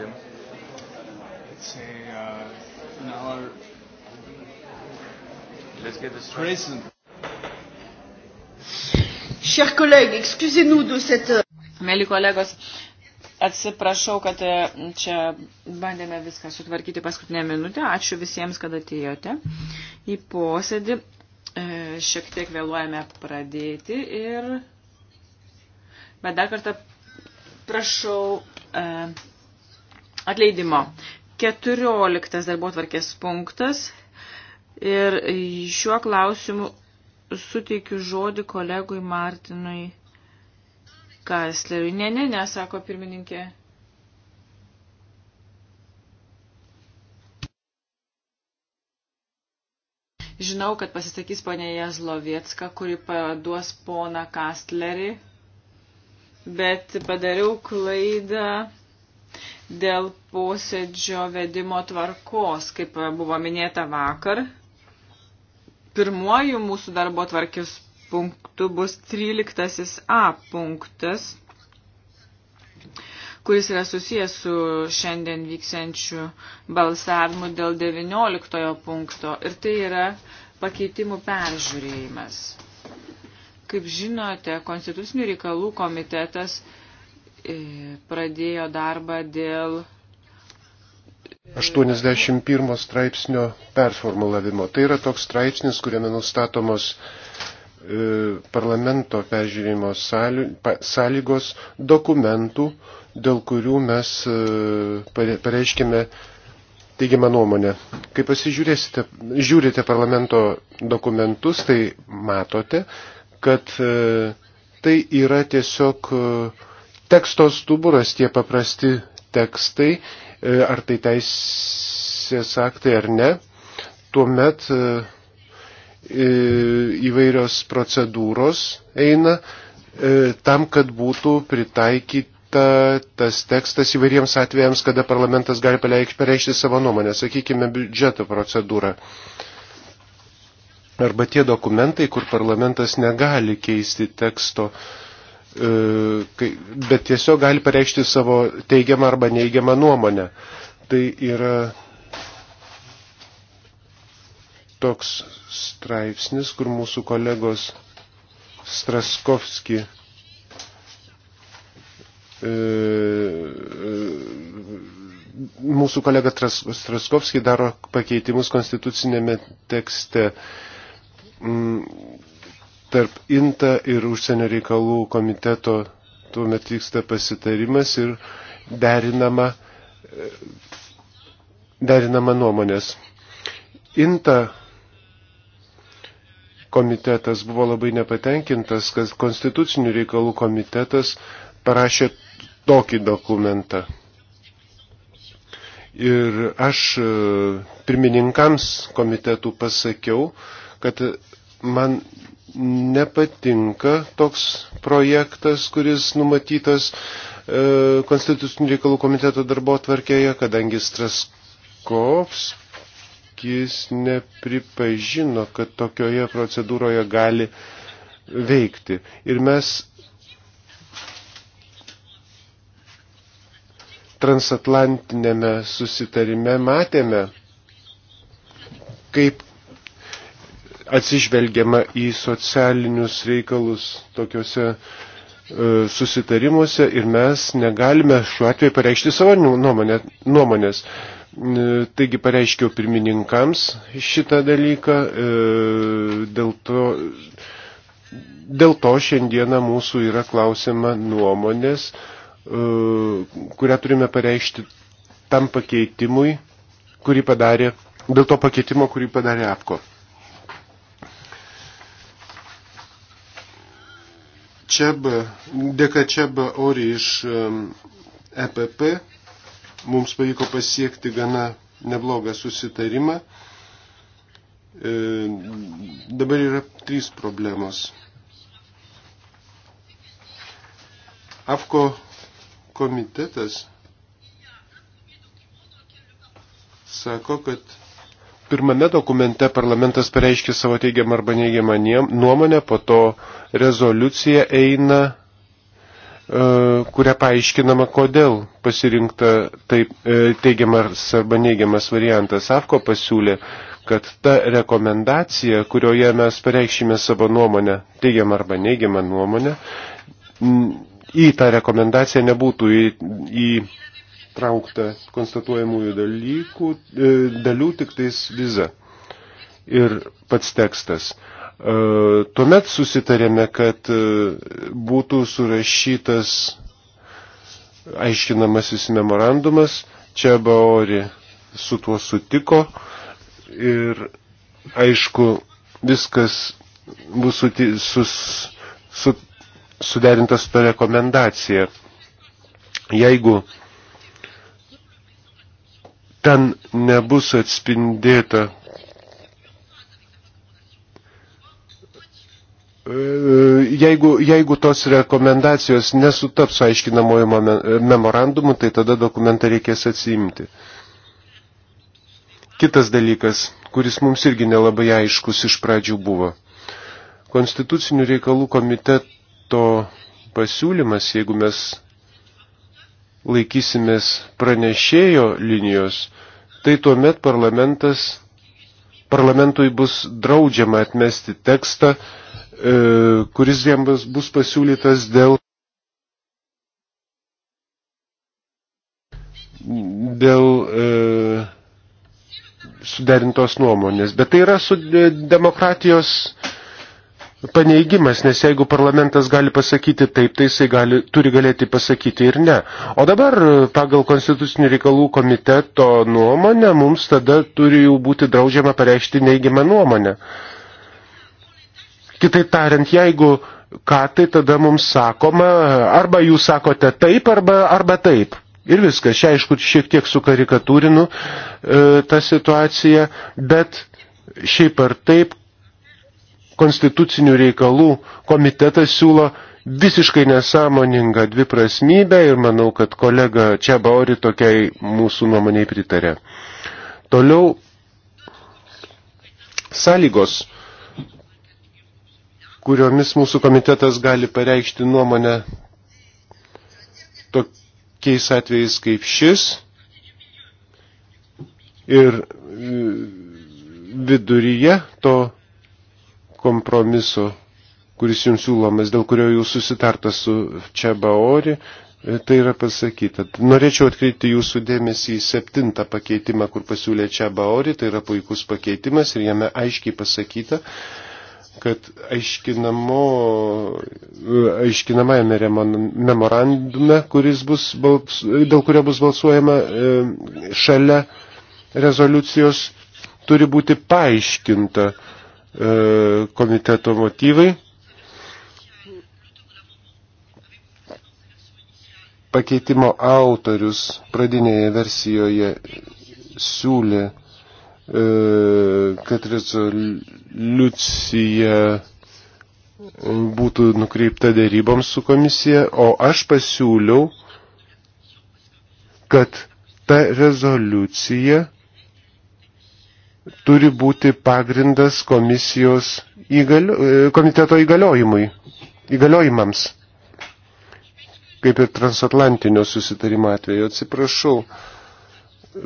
Jim? Let's say uh, an hour. Let's get this prison. Chers collègues, excusez-nous de cette. Mėly kolegos, atsiprašau, kad e, čia bandėme viską sutvarkyti paskutinę minutę. Ačiū visiems, kad atėjote į posėdį. E, šiek tiek vėluojame pradėti ir. Bet dar kartą prašau. Uh, atleidimo. 14 darbo tvarkės punktas ir šiuo klausimu suteikiu žodį kolegui Martinui Kaisleriui. Ne, ne, ne, sako pirmininkė. Žinau, kad pasisakys ponė Jazlovietska, kuri paduos poną Kastlerį, bet padariau klaidą dėl posėdžio vedimo tvarkos, kaip buvo minėta vakar. Pirmuoju mūsų darbo tvarkės punktu bus 13a punktas, kuris yra susijęs su šiandien vyksiančiu balsavimu dėl 19 punkto. Ir tai yra pakeitimų peržiūrėjimas. Kaip žinote, Konstitucinių reikalų komitetas E, pradėjo darbą dėl 81 e, straipsnio performulavimo. Tai yra toks straipsnis, kuriame nustatomos e, parlamento peržiūrėjimo sąlygos dokumentų, dėl kurių mes pareiškime teigiamą nuomonę. Kai pasižiūrėsite, žiūrite parlamento dokumentus, tai matote, kad tai yra tiesiog teksto stuburas, tie paprasti tekstai, e, ar tai teisės aktai ar ne, tuomet e, e, įvairios procedūros eina tam, kad būtų pritaikyti ta, tas tekstas įvairiems atvejams, kada parlamentas gali pareikšti savo nuomonę, sakykime, biudžeto procedūrą. Arba tie dokumentai, kur parlamentas negali keisti teksto E, bet tiesiog gali pareikšti savo teigiamą arba neigiamą nuomonę. Tai yra toks straipsnis, kur mūsų kolegos Straskovski e, e, mūsų kolega Straskovski daro pakeitimus konstitucinėme tekste mm, tarp INTA ir užsienio reikalų komiteto tuomet vyksta pasitarimas ir derinama, e, derinama nuomonės. INTA komitetas buvo labai nepatenkintas, kad konstitucinių reikalų komitetas parašė tokį dokumentą. Ir aš e, pirmininkams komitetų pasakiau, kad man nepatinka toks projektas, kuris numatytas e, Konstitucinių reikalų komiteto darbo tvarkėje, kadangi Straskovskis nepripažino, kad tokioje procedūroje gali veikti. Ir mes transatlantinėme susitarime matėme, kaip atsižvelgiama į socialinius reikalus tokiuose e, susitarimuose ir mes negalime šiuo atveju pareikšti savo nu-, nuomonė, nuomonės. E, taigi pareiškiau pirmininkams šitą dalyką, e, dėl to, dėl to šiandieną mūsų yra klausima nuomonės, kurią turime pareikšti tam pakeitimui, kurį padarė, dėl to pakeitimo, kurį padarė APKO. Čeba, dėka Čeba Ori iš EPP e mums pavyko pasiekti gana neblogą susitarimą. E, dabar yra trys problemos. AFKO komitetas sako, kad Pirmame dokumente parlamentas pareiškė savo teigiamą arba neigiamą nuomonę, po to rezoliucija eina, e, kuria paaiškinama, kodėl pasirinkta taip, e, teigiamas arba neigiamas variantas. AFKO pasiūlė, kad ta rekomendacija, kurioje mes pareikšime savo nuomonę, teigiamą arba neigiamą nuomonę, į tą rekomendaciją nebūtų į, į ištraukta konstatuojamųjų dalykų, e, dalių, tik tais viza ir pats tekstas. E, tuomet susitarėme, kad e, būtų surašytas aiškinamasis memorandumas, čia Baori su tuo sutiko ir aišku, viskas bus suti, sus, su, suderintas su rekomendacija. Jeigu ten nebus atspindėta e, Jeigu, jeigu tos rekomendacijos nesutaps aiškinamojo memorandumu, tai tada dokumentą reikės atsiimti. Kitas dalykas, kuris mums irgi nelabai aiškus iš pradžių buvo. Konstitucinių reikalų komiteto pasiūlymas, jeigu mes laikysimės pranešėjo linijos, tai tuomet parlamentas, parlamentui bus draudžiama atmesti tekstą, e, kuris jam bus pasiūlytas dėl, dėl e, suderintos nuomonės. Bet tai yra su e, demokratijos paneigimas, nes jeigu parlamentas gali pasakyti taip, tai jisai gali, turi galėti pasakyti ir ne. O dabar pagal konstitucinių reikalų komiteto nuomonę mums tada turi jau būti draudžiama pareikšti neigiamą nuomonę. Kitaip tariant, jeigu ką tai tada mums sakoma, arba jūs sakote taip, arba, arba taip. Ir viskas, čia aišku, šiek tiek sukarikatūrinu e, tą situaciją, bet šiaip ar taip konstitucinių reikalų komitetas siūlo visiškai nesąmoningą dviprasmybę ir manau, kad kolega Čiabaori tokiai mūsų nuomoniai pritarė. Toliau sąlygos, kuriomis mūsų komitetas gali pareikšti nuomonę tokiais atvejais kaip šis ir viduryje to kompromiso, kuris jums siūlomas, dėl kurio jūs susitarta su Čebaori, e, tai yra pasakyta. Norėčiau atkreipti jūsų dėmesį į septintą pakeitimą, kur pasiūlė Čebaori, tai yra puikus pakeitimas ir jame aiškiai pasakyta, kad aiškinamo, aiškinamajame memorandume, bus balks, dėl kurio bus balsuojama e, šalia rezoliucijos, turi būti paaiškinta, E, komiteto motyvai. Pakeitimo autorius pradinėje versijoje siūlė, e, kad rezoliucija būtų nukreipta dėryboms su komisija, o aš pasiūliau, kad ta rezoliucija turi būti pagrindas komisijos įgalio, e, komiteto įgaliojimui, įgaliojimams, kaip ir transatlantinio susitarimo atveju. Atsiprašau,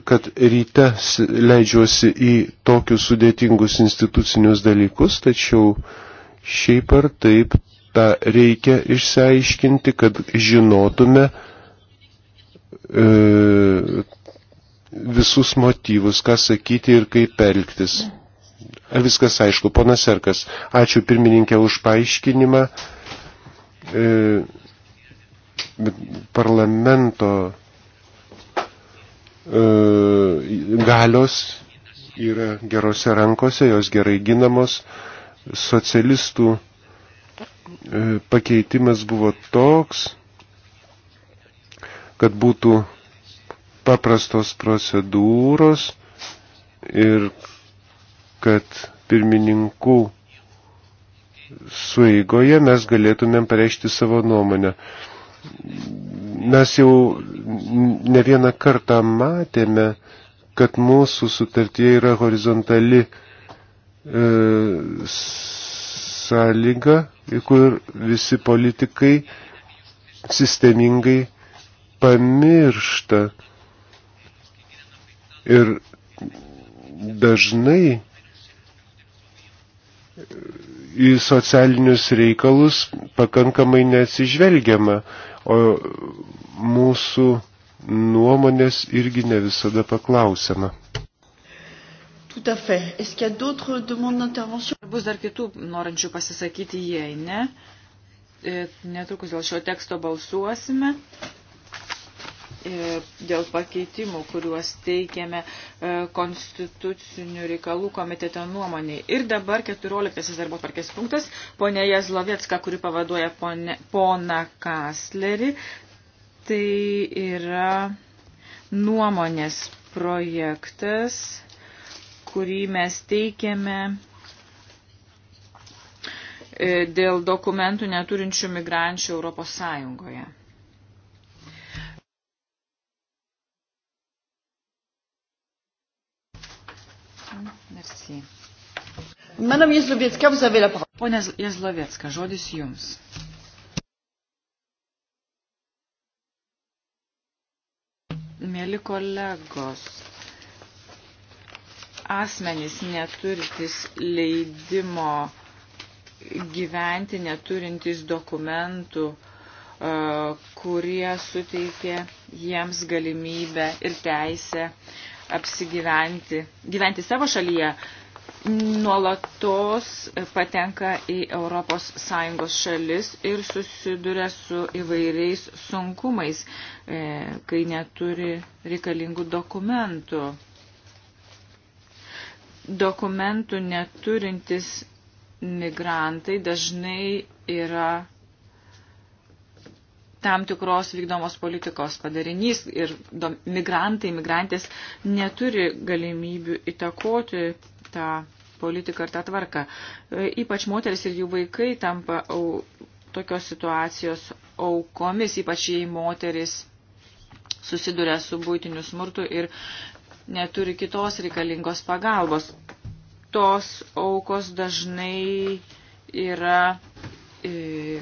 kad ryte leidžiuosi į tokius sudėtingus institucinius dalykus, tačiau šiaip ar taip tą reikia išsiaiškinti, kad žinotume e, visus motyvus, ką sakyti ir kaip elgtis. Ar viskas aišku, ponas Serkas, ačiū pirmininkė už paaiškinimą. E, parlamento e, galios yra gerose rankose, jos gerai ginamos. Socialistų e, pakeitimas buvo toks, kad būtų paprastos procedūros ir kad pirmininkų sueigoje mes galėtumėm pareikšti savo nuomonę. Mes jau ne vieną kartą matėme, kad mūsų sutartie yra horizontali e, sąlyga, kur visi politikai sistemingai pamiršta, Ir dažnai į socialinius reikalus pakankamai nesižvelgiama, o mūsų nuomonės irgi ne visada paklausima. Tout à fait. Est-ce qu'il y a d'autres demandes d'intervention Bus dar kitų norinčių pasisakyti, jei ne. E, netrukus dėl šio teksto balsuosime dėl pakeitimų, kuriuos teikėme e, konstitucinių reikalų komiteto nuomoniai. Ir dabar 14 darbo tvarkės punktas, ponė Jazlovietska, kuri pavaduoja ponė, poną Kaslerį, tai yra nuomonės projektas, kurį mes teikėme e, dėl dokumentų neturinčių migrančių Europos Sąjungoje. Merci. Madame Jezlovietska, vous avez la parole. Pone Jezlovietska, žodis jums. Mėly kolegos, asmenys neturintis leidimo gyventi, neturintis dokumentų, e, kurie suteikė jiems galimybę ir teisę apsigyventi, gyventi savo šalyje, nuolatos patenka į ES šalis ir susiduria su įvairiais sunkumais, e, kai neturi reikalingų dokumentų. Dokumentų neturintis migrantai dažnai yra tam tikros vykdomos politikos padarinys ir migrantai, migrantės neturi galimybių įtakoti tą politiką ir tą tvarką. E, ypač moteris ir jų vaikai tampa au, tokios situacijos aukomis, ypač jei moteris susiduria su būtiniu smurtu ir neturi kitos reikalingos pagalbos. Tos aukos dažnai yra e,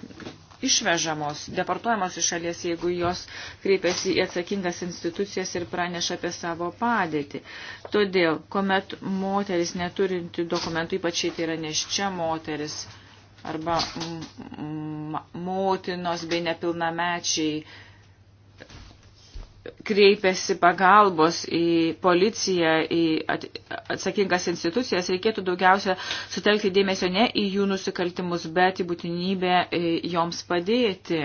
išvežamos, deportuojamos iš šalies, jeigu jos kreipiasi į atsakingas institucijas ir praneša apie savo padėtį. Todėl, kuomet moteris neturinti dokumentų, ypač tai yra neščia moteris arba motinos bei nepilnamečiai, kreipiasi pagalbos į policiją, į atsakingas institucijas, reikėtų daugiausia sutelkti dėmesio ne į jų nusikaltimus, bet į būtinybę e, joms padėti.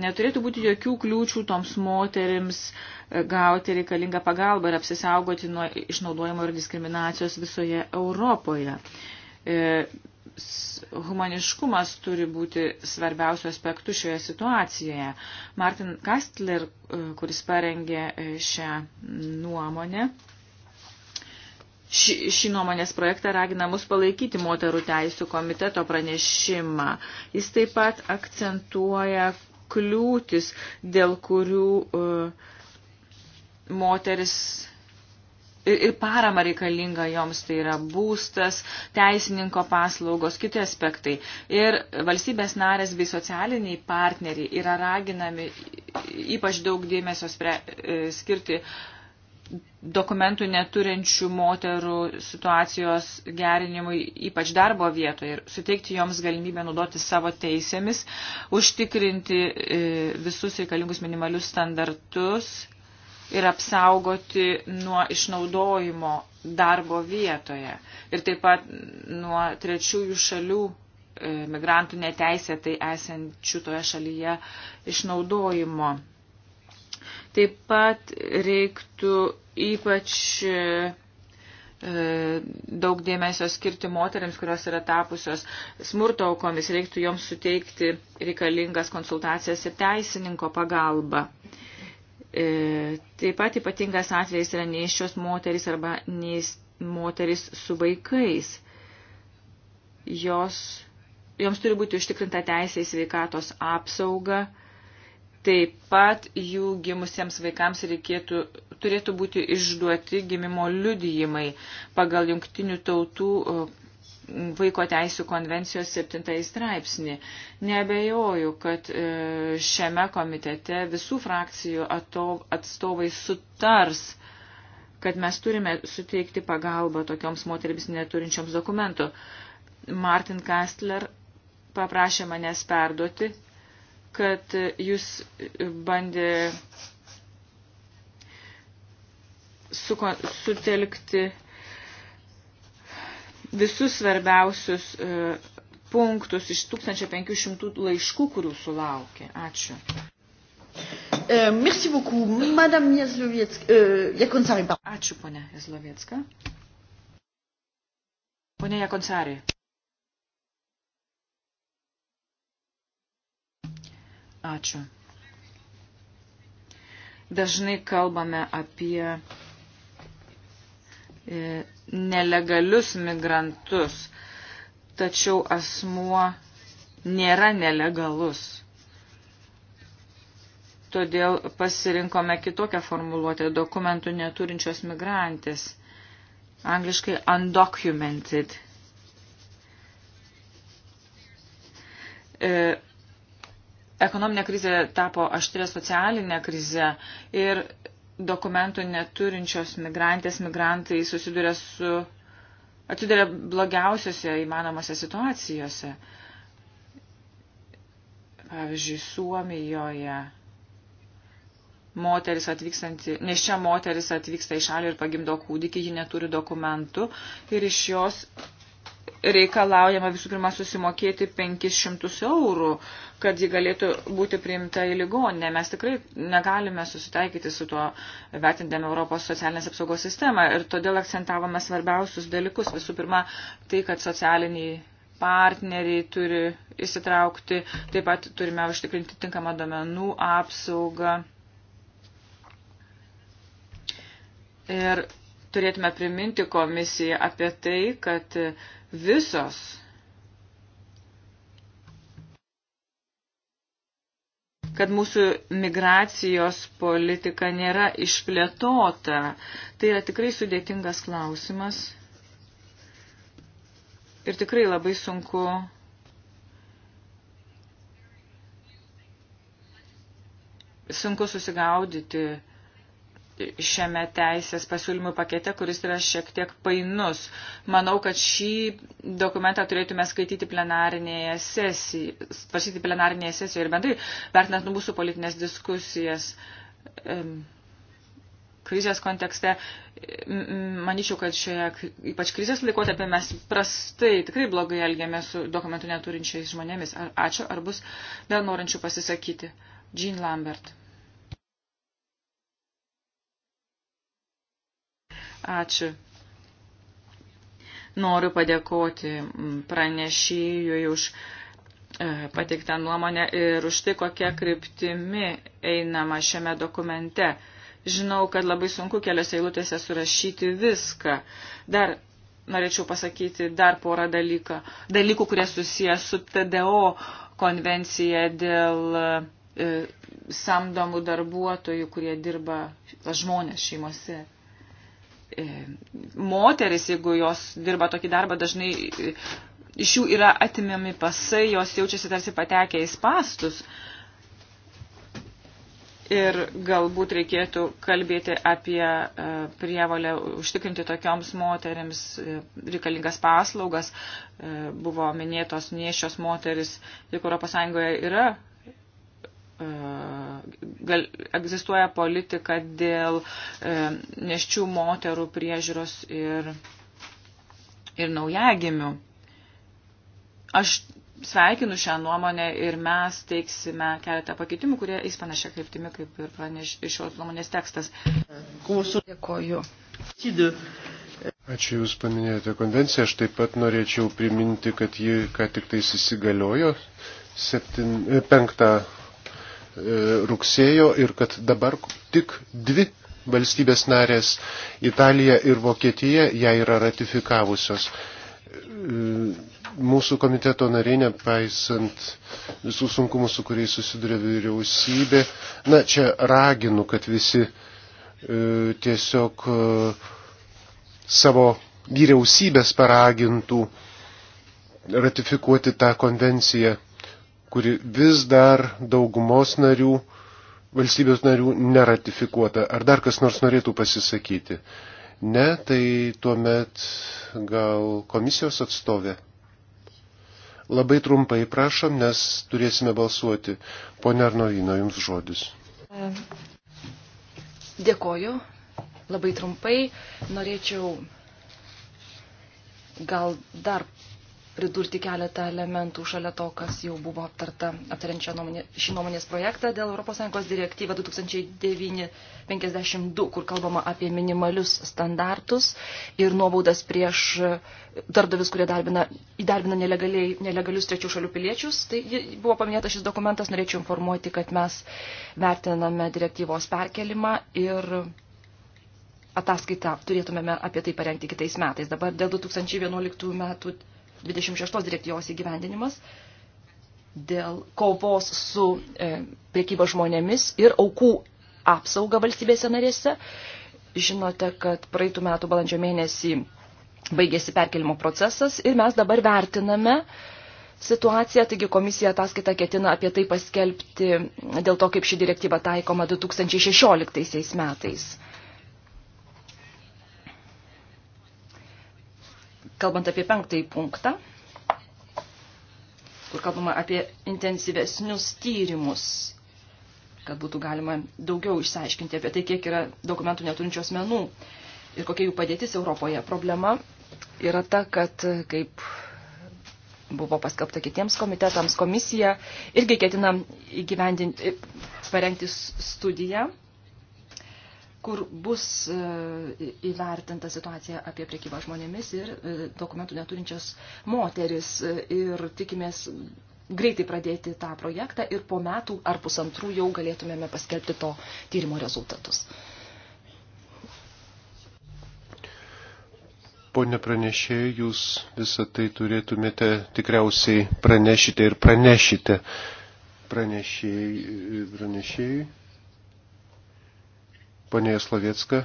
Neturėtų būti jokių kliūčių toms moterims e, gauti reikalingą pagalbą ir apsisaugoti nuo išnaudojimo ir diskriminacijos visoje Europoje. E, humaniškumas turi būti svarbiausių aspektų šioje situacijoje. Martin Kastler, e, kuris parengė e, šią nuomonę, šį, šį nuomonės projektą ragina mus palaikyti moterų teisų komiteto pranešimą. Jis taip pat akcentuoja kliūtis, dėl kurių uh, moteris ir, ir parama reikalinga joms, tai yra būstas, teisininko paslaugos, kiti aspektai. Ir valstybės narės bei socialiniai partneriai yra raginami ypač daug dėmesio spre, e, skirti dokumentų neturinčių moterų situacijos gerinimui, ypač darbo vietoje, ir suteikti joms galimybę naudoti savo teisėmis, užtikrinti e, visus reikalingus minimalius standartus ir apsaugoti nuo išnaudojimo darbo vietoje ir taip pat nuo trečiųjų šalių e, migrantų neteisėtai esančių toje šalyje išnaudojimo. Taip pat reiktų ypač e, e, daug dėmesio skirti moteriams, kurios yra tapusios smurto aukomis, reiktų joms suteikti reikalingas konsultacijas ir teisininko pagalbą. E, taip pat ypatingas atvejis yra neiščios moteris arba neis moteris su vaikais. Jos, joms turi būti užtikrinta teisė į sveikatos apsaugą. Taip pat jų gimusiems vaikams reikėtų, turėtų būti išduoti gimimo liudijimai pagal jungtinių tautų Vaiko teisų konvencijos 7 straipsnį. Nebejoju, kad e, šiame komitete visų frakcijų atstovai sutars, kad mes turime suteikti pagalbą tokioms moterims neturinčioms dokumentų. Martin Kastler paprašė manęs perduoti, kad jūs bandė sutelkti su visus svarbiausius e, punktus iš 1500 laiškų, kurių sulaukė. Ačiū. E, merci beaucoup, Madame e, Jakonsari. Ačiū, ponė Jazlovietska. Ponė Jakonsari. Ačiū. Dažnai kalbame apie nelegalius migrantus, tačiau asmuo nėra nelegalus. Todėl pasirinkome kitokią formuluotę dokumentų neturinčios migrantės, angliškai undocumented. E, ekonominė krizė tapo aštrė socialinė krizė ir dokumentų neturinčios migrantės migrantai susiduria su atsiduria blogiausiose įmanomose situacijose. Pavyzdžiui, Suomijoje moteris atvykstanti, nes čia moteris atvyksta į šalį ir pagimdo kūdikį, ji neturi dokumentų ir iš jos reikalaujama visų pirma susimokėti 500 eurų, kad ji galėtų būti priimta į ligoninę. Mes tikrai negalime susitaikyti su tuo, vertindami Europos socialinės apsaugos sistemą. Ir todėl akcentavome svarbiausius dalykus. Visų pirma, tai, kad socialiniai partneriai turi įsitraukti, taip pat turime užtikrinti tinkamą domenų apsaugą. Ir turėtume priminti komisiją apie tai, kad visos. kad mūsų migracijos politika nėra išplėtota. Tai yra tikrai sudėtingas klausimas ir tikrai labai sunku sunku susigaudyti šiame teisės pasiūlymų pakete, kuris yra šiek tiek painus. Manau, kad šį dokumentą turėtume skaityti plenarinėje sesijoje, svarstyti plenarinėje sesijoje ir bendrai, vertinant nu mūsų politinės diskusijas krizės kontekste, manyčiau, kad šioje, ypač krizės laikotarpė, mes prastai, tikrai blogai elgėmės su dokumentų neturinčiais žmonėmis. Ar, ačiū, ar bus dar norinčių pasisakyti. Jean Lambert. Ačiū. Noriu padėkoti pranešėjui už e, pateiktą nuomonę ir už tai, kokia kryptimi einama šiame dokumente. Žinau, kad labai sunku keliose eilutėse surašyti viską. Dar norėčiau pasakyti dar porą dalyką, dalykų, kurie susijęs su TDO konvencija dėl e, samdomų darbuotojų, kurie dirba pas žmonės šeimose. E, moteris, jeigu jos dirba tokį darbą, dažnai e, iš jų yra atimami pasai, jos jaučiasi tarsi patekę į pastus. Ir galbūt reikėtų kalbėti apie e, prievalę užtikrinti tokioms moteriams reikalingas paslaugas. Buvo minėtos niešios moteris, juk ES yra gal, egzistuoja politika dėl e, neščių moterų priežiūros ir, ir naujagimių. Aš sveikinu šią nuomonę ir mes teiksime keletą pakeitimų, kurie eis panašia kryptimi, kaip ir praneš iš šios nuomonės tekstas. Mūsų dėkoju. Ačiū Jūs paminėjote konvenciją. Aš taip pat norėčiau priminti, kad ji ką tik tai įsigaliojo 5 e, E, rugsėjo ir kad dabar tik dvi valstybės narės Italija ir Vokietija ją yra ratifikavusios. E, mūsų komiteto nariai, nepaisant visų sunkumų, su kuriais susiduria vyriausybė, na čia raginu, kad visi e, tiesiog savo vyriausybės paragintų ratifikuoti tą konvenciją kuri vis dar daugumos narių, valstybės narių neratifikuota. Ar dar kas nors norėtų pasisakyti? Ne, tai tuomet gal komisijos atstovė. Labai trumpai prašom, nes turėsime balsuoti. Pone Arnovino, jums žodis. Dėkoju. Labai trumpai norėčiau gal dar pridurti keletą elementų šalia to, kas jau buvo aptarta aptariant šį nuomonės, šį nuomonės projektą dėl ES direktyva 2009-52, kur kalbama apie minimalius standartus ir nuobaudas prieš e, darbdavius, kurie darbina, įdarbina nelegalius trečių šalių piliečius. Tai buvo paminėta šis dokumentas, norėčiau informuoti, kad mes vertiname direktyvos perkelimą ir ataskaitą turėtumėme apie tai parengti kitais metais. Dabar dėl 2011 metų 26 direktyvos įgyvendinimas dėl kovos su e, priekyba žmonėmis ir aukų apsauga valstybėse narėse. Žinote, kad praeitų metų balandžio mėnesį baigėsi perkelimo procesas ir mes dabar vertiname situaciją, taigi komisija ataskaitą ketina apie tai paskelbti dėl to, kaip ši direktyva taikoma 2016 metais. Kalbant apie penktąjį punktą, kur kalbama apie intensyvesnius tyrimus, kad būtų galima daugiau išsiaiškinti apie tai, kiek yra dokumentų neturinčių asmenų ir kokia jų padėtis Europoje. Problema yra ta, kad kaip buvo paskelbta kitiems komitetams, komisija irgi ketina įgyvendinti, parengti studiją kur bus e, įvertinta situacija apie priekybą žmonėmis ir e, dokumentų neturinčios moteris. E, ir tikimės greitai pradėti tą projektą ir po metų ar pusantrų jau galėtumėme paskelbti to tyrimo rezultatus. Pone pranešėjai, jūs visą tai turėtumėte tikriausiai pranešite ir pranešite pranešėjai. pranešėjai. Pane Jaslovietska,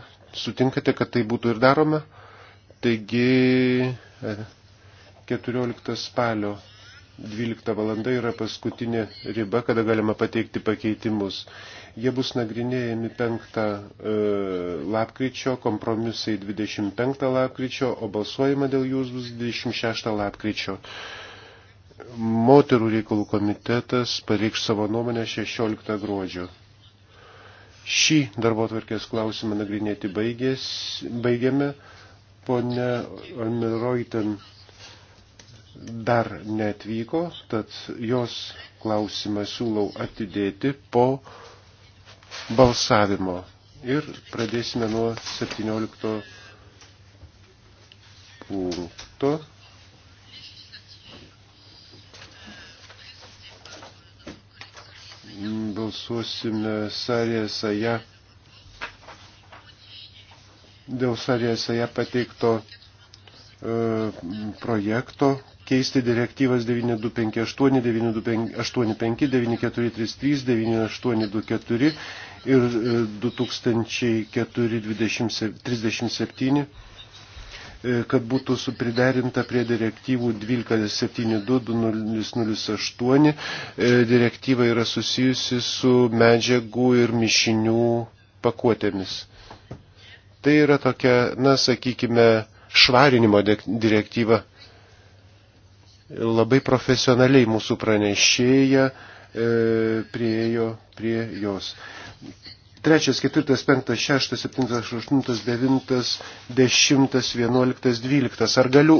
sutinkate, kad tai būtų ir daroma? Taigi 14 e, spalio 12 valanda yra paskutinė riba, kada galima pateikti pakeitimus. Jie bus nagrinėjami 5 e, lapkričio, kompromisai 25 lapkričio, o balsuojama dėl jų bus 26 lapkričio. Moterų reikalų komitetas pareikš savo nuomonę 16 gruodžio. Šį darbo tvarkės klausimą nagrinėti baigės, baigėme. Pone Almiroitin dar netvyko, tad jos klausimą siūlau atidėti po balsavimo. Ir pradėsime nuo 17 punkto. balsuosime Sarėsaja dėl Sarėsaja pateikto e, projekto keisti direktyvas 9258, 9285, 9433, 9824 ir 2437 e, E, kad būtų supriderinta prie direktyvų 1272-2008. E, direktyva yra susijusi su medžiagų ir mišinių pakuotėmis. Tai yra tokia, na, sakykime, švarinimo direktyva. Labai profesionaliai mūsų pranešėja e, priejo prie jos. 3, 4, 5, 6, 7, 8, 9, 10, 11, 12. Ar galiu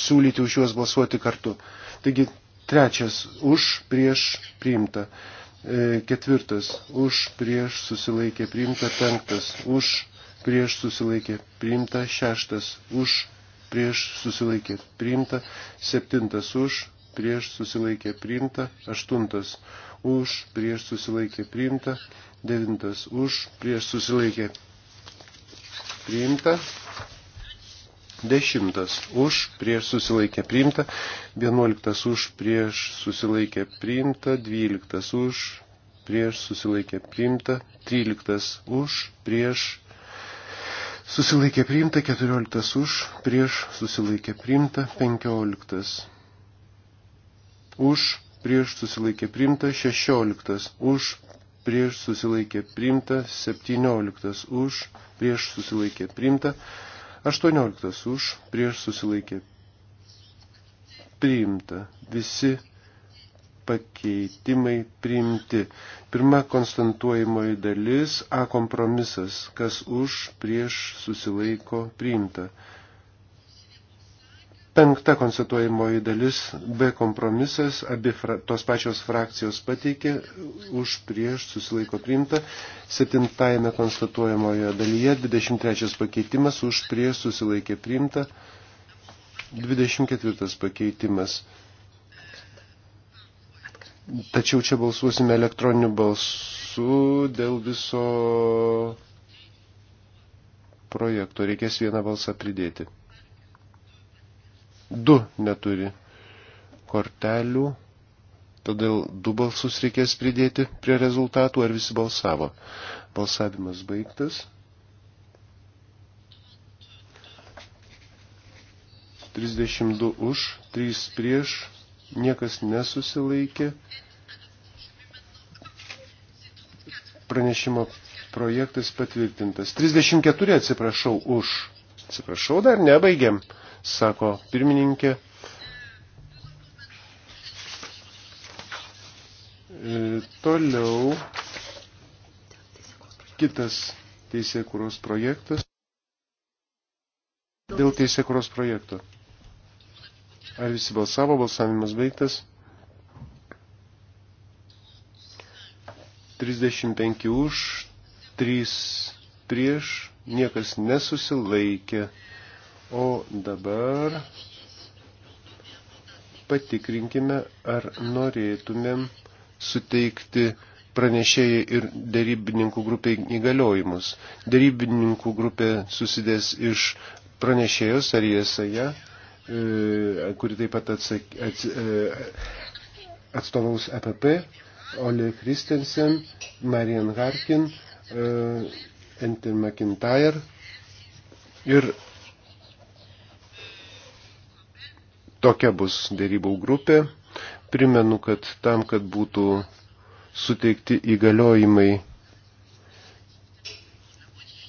siūlyti už juos balsuoti kartu? Taigi, trečias už, prieš, priimta. E, ketvirtas už, prieš, susilaikė, priimta. Penktas už, prieš, susilaikė, priimta. Šeštas už, prieš, susilaikė, priimta. Septintas už, prieš susilaikė priimta, aštuntas už, prieš susilaikė priimta, devintas už, prieš susilaikė priimta, dešimtas už, prieš susilaikė priimta, vienuoliktas už, prieš susilaikė priimta, dvyliktas už, prieš susilaikė priimta, tryliktas už, prieš susilaikė priimta, keturioliktas už, prieš susilaikė priimta, penkioliktas už, prieš susilaikė primta, 16 už, prieš susilaikė primta, 17 už, prieš susilaikė primta, 18 už, prieš susilaikė priimta, visi pakeitimai priimti. Pirma konstantuojamoji dalis A kompromisas, kas už, prieš susilaiko priimta. Penkta konstatuojamoji dalis B kompromisas, abi fra, tos pačios frakcijos pateikė, už prieš susilaiko priimta. Septintajame konstatuojamoje dalyje 23 pakeitimas, už prieš susilaikė priimta. 24 pakeitimas. Tačiau čia balsuosime elektroniniu balsu dėl viso projekto. Reikės vieną balsą pridėti du neturi kortelių, todėl du balsus reikės pridėti prie rezultatų, ar visi balsavo. Balsavimas baigtas. 32 už, 3 prieš, niekas nesusilaikė. Pranešimo projektas patvirtintas. 34 atsiprašau už. Atsiprašau, dar nebaigėm sako pirmininkė. E, toliau kitas teisėkūros projektas. Dėl teisėkūros projekto. Ar visi balsavo, balsavimas baigtas. 35 už, 3 prieš, niekas nesusilaikė. O dabar patikrinkime, ar norėtumėm suteikti pranešėjai ir darybininkų grupiai įgaliojimus. Darybininkų grupė susidės iš pranešėjos ar jėsaja, e, kuri taip pat atsak, ats, e, atstovaus EPP, Ole Kristensen, Marian Harkin, e, Enten McIntyre ir Tokia bus dėrybų grupė. Primenu, kad tam, kad būtų suteikti įgaliojimai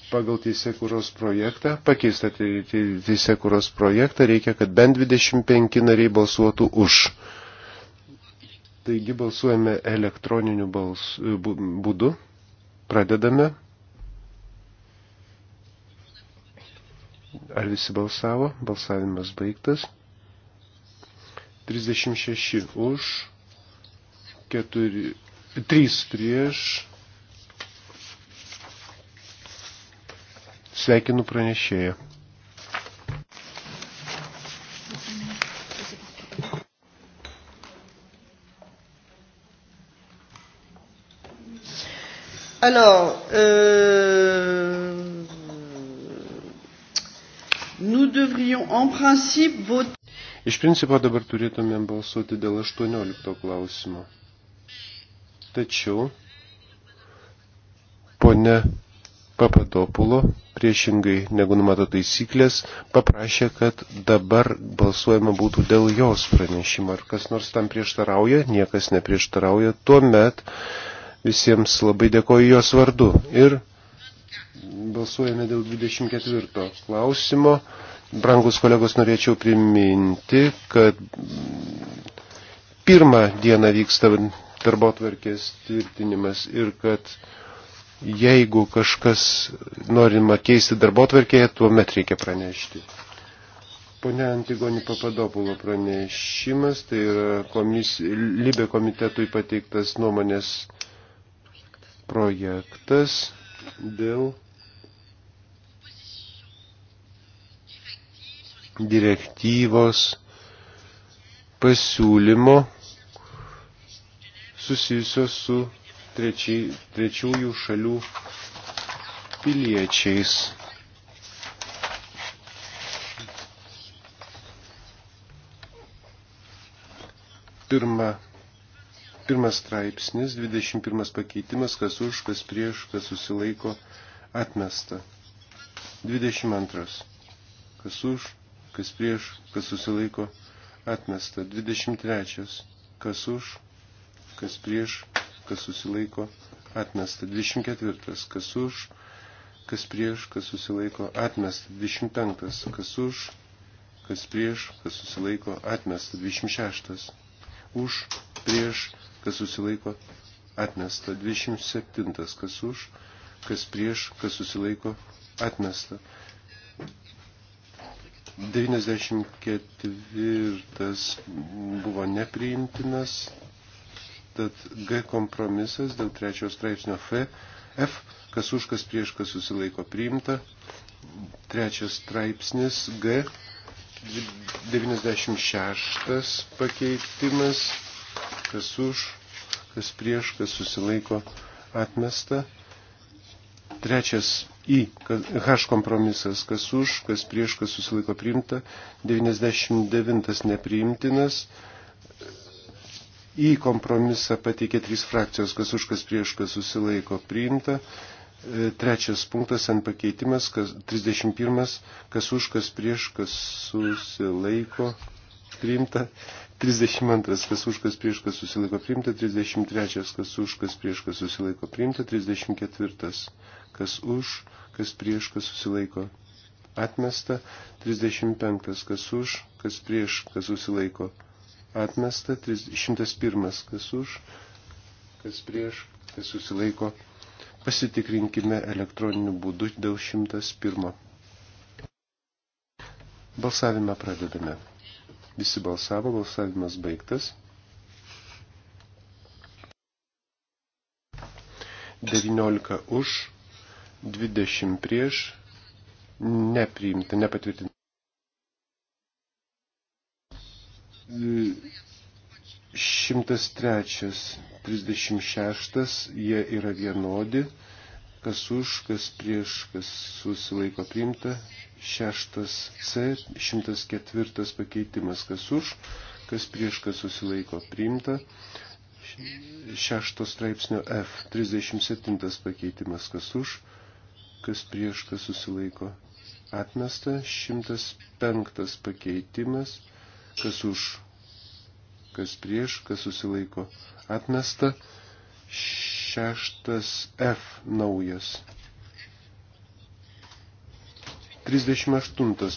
pagal teisėkuros projektą, pakeistą teisėkuros projektą, reikia, kad bent 25 nariai balsuotų už. Taigi balsuojame elektroniniu bals, būdu. Pradedame. Ar visi balsavo? Balsavimas baigtas. 36 už, 4, 3 prieš. Sveikinu pranešėją. Alors, euh, nous devrions en principe voter. Iš principo dabar turėtumėm balsuoti dėl 18 klausimo. Tačiau ponia Papadopulo, priešingai negu numato taisyklės, paprašė, kad dabar balsuojama būtų dėl jos pranešimo. Ar kas nors tam prieštarauja? Niekas neprieštarauja. Tuomet visiems labai dėkoju jos vardu. Ir balsuojame dėl 24 klausimo Brangus kolegos, norėčiau priminti, kad pirmą dieną vyksta darbo tvarkės tvirtinimas ir kad jeigu kažkas norima keisti darbo tvarkėje, tuomet reikia pranešti. Pone Antigoni Papadopulo pranešimas, tai yra komis, Libė komitetui pateiktas nuomonės projektas dėl direktyvos pasiūlymo susijusio su trečiai, trečiųjų šalių piliečiais. Pirma, pirmas straipsnis, 21 pakeitimas, kas už, kas prieš, kas susilaiko, atmesta. 22. Kas už, kas prieš, kas susilaiko, atmesta. 23. Kas už, kas prieš, kas susilaiko, atmesta. 24. Kas už, kas prieš, kas susilaiko, atmesta. 25. Kas už, kas prieš, kas susilaiko, atmesta. 26. Už, prieš, kas susilaiko, atmesta. 27. Kas už, kas prieš, kas susilaiko, atmesta. 94 buvo nepriimtinas, tad G kompromisas dėl trečios straipsnio F, F, kas už, kas prieš, kas susilaiko priimta. Trečias straipsnis G, 96 pakeitimas, kas už, kas prieš, kas susilaiko atmesta. Trečias į H kompromisas, kas už, kas prieš, kas susilaiko priimta, 99 nepriimtinas, į kompromisą pateikė trys frakcijos, kas už, kas prieš, kas susilaiko priimta, e, trečias punktas ant pakeitimas, kas, 31, kas už, kas prieš, kas susilaiko priimta, 32, kas už, kas prieš, kas susilaiko priimta, 33, kas už, kas prieš, kas susilaiko priimta, 34, kas už, kas prieš, kas susilaiko. Atmesta 35, kas už, kas prieš, kas susilaiko. Atmesta 101, kas už, kas prieš, kas susilaiko. Pasitikrinkime elektroniniu būdu dėl 101. Balsavimą pradedame. Visi balsavo, balsavimas baigtas. 19 už, 20 prieš, nepriimta, nepatvirtinta. Šimtas trečias, trisdešimt šeštas, jie yra vienodi, kas už, kas prieš, kas susilaiko priimta. Šeštas C, šimtas ketvirtas pakeitimas, kas už, kas prieš, kas susilaiko priimta. Šešto straipsnio F, 37 pakeitimas, kas už, kas prieš, kas susilaiko. Atmesta 105 pakeitimas, kas už, kas prieš, kas susilaiko. Atmesta 6 F naujas. 38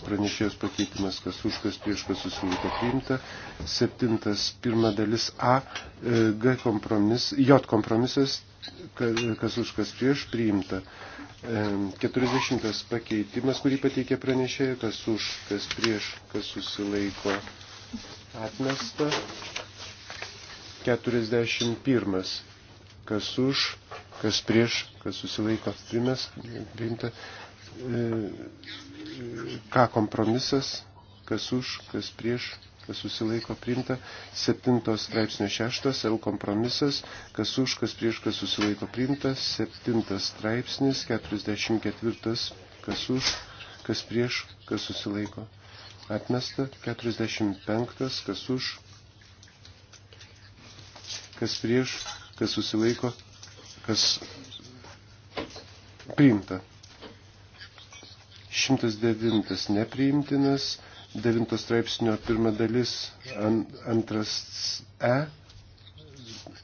pranešėjos pakeitimas, kas už, kas prieš, kas susilaiko priimta. 7 pirma dalis A, e, G kompromis, J kompromisas, kas už kas prieš priimta. 40 e, pakeitimas, kurį pateikė pranešėjai, kas už, kas prieš, kas susilaiko atmesta. 41. Kas už, kas prieš, kas susilaiko primest, priimta. E, e, ką kompromisas, kas už, kas prieš, kas susilaiko priimta, septintos straipsnio šeštas, L kompromisas, kas už, kas prieš, kas susilaiko priimta, septintas straipsnis, keturiasdešimt ketvirtas, kas už, kas prieš, kas susilaiko. Atmesta, keturiasdešimt penktas, kas už, kas prieš, kas susilaiko, kas priimta. 109 nepriimtinas, 9 straipsnio pirma dalis, antras E,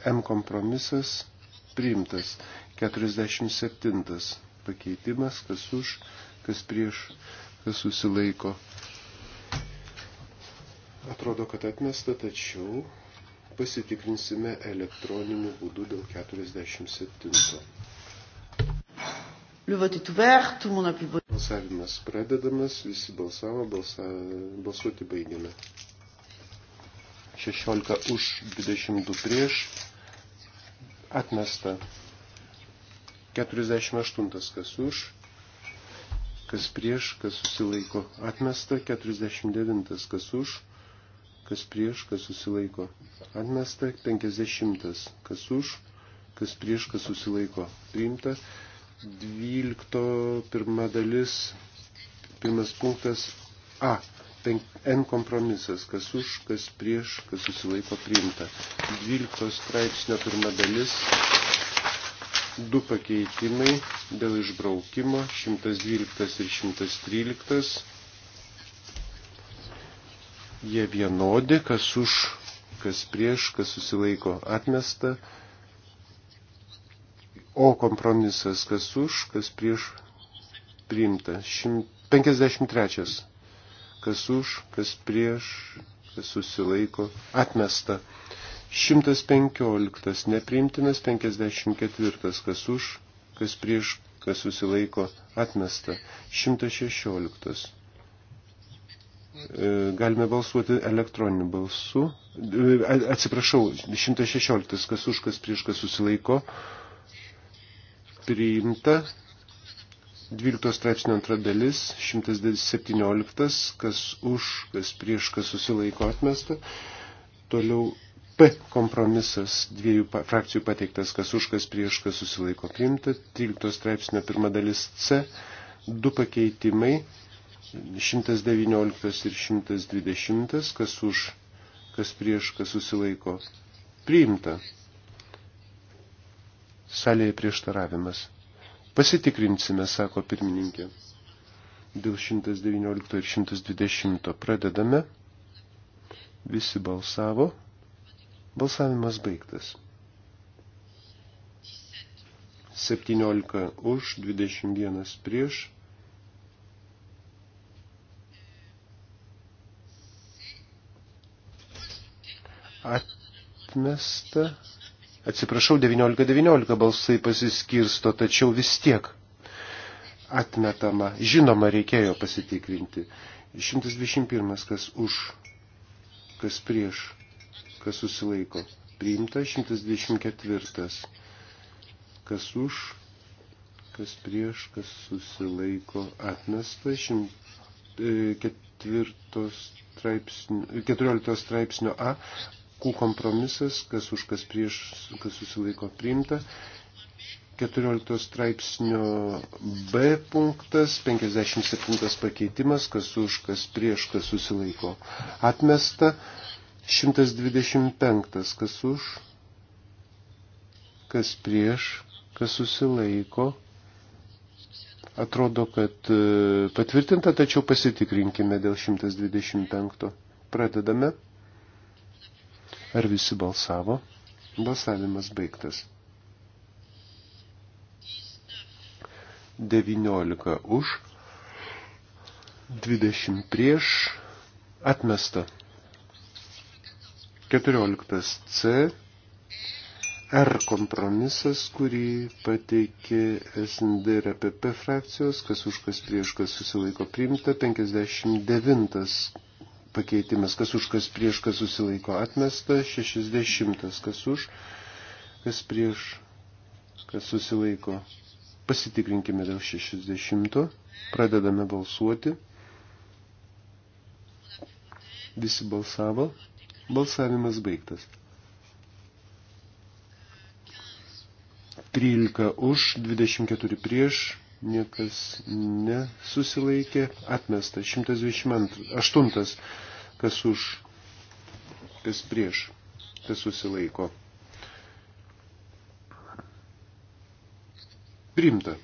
M kompromisas priimtas, 47 pakeitimas, kas už, kas prieš, kas susilaiko. Atrodo, kad atmesta, tačiau pasitikrinsime elektroniniu būdu dėl 47. Le vote est ouvert, tout le monde a pu voter. Balsavimas pradedamas, visi balsavo, balsa, balsuoti baigiame. 16 už, 22 prieš, atmesta. 48 kas už, kas prieš, kas susilaiko. Atmesta 49 kas už, kas prieš, kas susilaiko. Atmesta 50 kas už, kas prieš, kas susilaiko. Priimta 12 pirma dalis, pirmas punktas A. N kompromisas, kas už, kas prieš, kas susilaiko priimta. 12 straipsnio pirma dalis, du pakeitimai dėl išbraukimo, 112 ir 113. Jie vienodi, kas už, kas prieš, kas susilaiko atmesta. O kompromisas, kas už, kas prieš priimta. 53. Kas už, kas prieš, kas susilaiko, atmesta. 115. Nepriimtinas 54. Kas už, kas prieš, kas susilaiko, atmesta. 116 e, galime balsuoti elektroniniu balsu. E, atsiprašau, 116, kas už, kas prieš, kas susilaiko, priimta. 12 straipsnio antra dalis, 117, kas už, kas prieš, kas susilaiko atmesta. Toliau P kompromisas dviejų frakcijų pateiktas, kas už, kas prieš, kas susilaiko priimta. 13 straipsnio pirma dalis C, du pakeitimai, 119 ir 120, kas už, kas prieš, kas susilaiko priimta. Salėje prieštaravimas. Pasitikrinsime, sako pirmininkė. Dėl 119 ir 120 pradedame. Visi balsavo. Balsavimas baigtas. 17 už, 21 prieš. Atmesta Atsiprašau, 19-19 balsai pasiskirsto, tačiau vis tiek atmetama. Žinoma, reikėjo pasitikrinti. 121. Kas už, kas prieš, kas susilaiko. Priimta 124. Kas už, kas prieš, kas susilaiko. Atmesta 14 e, straipsnio, 14 e, straipsnio A. Q kompromisas, kas už kas prieš, kas susilaiko priimta. 14 straipsnio B punktas, 57 pakeitimas, kas už, kas prieš, kas susilaiko. Atmesta 125, kas už, kas prieš, kas susilaiko. Atrodo, kad e, patvirtinta, tačiau pasitikrinkime dėl 125. Pradedame. Ar visi balsavo? Balsavimas baigtas. 19 už, 20 prieš, atmesta. 14 C. R kompromisas, kurį pateikė SND ir APP e frakcijos, kas už kas prieš kas susilaiko priimta, 59 pakeitimas, kas už, kas prieš, kas susilaiko atmesta, 60, kas už, kas prieš, kas susilaiko. Pasitikrinkime dėl 60, pradedame balsuoti. Visi balsavo, balsavimas baigtas. 13 už, 24 prieš, niekas nesusilaikė, atmestas 128, kas už, kas prieš, kas susilaiko. Primta.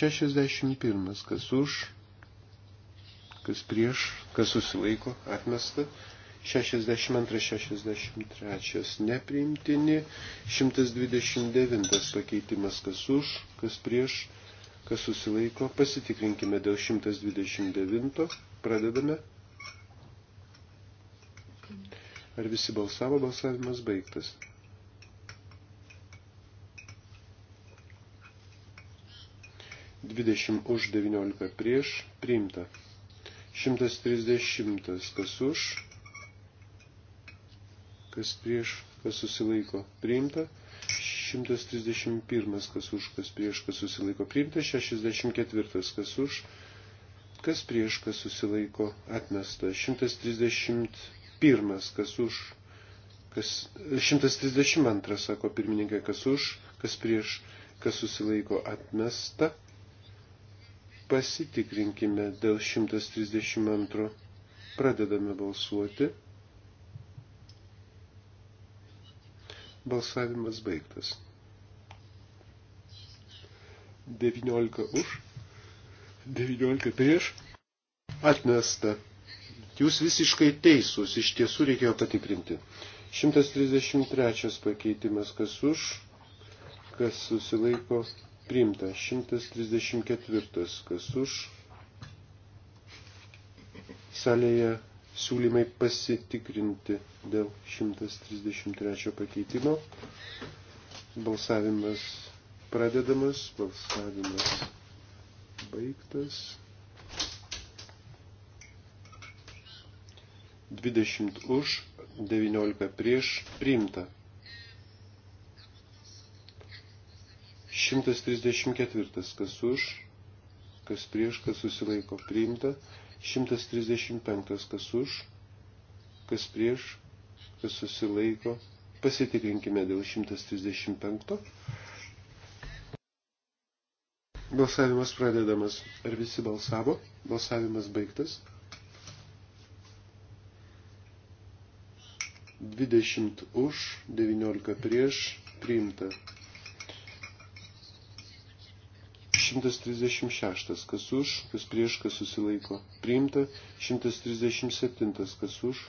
61, kas už, kas prieš, kas susilaiko, atmesta. 62-63 nepriimtini, 129 pakeitimas kas už, kas prieš, kas susilaiko, pasitikrinkime dėl 129, pradedame. Ar visi balsavo, balsavimas baigtas. Dvidešimt už, devyniolika prieš, priimta. Šimtas trisdešimtas, kas už, kas prieš, kas susilaiko, priimta. 131, kas už, kas prieš, kas susilaiko priimta, 64, kas už, kas prieš, kas susilaiko atmesta, 131, kas už, kas, 132, sako pirmininkė, kas už, kas prieš, kas susilaiko atmesta. Pasitikrinkime dėl 132. Pradedame balsuoti. Balsavimas baigtas. 19 už, 19 prieš, atmesta. Jūs visiškai teisūs, iš tiesų reikėjo patikrinti. 133 pakeitimas, kas už, kas susilaiko, priimta. 134, kas už, salėje siūlymai pasitikrinti dėl 133 pakeitimo. Balsavimas pradedamas, balsavimas baigtas. 20 už, 19 prieš, priimta. 134 kas už, kas prieš, kas susilaiko priimta. 135. Kas už, kas prieš, kas susilaiko. Pasitikrinkime dėl 135. Balsavimas pradedamas. Ar visi balsavo? Balsavimas baigtas. 20 už, 19 prieš, priimta. 136. Kas už, kas prieš, kas susilaiko. Priimta. 137. Kas už,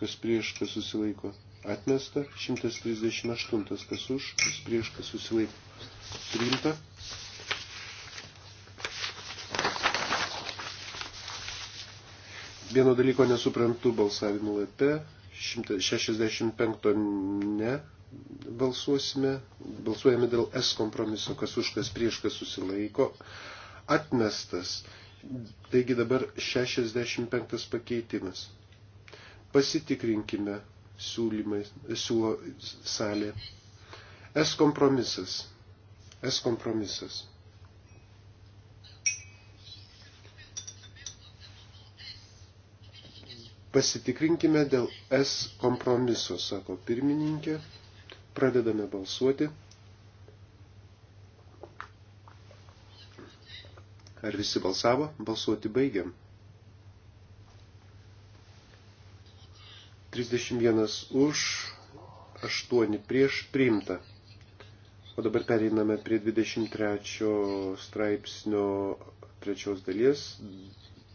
kas prieš, kas susilaiko. Atmesta. 138. Kas už, kas prieš, kas susilaiko. Priimta. Vieno dalyko nesuprantu balsavimo lape. 165 ne, balsuosime, balsuojame dėl S kompromiso, kas už, kas prieš, kas susilaiko, atmestas. Taigi dabar 65 pakeitimas. Pasitikrinkime siūlymai, siūlo salė. S kompromisas. S kompromisas. Pasitikrinkime dėl S kompromiso, sako pirmininkė. Pradedame balsuoti. Ar visi balsavo? Balsuoti baigiam. 31 už, 8 prieš priimta. O dabar pereiname prie 23 straipsnio trečios dalies.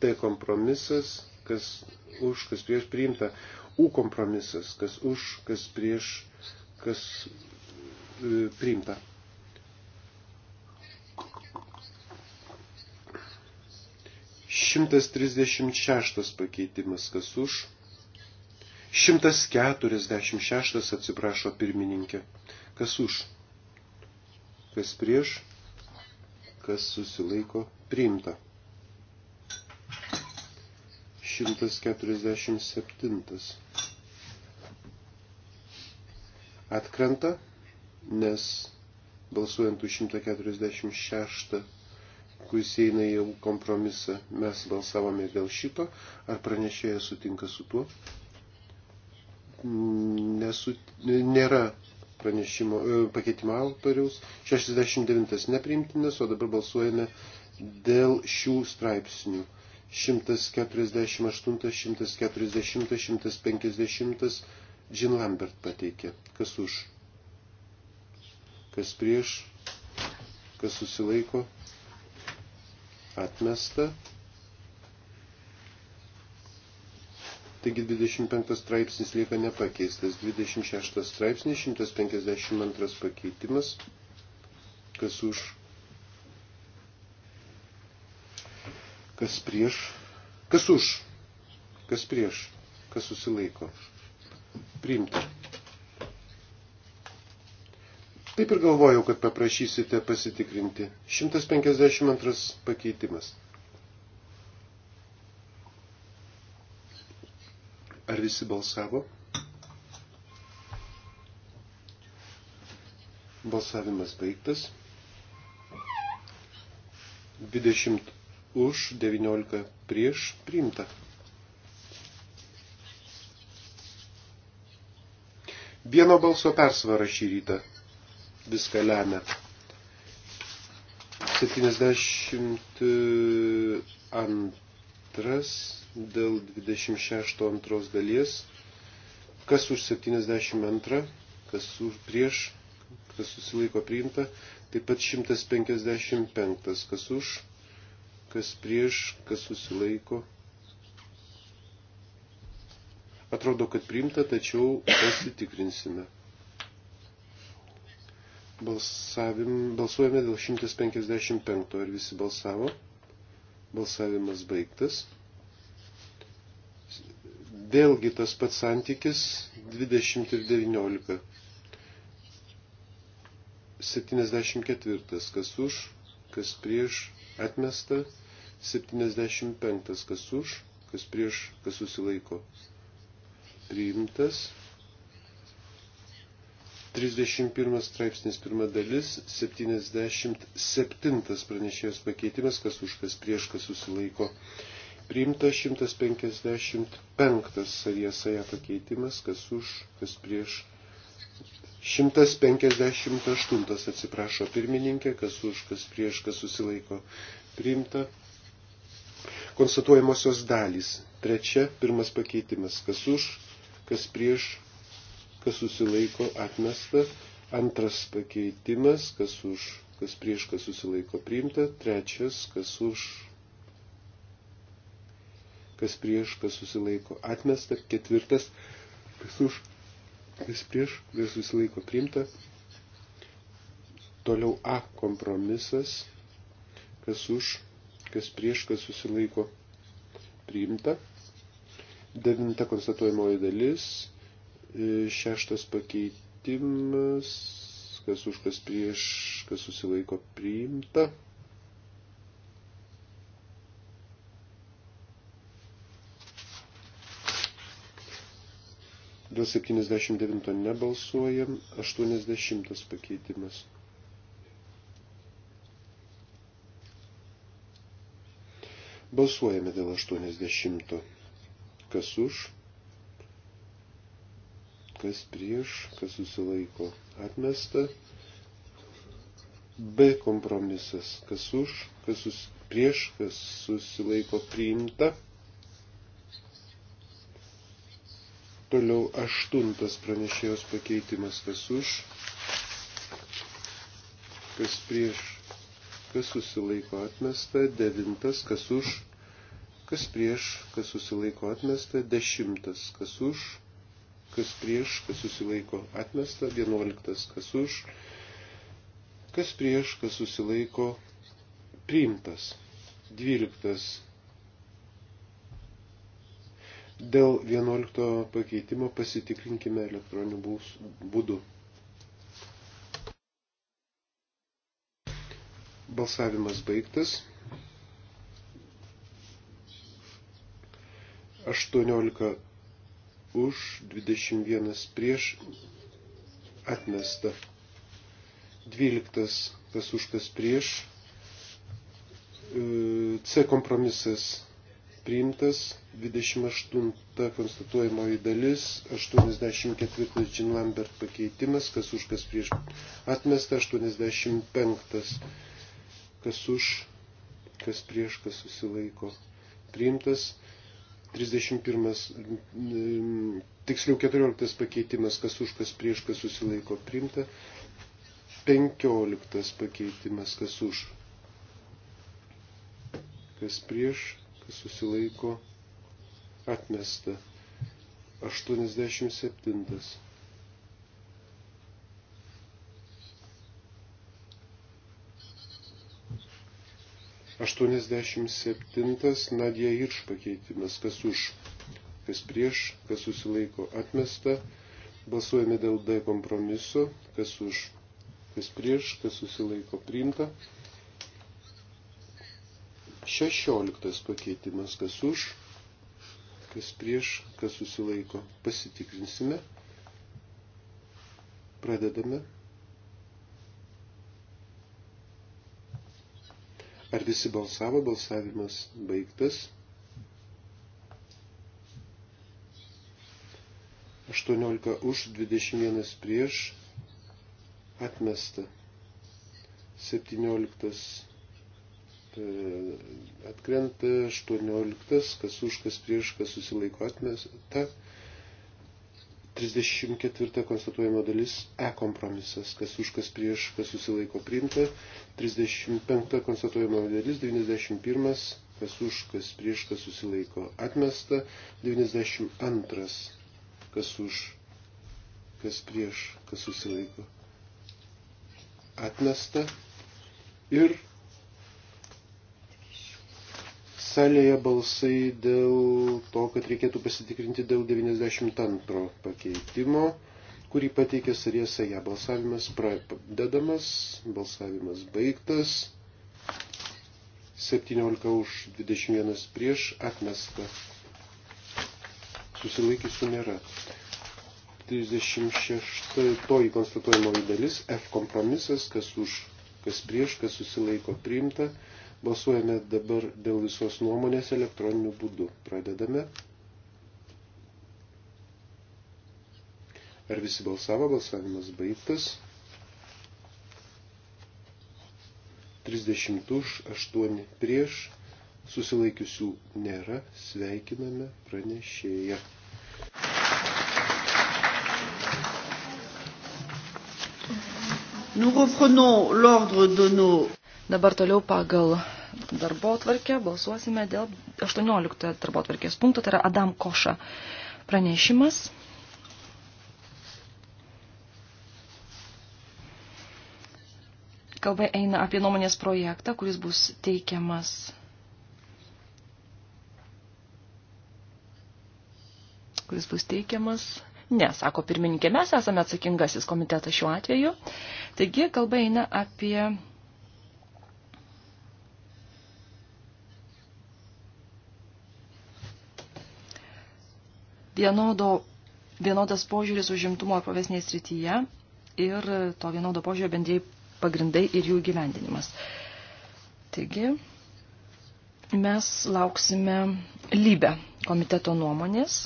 T kompromisas, kas už, kas prieš priimta. U kompromisas, kas už, kas prieš kas e, priimta. Šimtas trisdešimt šeštas pakeitimas, kas už. Šimtas keturiasdešimt šeštas atsiprašo pirmininkė. Kas už? Kas prieš? Kas susilaiko? Priimta. 147. atkrenta, nes balsuojant už 146, kuris eina jau kompromisą, mes balsavome dėl šito, ar pranešėjas sutinka su tuo? Nesu, nėra pranešimo, e, pakeitimo autoriaus, 69 nepriimtinas, o dabar balsuojame dėl šių straipsnių. 148, 140, 150, Žin Lambert pateikė. Kas už? Kas prieš? Kas susilaiko? Atmesta. Taigi 25 straipsnis lieka nepakeistas. 26 straipsnis, 152 pakeitimas. Kas už? Kas prieš? Kas už? Kas prieš? Kas susilaiko? priimta. Taip ir galvojau, kad paprašysite pasitikrinti. 152 pakeitimas. Ar visi balsavo? Balsavimas baigtas. 20 už, 19 prieš, priimta. Vieno balso persvara šį rytą viską lemia. 72 dėl 26 antros dalies. Kas už 72, kas už prieš, kas susilaiko priimta. Taip pat 155, kas už, kas prieš, kas susilaiko priimta Atrodo, kad priimta, tačiau pasitikrinsime. Balsavim, balsuojame dėl 155. Ar visi balsavo? Balsavimas baigtas. Vėlgi tas pats santykis 20 ir 19. 74. Kas už, kas prieš, atmesta. 75. Kas už, kas prieš, kas susilaiko priimtas. 31 straipsnis pirma dalis, 77 pranešėjos pakeitimas, kas už kas prieš kas susilaiko. Priimta 155 sariesaja pakeitimas, kas už kas prieš. 158 atsiprašo pirmininkė, kas už kas prieš kas susilaiko. Priimta. Konstatuojamosios dalys. Trečia, pirmas pakeitimas, kas už kas prieš, kas susilaiko atmesta, antras pakeitimas, kas už, kas prieš, kas susilaiko priimta, trečias, kas už, kas prieš, kas susilaiko atmesta, ketvirtas, kas už, kas prieš, kas susilaiko priimta, toliau A kompromisas, kas už, kas prieš, kas susilaiko priimta. Devinta konstatuojamoji dalis, e, šeštas pakeitimas, kas už kas prieš, kas susilaiko priimta. Dėl 79 nebalsuojam, 80 pakeitimas. Balsuojame dėl 80 kas už, kas prieš, kas susilaiko atmesta. B kompromisas, kas už, kas sus, prieš, kas susilaiko priimta. Toliau aštuntas pranešėjos pakeitimas, kas už, kas prieš, kas susilaiko atmesta. Devintas, kas už, kas prieš, kas susilaiko atmesta, dešimtas, kas už, kas prieš, kas susilaiko atmesta, vienuoliktas, kas už, kas prieš, kas susilaiko priimtas, dvyliktas. Dėl vienuolikto pakeitimo pasitikrinkime elektroniniu būdu. Balsavimas baigtas. 18 už, 21 prieš, atmesta. 12 kas už, kas prieš. E, C kompromisas priimtas, 28 konstatuojamoji dalis, 84 Jean Lambert pakeitimas, kas už, kas prieš atmesta, 85 kas už, kas prieš, kas susilaiko priimtas, 31, tiksliau 14 pakeitimas, kas už, kas prieš, kas susilaiko priimta. 15 pakeitimas, kas už, kas prieš, kas susilaiko atmesta. 87. 87 Nadie Irš pakeitimas, kas už, kas prieš, kas susilaiko atmesta. Balsuojame dėl D kompromiso, kas už, kas prieš, kas susilaiko priimta. 16 pakeitimas, kas už, kas prieš, kas susilaiko. Pasitikrinsime. Pradedame. Ar visi balsavo? Balsavimas baigtas. 18 už, 21 prieš, atmesta. 17 e, atkrenta, 18, kas už, kas prieš, kas susilaiko atmesta. 34 konstatuojama dalis E kompromisas, kas už, kas prieš, kas susilaiko priimta. 35 konstatuojama dalis, 91, kas už, kas prieš, kas susilaiko atmesta. 92, kas už, kas prieš, kas susilaiko atmesta. Ir salėje balsai dėl to, kad reikėtų pasitikrinti dėl 92 pakeitimo, kurį pateikė Sariesaja. Balsavimas pradedamas, balsavimas baigtas. 17 už 21 prieš atmesta. Susilaikysiu nėra. 36 toji konstatuojamoji dalis, F kompromisas, kas už, kas prieš, kas susilaiko priimta. Balsuojame dabar dėl visos nuomonės elektroniniu būdu. Pradedame. Ar visi balsavo? Balsavimas baigtas. 30 už, 8 prieš. Susilaikiusių nėra. Sveikiname pranešėją. Nous reprenons l'ordre de nos Dabar toliau pagal darbo tvarkę, balsuosime dėl 18 darbo tvarkės punkto, tai yra Adam Koša pranešimas. Kalba eina apie nuomonės projektą, kuris bus teikiamas kuris bus teikiamas Ne, sako pirmininkė, mes esame atsakingasis komitetas šiuo atveju. Taigi kalba eina apie vienodo, vienodas požiūris užimtumo ir pavesnės srityje ir to vienodo požiūrio bendrėjai pagrindai ir jų gyvendinimas. Taigi, mes lauksime lybę komiteto nuomonės.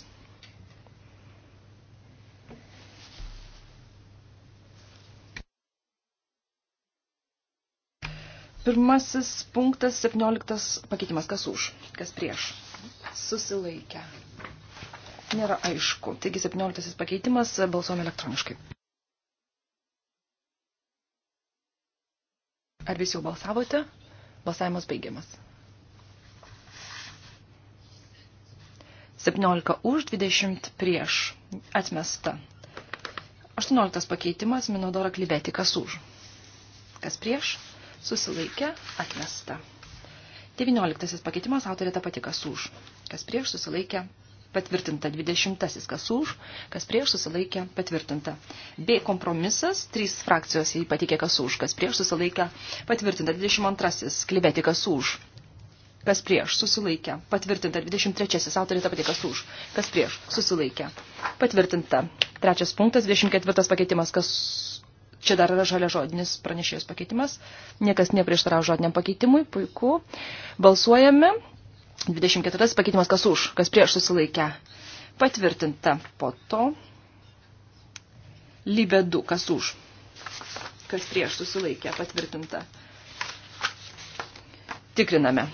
Pirmasis punktas, 17 pakeitimas, kas už, kas prieš. Susilaikę nėra aišku. Taigi 17 pakeitimas balsuom elektroniškai. Ar visi jau balsavote? Balsavimas baigiamas. 17 už, 20 prieš. Atmesta. 18 pakeitimas Minodora Klibeti. Kas už? Kas prieš? Susilaikė. Atmesta. 19 pakeitimas autorė ta pati. Kas už? Kas prieš? Susilaikė patvirtinta 20, kas už, kas prieš susilaikė, patvirtinta. B kompromisas, trys frakcijos jį patikė, kas už, kas prieš susilaikė, patvirtinta 22, klibėti, kas už, kas prieš susilaikė, patvirtinta 23, autorė ta pati, kas už, kas prieš susilaikė, patvirtinta. Trečias punktas, 24 pakeitimas, kas Čia dar yra žalia žodinis pranešėjos pakeitimas. Niekas neprieštaravo žodiniam pakeitimui. Puiku. Balsuojame. 24 pakeitimas kas už, kas prieš susilaikę. Patvirtinta po to. Lybė 2 kas už, kas prieš susilaikę. Patvirtinta. Tikriname.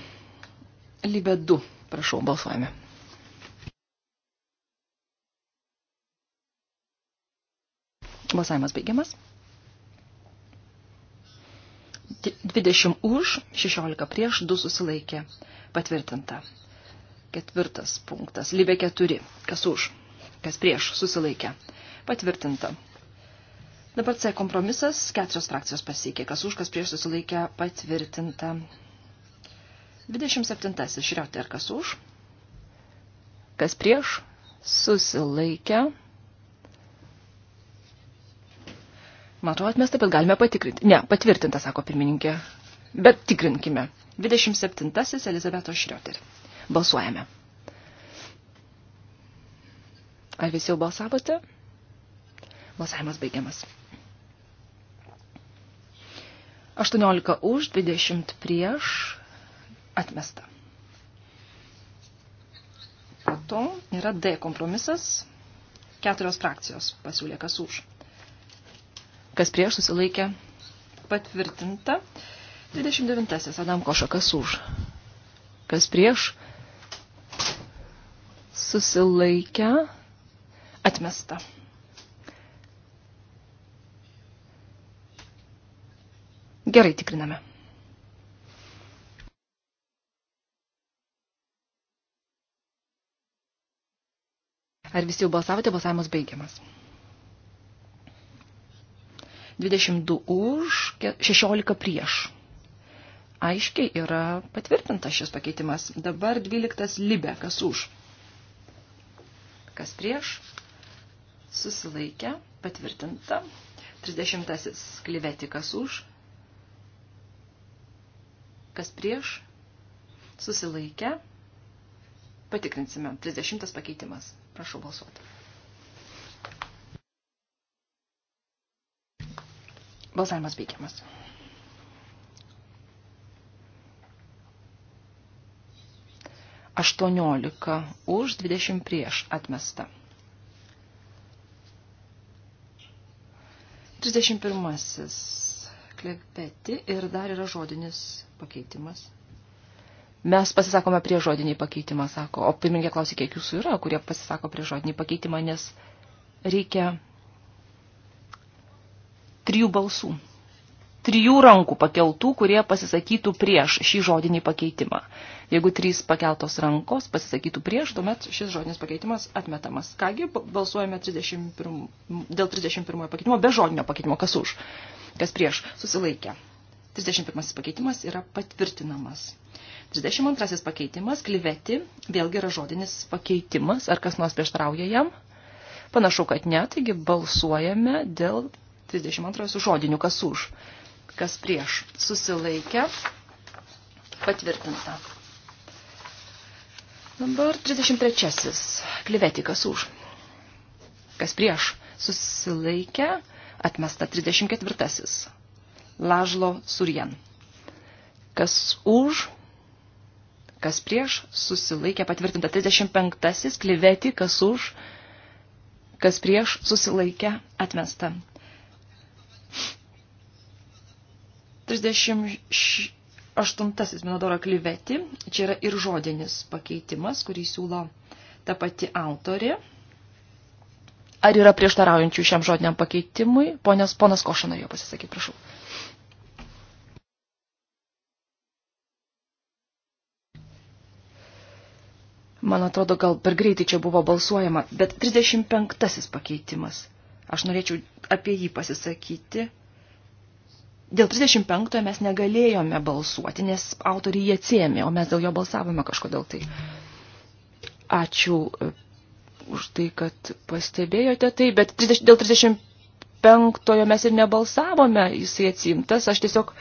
Lybė 2. Prašau, balsuojame. Balsavimas baigiamas. 20 už, 16 prieš, 2 susilaikė. Patvirtinta. Ketvirtas punktas. Libė keturi. Kas už? Kas prieš? Susilaikė. Patvirtinta. Dabar C kompromisas. Keturios frakcijos pasiekė. Kas už? Kas prieš? Susilaikė. Patvirtinta. 27. Šriotė ir kas už? Kas prieš? Susilaikė. Man atrodo, mes taip pat galime patikrinti. Ne, patvirtinta, sako pirmininkė. Bet tikrinkime. 27. Elizabeto Šrioter. Balsuojame. Ar visi jau balsavote? Balsavimas baigiamas. 18 už, 20 prieš, atmesta. Po to yra D kompromisas, keturios frakcijos pasiūlė kas už. Kas prieš susilaikė patvirtinta. 29. Adam Koša, kas už? Kas prieš? Susilaikę. Atmesta. Gerai tikriname. Ar visi jau balsavote, balsavimas baigiamas. 22 už, 16 prieš aiškiai yra patvirtintas šis pakeitimas. Dabar 12 libė, kas už, kas prieš, susilaikė, patvirtinta. 30 klyveti, kas už, kas prieš, susilaikė, patikrinsime. 30 pakeitimas. Prašau balsuoti. Balsavimas baigiamas. 18 už, 20 prieš atmesta. 31. Klepeti ir dar yra žodinis pakeitimas. Mes pasisakome prie žodinį pakeitimą, sako. O pirmininkė klausė, kiek jūsų yra, kurie pasisako prie žodinį pakeitimą, nes reikia trijų balsų trijų rankų pakeltų, kurie pasisakytų prieš šį žodinį pakeitimą. Jeigu trys pakeltos rankos pasisakytų prieš, tuomet šis žodinis pakeitimas atmetamas. Kągi, balsuojame 31, dėl 31 pakeitimo, be žodinio pakeitimo, kas už, kas prieš, susilaikė. 31 pakeitimas yra patvirtinamas. 32 pakeitimas, klyveti, vėlgi yra žodinis pakeitimas, ar kas nors prieštrauja jam. Panašu, kad ne, taigi balsuojame dėl 32 su žodiniu, kas už, kas prieš, susilaikė, patvirtinta. Dabar 33. Klivetikas už. Kas prieš, susilaikė, atmesta 34. Lažlo surien. Kas už, kas prieš, susilaikė, patvirtinta 35. Klivetikas už, kas prieš, susilaikė, atmesta 34. 138 Minodoro Kliveti, čia yra ir žodinis pakeitimas, kurį siūlo ta pati autorė. Ar yra prieštaraujančių šiam žodiniam pakeitimui? Ponas, ponas Koša norėjo pasisakyti, prašau. Man atrodo, gal per greitai čia buvo balsuojama, bet 35 pakeitimas. Aš norėčiau apie jį pasisakyti dėl 35 mes negalėjome balsuoti, nes autoriai jį atsėmė, o mes dėl jo balsavome kažkodėl tai. Ačiū e, už tai, kad pastebėjote tai, bet 30, dėl 35 mes ir nebalsavome, jisai atsimtas, aš tiesiog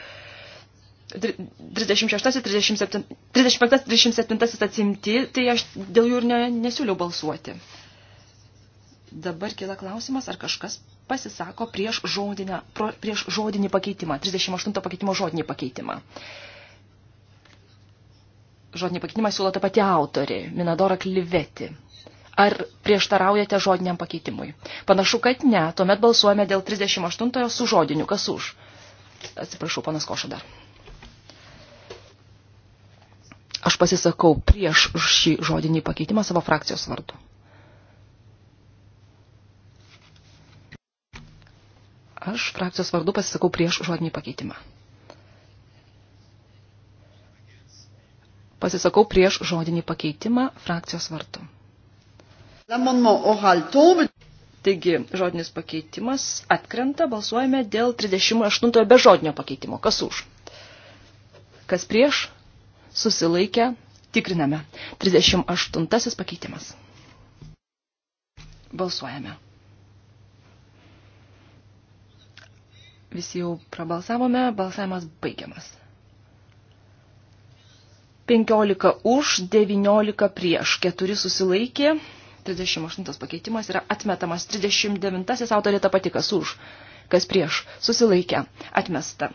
36, 37, 35, 37 atsimti, tai aš dėl jų ir ne, nesiūliau balsuoti. Dabar kila klausimas, ar kažkas pasisako prieš, žodinę, prieš žodinį pakeitimą, 38 pakeitimo žodinį pakeitimą. Žodinį pakeitimą siūlo ta pati autorė, Minadora Kliveti. Ar prieštaraujate žodiniam pakeitimui? Panašu, kad ne. Tuomet balsuojame dėl 38 su žodiniu. Kas už? Atsiprašau, panas Koša dar. Aš pasisakau prieš šį žodinį pakeitimą savo frakcijos vardu. Aš frakcijos vardu pasisakau prieš žodinį pakeitimą. Pasisakau prieš žodinį pakeitimą frakcijos vardu. Taigi, žodinis pakeitimas atkrenta, balsuojame dėl 38 be žodinio pakeitimo. Kas už? Kas prieš? Susilaikę, tikriname. 38 pakeitimas. Balsuojame. Visi jau prabalsavome, balsavimas baigiamas. 15 už, 19 prieš, 4 susilaikė, 38 pakeitimas yra atmetamas, 39 autorė ta pati, kas už, kas prieš, susilaikė, atmesta.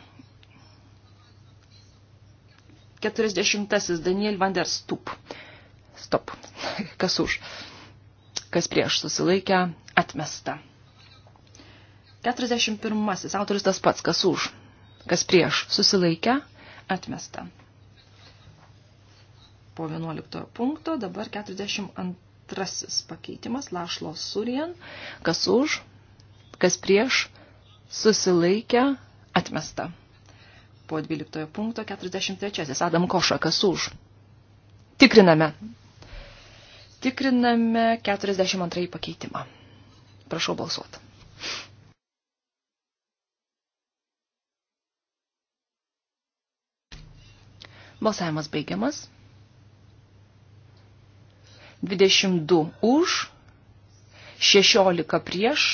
40 Daniel van der Stup, stop, kas už, kas prieš, susilaikė, atmesta. 41. Autoris tas pats, kas už, kas prieš, susilaikę, atmesta. Po 11 punkto dabar 42 pakeitimas, lašlo surien, kas už, kas prieš, susilaikę, atmesta. Po 12 punkto 43. Adam Koša, kas už. Tikriname. Tikriname 42 pakeitimą. Prašau balsuoti. Balsavimas baigiamas. 22 už, 16 prieš.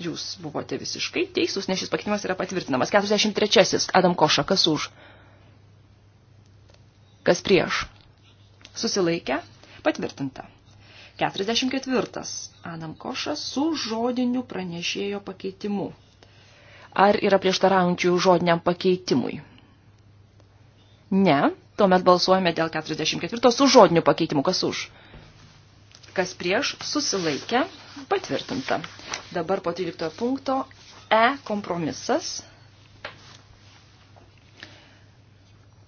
Jūs buvote visiškai teisūs, nes šis pakeitimas yra patvirtinamas. 43. Adam Koša, kas už? Kas prieš? Susilaikę? Patvirtinta. 44. Adam Koša su žodiniu pranešėjo pakeitimu. Ar yra prieštaraujančių žodiniam pakeitimui? Ne. Tuomet balsuojame dėl 44 su žodiniu pakeitimu. Kas už? Kas prieš? Susilaikę. Patvirtinta. Dabar po 13 punkto E kompromisas.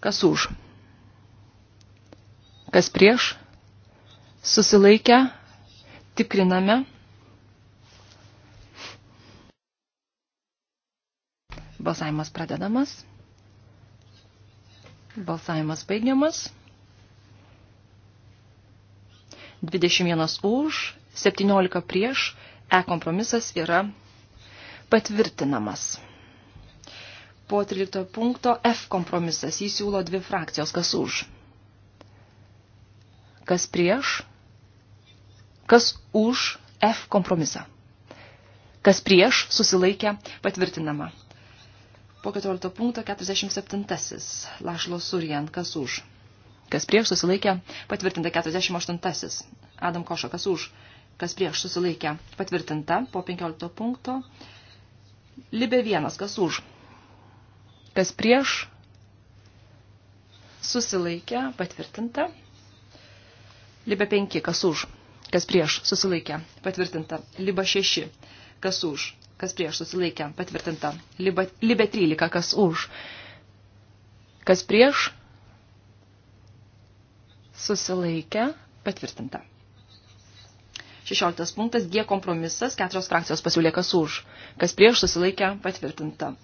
Kas už? Kas prieš? Susilaikę. Tikriname. Balsavimas pradedamas. Balsavimas baigiamas. 21 už, 17 prieš, E kompromisas yra patvirtinamas. Po 13 punkto F kompromisas jį siūlo dvi frakcijos, kas už. Kas prieš, kas už F kompromisą. Kas prieš susilaikę patvirtinama. Po 14 punkto 47. Lašlo Surjan, kas už. Kas prieš susilaikė, patvirtinta 48. Adam Košo, kas už. Kas prieš susilaikė, patvirtinta po 15 punkto. Libė vienas, kas už. Kas prieš susilaikė, patvirtinta. Libė 5, kas už. Kas prieš susilaikė, patvirtinta. Liba 6, kas už kas prieš susilaikė, patvirtinta. Liba, libė 13, kas už, kas prieš susilaikė, patvirtinta. 16 punktas G kompromisas, keturios frakcijos pasiūlė kas už, kas prieš susilaikė, patvirtinta.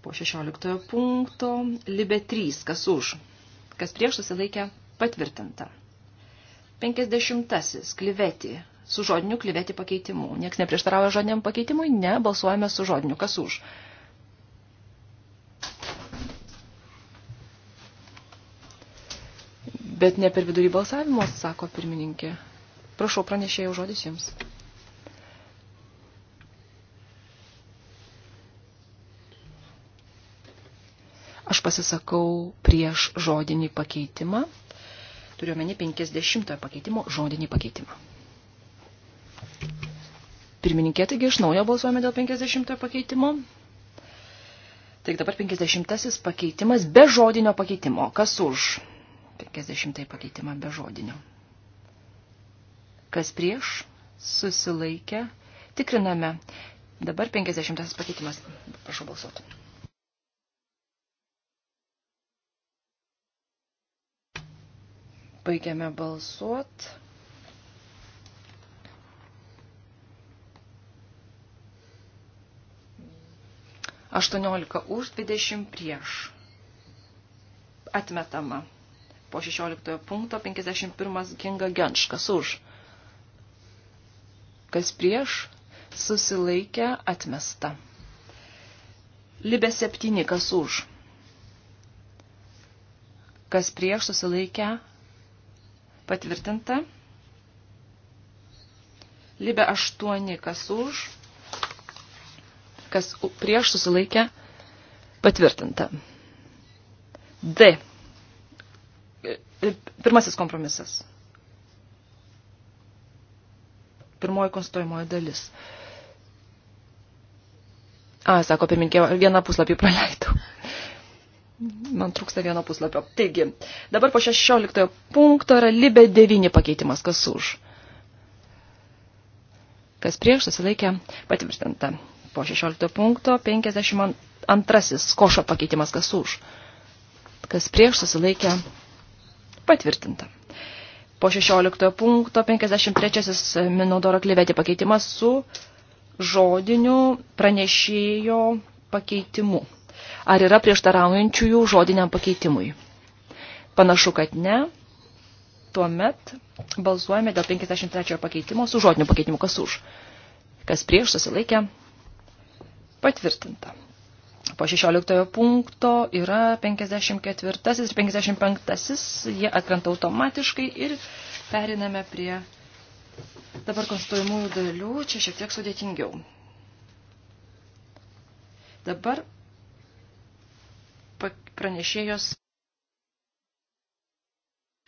Po 16 punkto Libė 3, kas už, kas prieš susilaikė, patvirtinta. 50. Klivetį, su žodiniu klyvėti pakeitimu. Niekas neprieštarauja žodiniam pakeitimui, ne, balsuojame su žodiniu. Kas už? Bet ne per vidurį balsavimo, sako pirmininkė. Prašau, pranešėjau žodis jums. Aš pasisakau prieš žodinį pakeitimą, turiuomenį 50 pakeitimo žodinį pakeitimą. Pirmininkė, taigi iš naujo balsuojame dėl 50 pakeitimo. Taigi dabar 50 pakeitimas be žodinio pakeitimo. Kas už 50 pakeitimą be žodinio? Kas prieš? Susilaikę. Tikriname. Dabar 50 pakeitimas. Prašau balsuoti. Baigiame balsuoti. 18 už, 20 prieš. Atmetama. Po 16 punkto 51 Kinga Genš. Kas už? Kas prieš? Susilaikė atmesta. Libė 7. Kas už? Kas prieš susilaikė patvirtinta. Libė 8. Kas už? kas prieš susilaikė patvirtinta. D. E, pirmasis kompromisas. Pirmoji konstituojamoji dalis. A, sako pirminkė, vieną puslapį praleidau. Man trūksta vieno puslapio. Taigi, dabar po 16 punkto yra libė 9 pakeitimas, kas už. Kas prieš susilaikė patvirtinta. Po 16 punkto 52 košo pakeitimas kas už. Kas prieš susilaikė patvirtinta. Po 16 punkto 53 Minodoro klivėti pakeitimas su žodiniu pranešėjo pakeitimu. Ar yra prieštaraujančiųjų žodiniam pakeitimui? Panašu, kad ne. Tuomet balsuojame dėl 53 pakeitimo su žodiniu pakeitimu. Kas už? Kas prieš susilaikė? Patvirtinta. Po 16 punkto yra 54 ir 55, jie atkrenta automatiškai ir periname prie dabar konstruojamųjų dalių, čia šiek tiek sudėtingiau. Dabar pranešėjos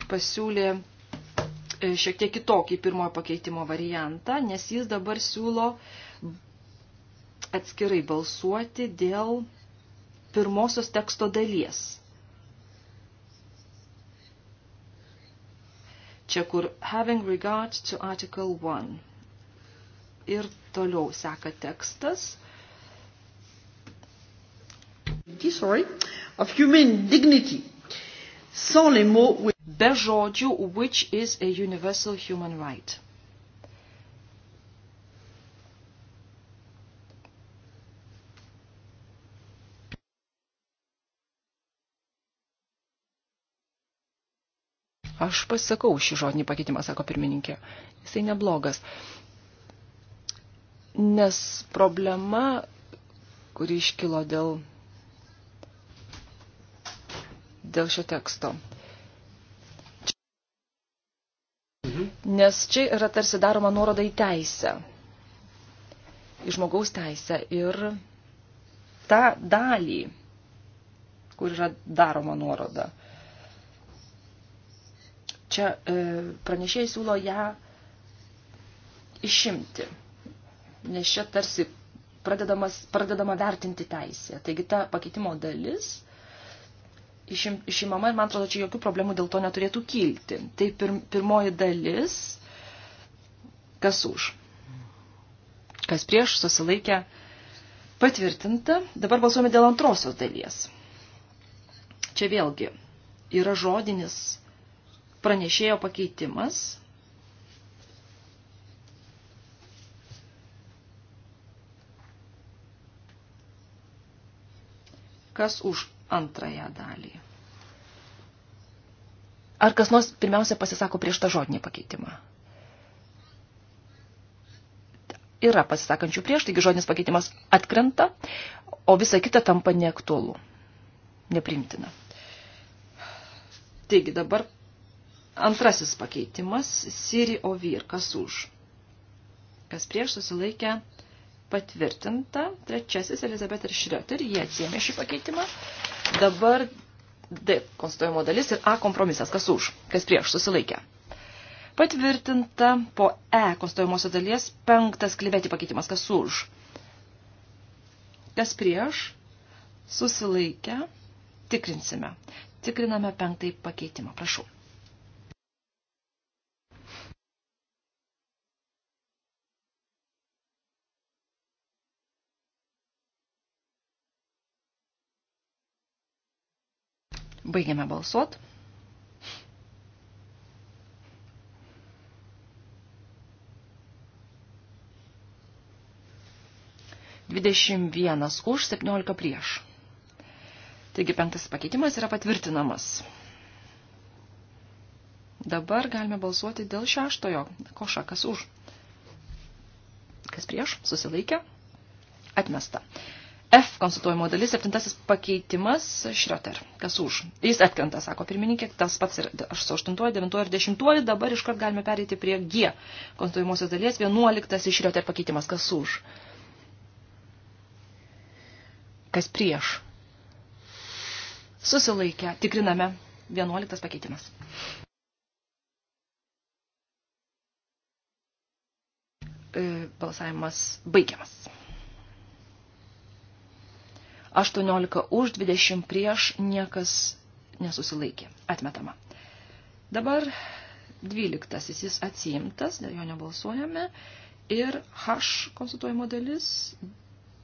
pasiūlė e, šiek tiek kitokį pirmojo pakeitimo variantą, nes jis dabar siūlo uh, atskirai balsuoti dėl pirmosios teksto dalies. Čia kur having regard to article 1. Ir toliau seka tekstas. Sorry, of human dignity. Sans les mots, be žodžių which is a universal human right. Aš pasisakau šį žodinį pakeitimą, sako pirmininkė. Jisai neblogas. Nes problema, kuri iškilo dėl, dėl šio teksto. Nes čia yra tarsi daroma nuoroda į teisę, į žmogaus teisę ir tą dalį, kur yra daroma nuoroda. Čia e, pranešėjai siūlo ją išimti, nes čia tarsi pradedama vertinti teisė. Taigi ta pakeitimo dalis išim, išimama ir man atrodo, čia jokių problemų dėl to neturėtų kilti. Tai pir, pirmoji dalis, kas už, kas prieš susilaikė patvirtinta. Dabar balsuojame dėl antrosios dalies. Čia vėlgi yra žodinis pranešėjo pakeitimas. Kas už antrąją dalį? Ar kas nors pirmiausia pasisako prieš tą žodinį pakeitimą? Yra pasisakančių prieš, taigi žodinis pakeitimas atkrenta, o visa kita tampa neaktualu, neprimtina. Taigi dabar Antrasis pakeitimas – Siri Ovir, kas už. Kas prieš susilaikė patvirtinta. Trečiasis – Elizabeth ir Šrioter, jie atsiemė šį pakeitimą. Dabar D konstituojimo dalis ir A kompromisas, kas už, kas prieš susilaikė. Patvirtinta po E konstituojimosios dalies penktas klivėti pakeitimas, kas už. Kas prieš susilaikė, tikrinsime. Tikriname penktąjį pakeitimą, prašau. Baigiame balsuot. Dvidešimt vienas už, septyniolika prieš. Taigi penktas pakeitimas yra patvirtinamas. Dabar galime balsuoti dėl šeštojo. Košakas už. Kas prieš? Susilaikė? Atmesta. Atmesta. F konstatuojimo dalis, septintasis pakeitimas, Šrioter, kas už. Jis atkrenta, sako pirmininkė, tas pats ir 8, 9 ir 10, dabar iškart galime pereiti prie G konstatuojimosios dalies, 11 Šrioter pakeitimas, kas už. Kas prieš. Susilaikę, tikriname, 11 pakeitimas. E, balsavimas baigiamas. 18 už, 20 prieš, niekas nesusilaikė. Atmetama. Dabar 12. Jis atsiimtas, dėl jo nebalsuojame. Ir H konsultuojimo dalis,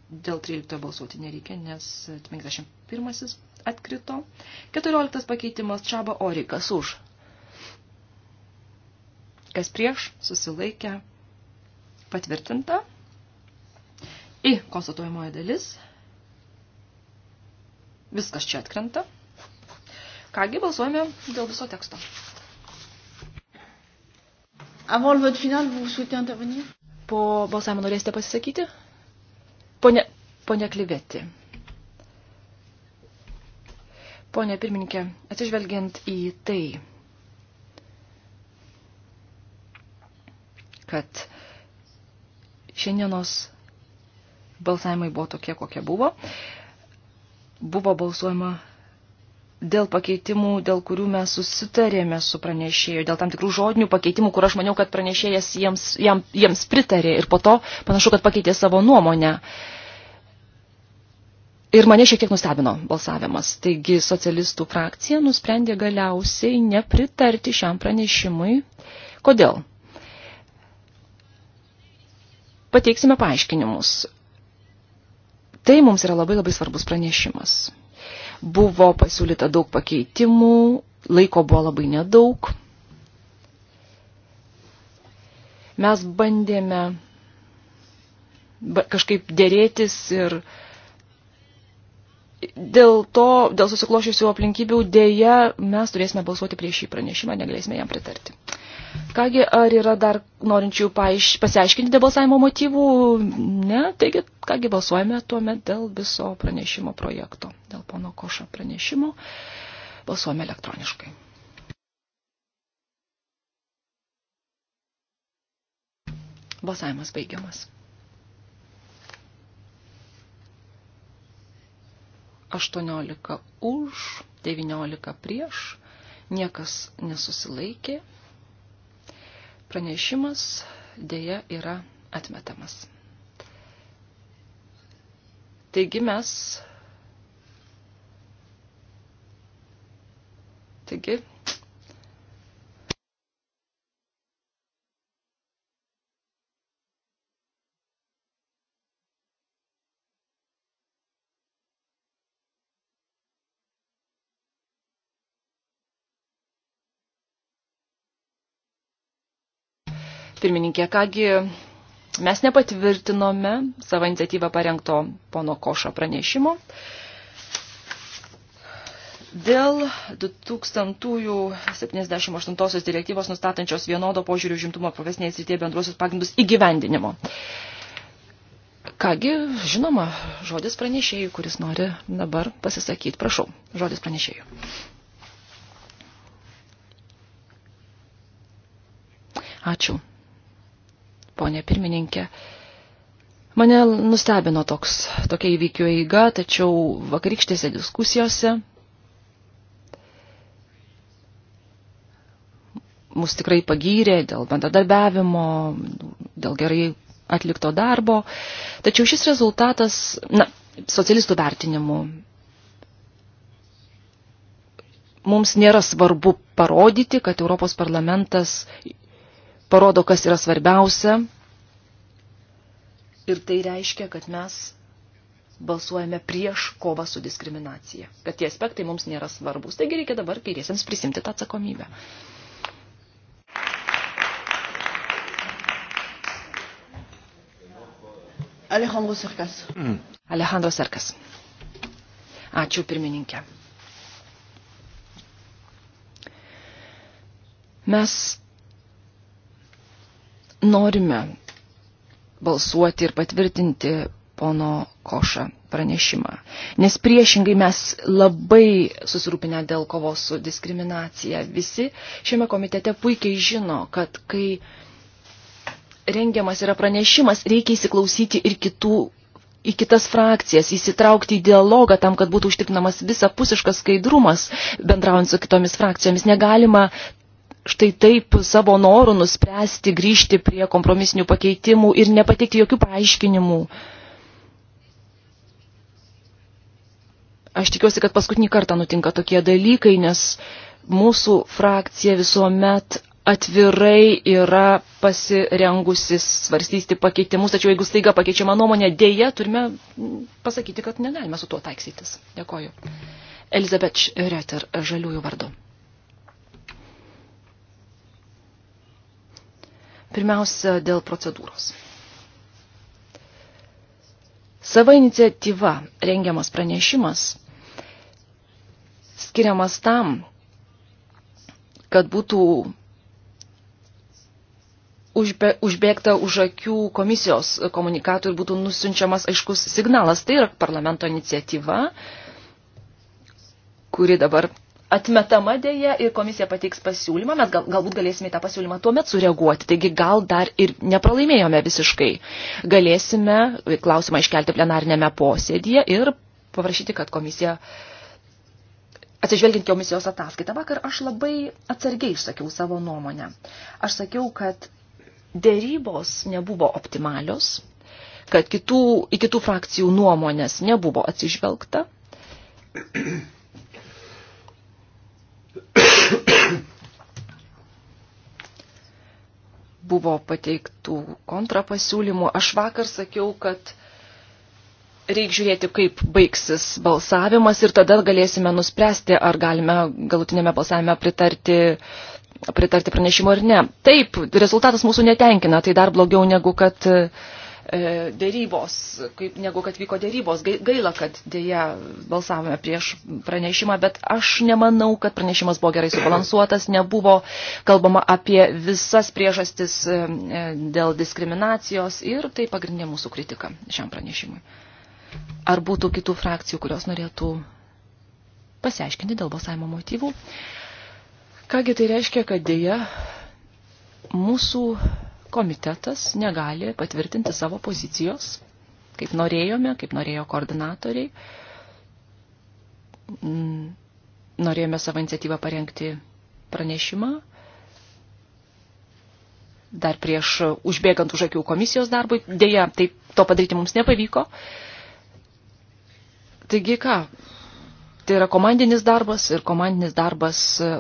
dėl 13 balsuoti nereikia, nes 51 atkrito. 14 pakeitimas Čaba Orikas už. Kas prieš susilaikė patvirtinta. I konstatuojamoji dalis Viskas čia atkrenta. Kągi, balsuojame dėl viso teksto. Avant le vote final, vous souhaitez intervenir? Po balsavimo norėsite pasisakyti? Pone, pone Kliveti. Pone pirmininkė, atsižvelgiant į tai, kad šiandienos balsavimai buvo tokie, kokie buvo, uh, buvo balsuojama dėl pakeitimų, dėl kurių mes susitarėme su pranešėju, dėl tam tikrų žodinių pakeitimų, kur aš maniau, kad pranešėjas jiems, jam, jiems pritarė ir po to panašu, kad pakeitė savo nuomonę. Ir mane šiek tiek nustebino balsavimas. Taigi socialistų frakcija nusprendė galiausiai nepritarti šiam pranešimui. Kodėl? Pateiksime paaiškinimus. Tai mums yra labai labai svarbus pranešimas. Buvo pasiūlyta daug pakeitimų, laiko buvo labai nedaug. Mes bandėme kažkaip dėrėtis ir dėl to, dėl susiklošiusių aplinkybių, dėja mes turėsime balsuoti prieš šį pranešimą, negalėsime jam pritarti. Kągi, ar yra dar norinčių paaiš, pasiaiškinti dėl balsavimo motyvų? Ne, taigi, kągi, balsuojame tuomet dėl viso pranešimo projekto, dėl pono Košo pranešimo. Balsuojame elektroniškai. Balsavimas baigiamas. 18 už, 19 prieš, niekas nesusilaikė pranešimas dėja yra atmetamas. Taigi mes Taigi, Pirmininkė, kągi mes nepatvirtinome savo iniciatyvą parengto pono Košo pranešimo. Dėl 2078 direktyvos nustatančios vienodo požiūrių žimtumo profesinėje srityje bendruosius pagrindus įgyvendinimo. Kągi, žinoma, žodis pranešėjų, kuris nori dabar pasisakyti. Prašau, žodis pranešėjų. Ačiū, ponė pirmininkė. Mane nustebino toks, tokia įvykių eiga, tačiau vakarykštėse diskusijose mus tikrai pagyrė dėl bendradarbiavimo, dėl gerai atlikto darbo. Tačiau šis rezultatas, na, socialistų vertinimu, mums nėra svarbu parodyti, kad Europos parlamentas parodo, kas yra svarbiausia. Ir tai reiškia, kad mes balsuojame prieš kovą su diskriminacija, kad tie aspektai mums nėra svarbus. Taigi reikia dabar kairiesiams prisimti tą atsakomybę. Alejandro Serkas. Mm. Alejandro Serkas. Ačiū pirmininkė. Mes norime balsuoti ir patvirtinti pono Košą pranešimą. Nes priešingai mes labai susirūpinę dėl kovos su diskriminacija. Visi šiame komitete puikiai žino, kad kai rengiamas yra pranešimas, reikia įsiklausyti ir kitų į kitas frakcijas, įsitraukti į dialogą tam, kad būtų užtikrinamas visapusiškas skaidrumas bendraujant su kitomis frakcijomis. Negalima štai taip savo norų nuspręsti grįžti prie kompromisinių pakeitimų ir nepateikti jokių paaiškinimų. Aš tikiuosi, kad paskutinį kartą nutinka tokie dalykai, nes mūsų frakcija visuomet atvirai yra pasirengusi svarstyti pakeitimus, tačiau jeigu staiga pakeičiama nuomonė, dėja turime pasakyti, kad negalime su tuo taiksytis. Dėkoju. Elizabeth Retter, žaliųjų vardu. Pirmiausia, dėl procedūros. Sava iniciatyva rengiamas pranešimas skiriamas tam, kad būtų užbe, užbėgta už akių komisijos komunikatų ir būtų nusiunčiamas aiškus signalas. Tai yra parlamento iniciatyva, kuri dabar atmetama dėja ir komisija pateiks pasiūlymą, mes gal, galbūt galėsime tą pasiūlymą tuomet sureaguoti, taigi gal dar ir nepralaimėjome visiškai. Galėsime klausimą iškelti plenarinėme posėdėje ir paprašyti, kad komisija, atsižvelgiant komisijos ataskaitą, vakar aš labai atsargiai išsakiau savo nuomonę. Aš sakiau, kad dėrybos nebuvo optimalios, kad kitų, į kitų frakcijų nuomonės nebuvo atsižvelgta. buvo pateiktų kontrapasiūlymų. Aš vakar sakiau, kad reik žiūrėti, kaip baigsis balsavimas ir tada galėsime nuspręsti, ar galime galutinėme balsavime pritarti, pritarti pranešimo ar ne. Taip, rezultatas mūsų netenkina, tai dar blogiau negu kad E, dėrybos, kaip, negu kad vyko dėrybos. Gaila, kad dėja balsavome prieš pranešimą, bet aš nemanau, kad pranešimas buvo gerai subalansuotas, nebuvo kalbama apie visas priežastis e, e, dėl diskriminacijos ir tai pagrindinė mūsų kritika šiam pranešimui. Ar būtų kitų frakcijų, kurios norėtų pasiaiškinti dėl balsavimo motyvų? Kągi tai reiškia, kad dėja mūsų komitetas negali patvirtinti savo pozicijos, kaip norėjome, kaip norėjo koordinatoriai. Mm, norėjome savo iniciatyvą parengti pranešimą. Dar prieš užbėgant už akių komisijos darbui, dėja, taip to padaryti mums nepavyko. Taigi ką, tai yra komandinis darbas ir komandinis darbas e,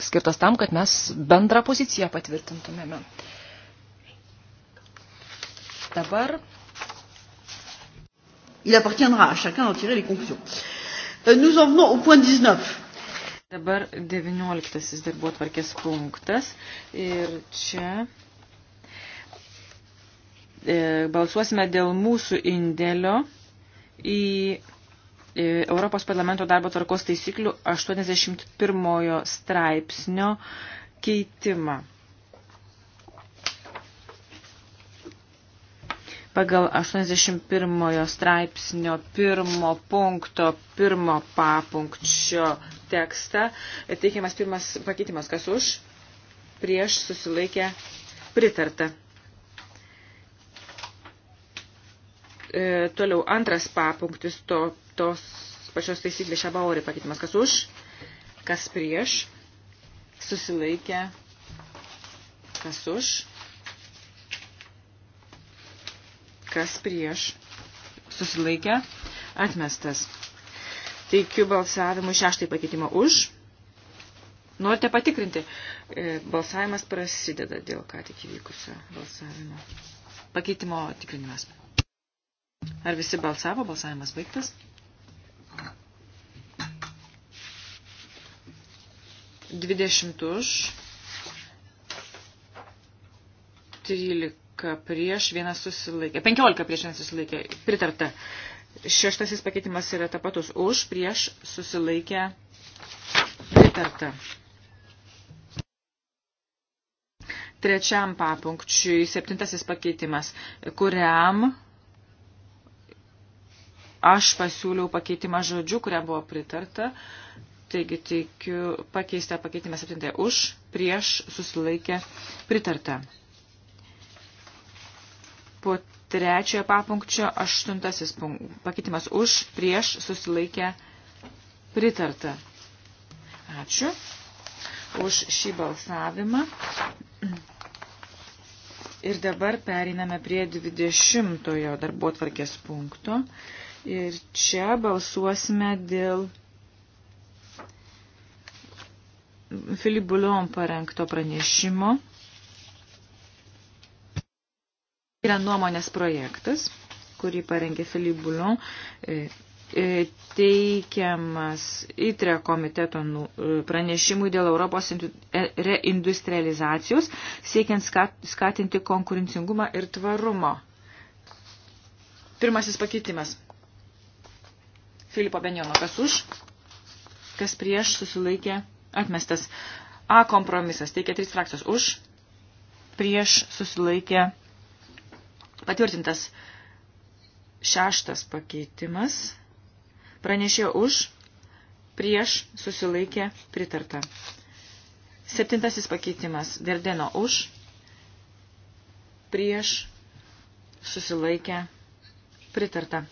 skirtas tam, kad mes bendrą poziciją patvirtintumėme dabar. Il appartiendra à chacun d'en tirer les conclusions. Euh, nous en venons au point 19. Dabar 19 darbo tvarkės punktas ir čia e, balsuosime dėl mūsų indėlio į e, Europos parlamento darbo tvarkos taisyklių 81 straipsnio keitimą. pagal 81 straipsnio pirmo punkto pirmo papunkčio tekstą. Teikiamas pirmas pakeitimas, kas už, prieš susilaikę pritarta. E, toliau antras papunktis to, tos pačios taisyklės šabaori pakeitimas, kas už, kas prieš, susilaikę, kas už kas prieš susilaikė atmestas. Teikiu balsavimu šeštąjį pakeitimą už. Norite patikrinti. E, balsavimas prasideda dėl ką tik įvykusio balsavimo. Pakeitimo tikrinimas. Ar visi balsavo? Balsavimas baigtas. Dvidešimt už. Trylik prieš vienas susilaikė. 15 prieš vienas susilaikė. Pritarta. Šeštasis pakeitimas yra tapatus už, prieš susilaikė. Pritarta. Trečiam papunkčiui septintasis pakeitimas, kuriam aš pasiūliau pakeitimą žodžių, kuriam buvo pritarta. Taigi teikiu pakeistą pakeitimą septintąją už, prieš susilaikė pritarta. Po trečiojo papunkčio aštuntasis pakeitimas už, prieš, susilaikę, pritarta. Ačiū už šį balsavimą. Ir dabar periname prie 20 darbo tvarkės punkto. Ir čia balsuosime dėl Filip Bulion parengto pranešimo. Yra nuomonės projektas, kurį parengė Filip Bulon, e, e, teikiamas įtre komiteto nu, e, pranešimui dėl Europos reindustrializacijos, siekiant skatinti konkurencingumą ir tvarumą. Pirmasis pakeitimas. Filipo Benjono, kas už, kas prieš susilaikė atmestas. A kompromisas teikia trys frakcijos už, prieš susilaikė atmestas Patvirtintas šeštas pakeitimas. Pranešė už, prieš, susilaikė, pritarta. Septintasis pakeitimas. Derdeno už, prieš, susilaikė, pritarta.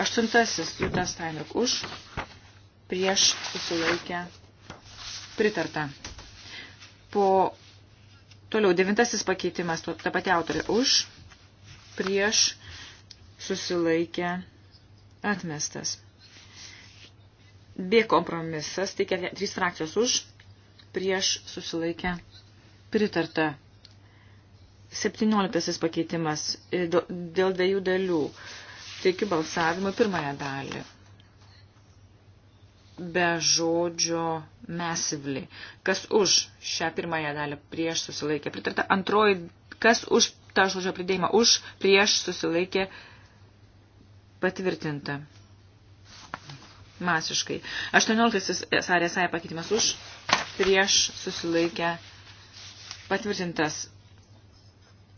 Aštuntasis. Jutas Steinruk už, prieš, susilaikė, pritarta. Po toliau devintasis pakeitimas, ta pati autorė už, prieš susilaikę atmestas. B kompromisas, tai trys frakcijos už, prieš susilaikę pritarta. 17 pakeitimas e, dėl dviejų dalių. Teikiu balsavimą pirmąją dalį. Be žodžio massively. Kas už šią pirmąją dalį prieš susilaikė pritarta. Antroji, kas už tą žodžio pridėjimą už, prieš susilaikė patvirtinta. Masiškai. 18 sarės sąja pakeitimas už, prieš susilaikė patvirtintas.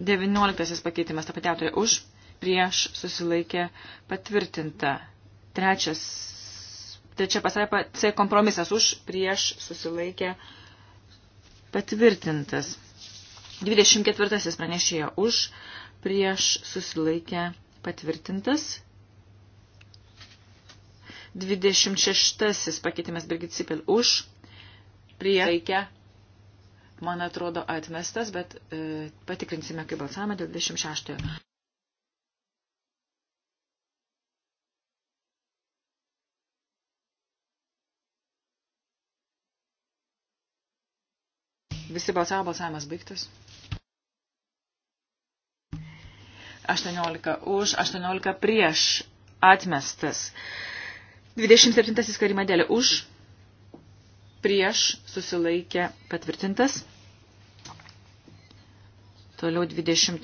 19 pakeitimas ta pati autorė už, prieš susilaikė patvirtinta. Trečias, trečia pasaipa C kompromisas už, prieš susilaikė patvirtintas. 24 pranešėjo už, prieš susilaikę patvirtintas. 26 pakeitimas Birgit Sipel už, prieš susilaikę, man atrodo, atmestas, bet e, patikrinsime, kaip balsavome dėl 26. Visi balsavo, balsavimas baigtas. 18 už, 18 prieš atmestas. 27 karimadėlė už, prieš susilaikė patvirtintas. Toliau 28.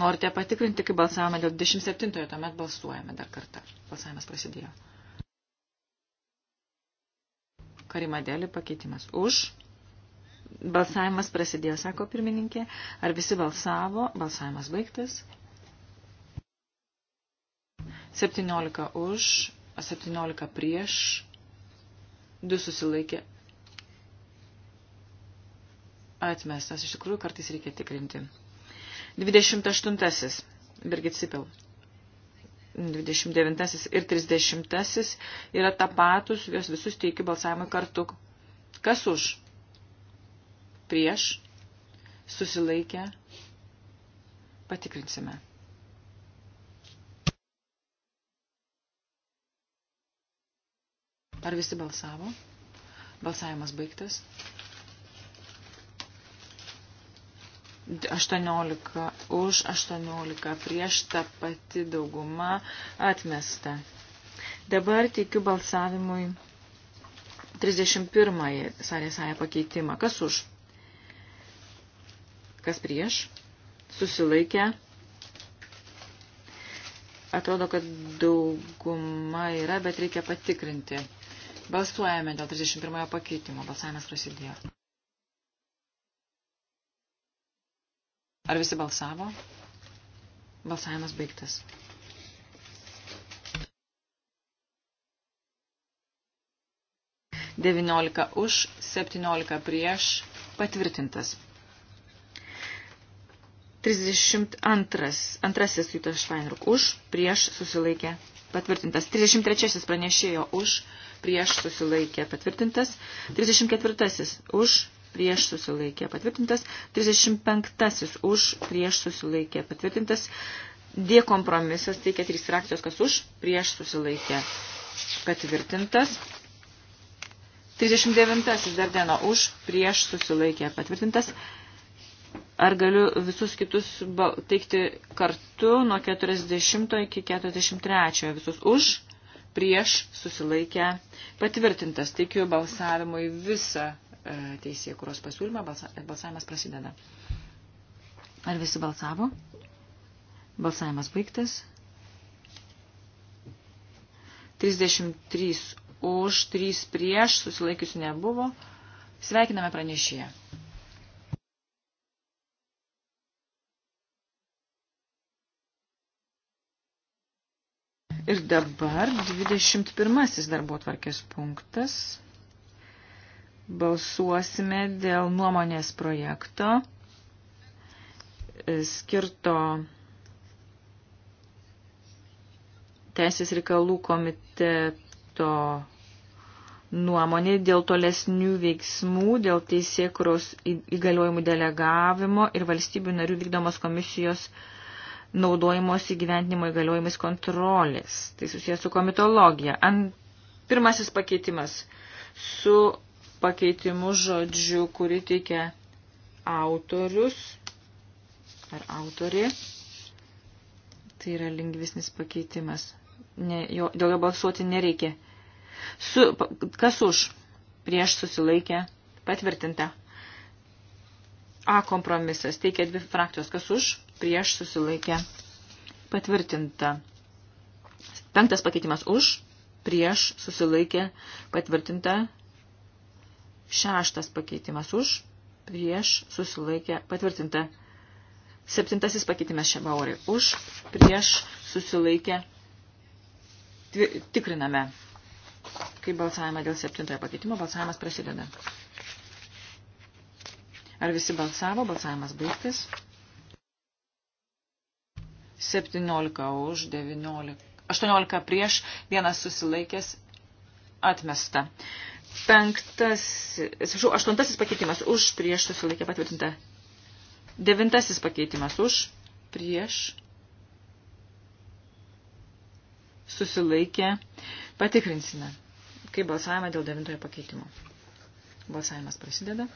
Norite patikrinti, kaip balsavome dėl 27, tuomet balsuojame dar kartą. Balsavimas prasidėjo. Karimadėlį pakeitimas. Už. Balsavimas prasidėjo, sako pirmininkė. Ar visi balsavo? Balsavimas baigtas. 17 už, 17 prieš, 2 susilaikė. Atmestas, iš tikrųjų kartais reikia tikrinti. 28. Birgit Sipil. 29 ir 30 yra tapatus, jos visus teikiu balsavimui kartu. Kas už? Prieš? Susilaikę? Patikrinsime. Ar visi balsavo? Balsavimas baigtas. 18 už, 18 prieš tą pati dauguma atmesta. Dabar teikiu balsavimui 31 sąrėsąją pakeitimą. Kas už? Kas prieš? Susilaikę. Atrodo, kad dauguma yra, bet reikia patikrinti. Balsuojame dėl 31 pakeitimo. Balsavimas prasidėjo. Ar visi balsavo? Balsavimas baigtas. Devyniolika už, septyniolika prieš, patvirtintas. 32. Antrasis Jutas Švainruk už, prieš susilaikė patvirtintas. 33. Pranešėjo už, prieš susilaikė patvirtintas. 34. Už, prieš susilaikė patvirtintas, 35 už prieš susilaikė patvirtintas, D kompromisas teikia tai 3 frakcijos, kas už prieš susilaikė patvirtintas. 39 dar dieno už prieš susilaikė patvirtintas. Ar galiu visus kitus teikti kartu nuo 40 iki 43 visus už prieš susilaikę patvirtintas. Tikiu balsavimui visą E, teisėjų kuros pasiūlymą. Balsavimas prasideda. Ar visi balsavo? Balsavimas baigtas. 33 už, 3 prieš, susilaikiusių nebuvo. Sveikiname pranešėją. Ir dabar 21 darbo tvarkės punktas balsuosime dėl nuomonės projekto e, skirto Teisės reikalų komiteto nuomonė dėl tolesnių veiksmų, dėl teisėkuros įgaliojimų delegavimo ir valstybių narių vykdomos komisijos naudojimos įgyventinimo įgaliojimais kontrolės. Tai susijęs su komitologija. Ant pirmasis pakeitimas su pakeitimu žodžiu, kurį teikia autorius ar autorė. Tai yra lingvisnis pakeitimas. Ne, jo, dėl jo balsuoti nereikia. Su, kas už? Prieš susilaikę. Patvirtinta. A kompromisas. Teikia dvi frakcijos. Kas už? Prieš susilaikę. Patvirtinta. Penktas pakeitimas už. Prieš susilaikę. Patvirtinta. Šeštas pakeitimas už, prieš, susilaikė, patvirtinta. Septintasis pakeitimas Šebaurė už, prieš, susilaikė, tikriname. Kai balsavimą dėl septintojo pakeitimo, balsavimas prasideda. Ar visi balsavo, balsavimas baigtas. 17 už, 19, 18 prieš, vienas susilaikęs, atmesta. Penktas, atsiprašau, aštuntasis pakeitimas už, prieš susilaikė patvirtinta. Devintasis pakeitimas už, prieš susilaikė. Patikrinsime, kai balsavimą dėl devintojo pakeitimo. Balsavimas prasideda.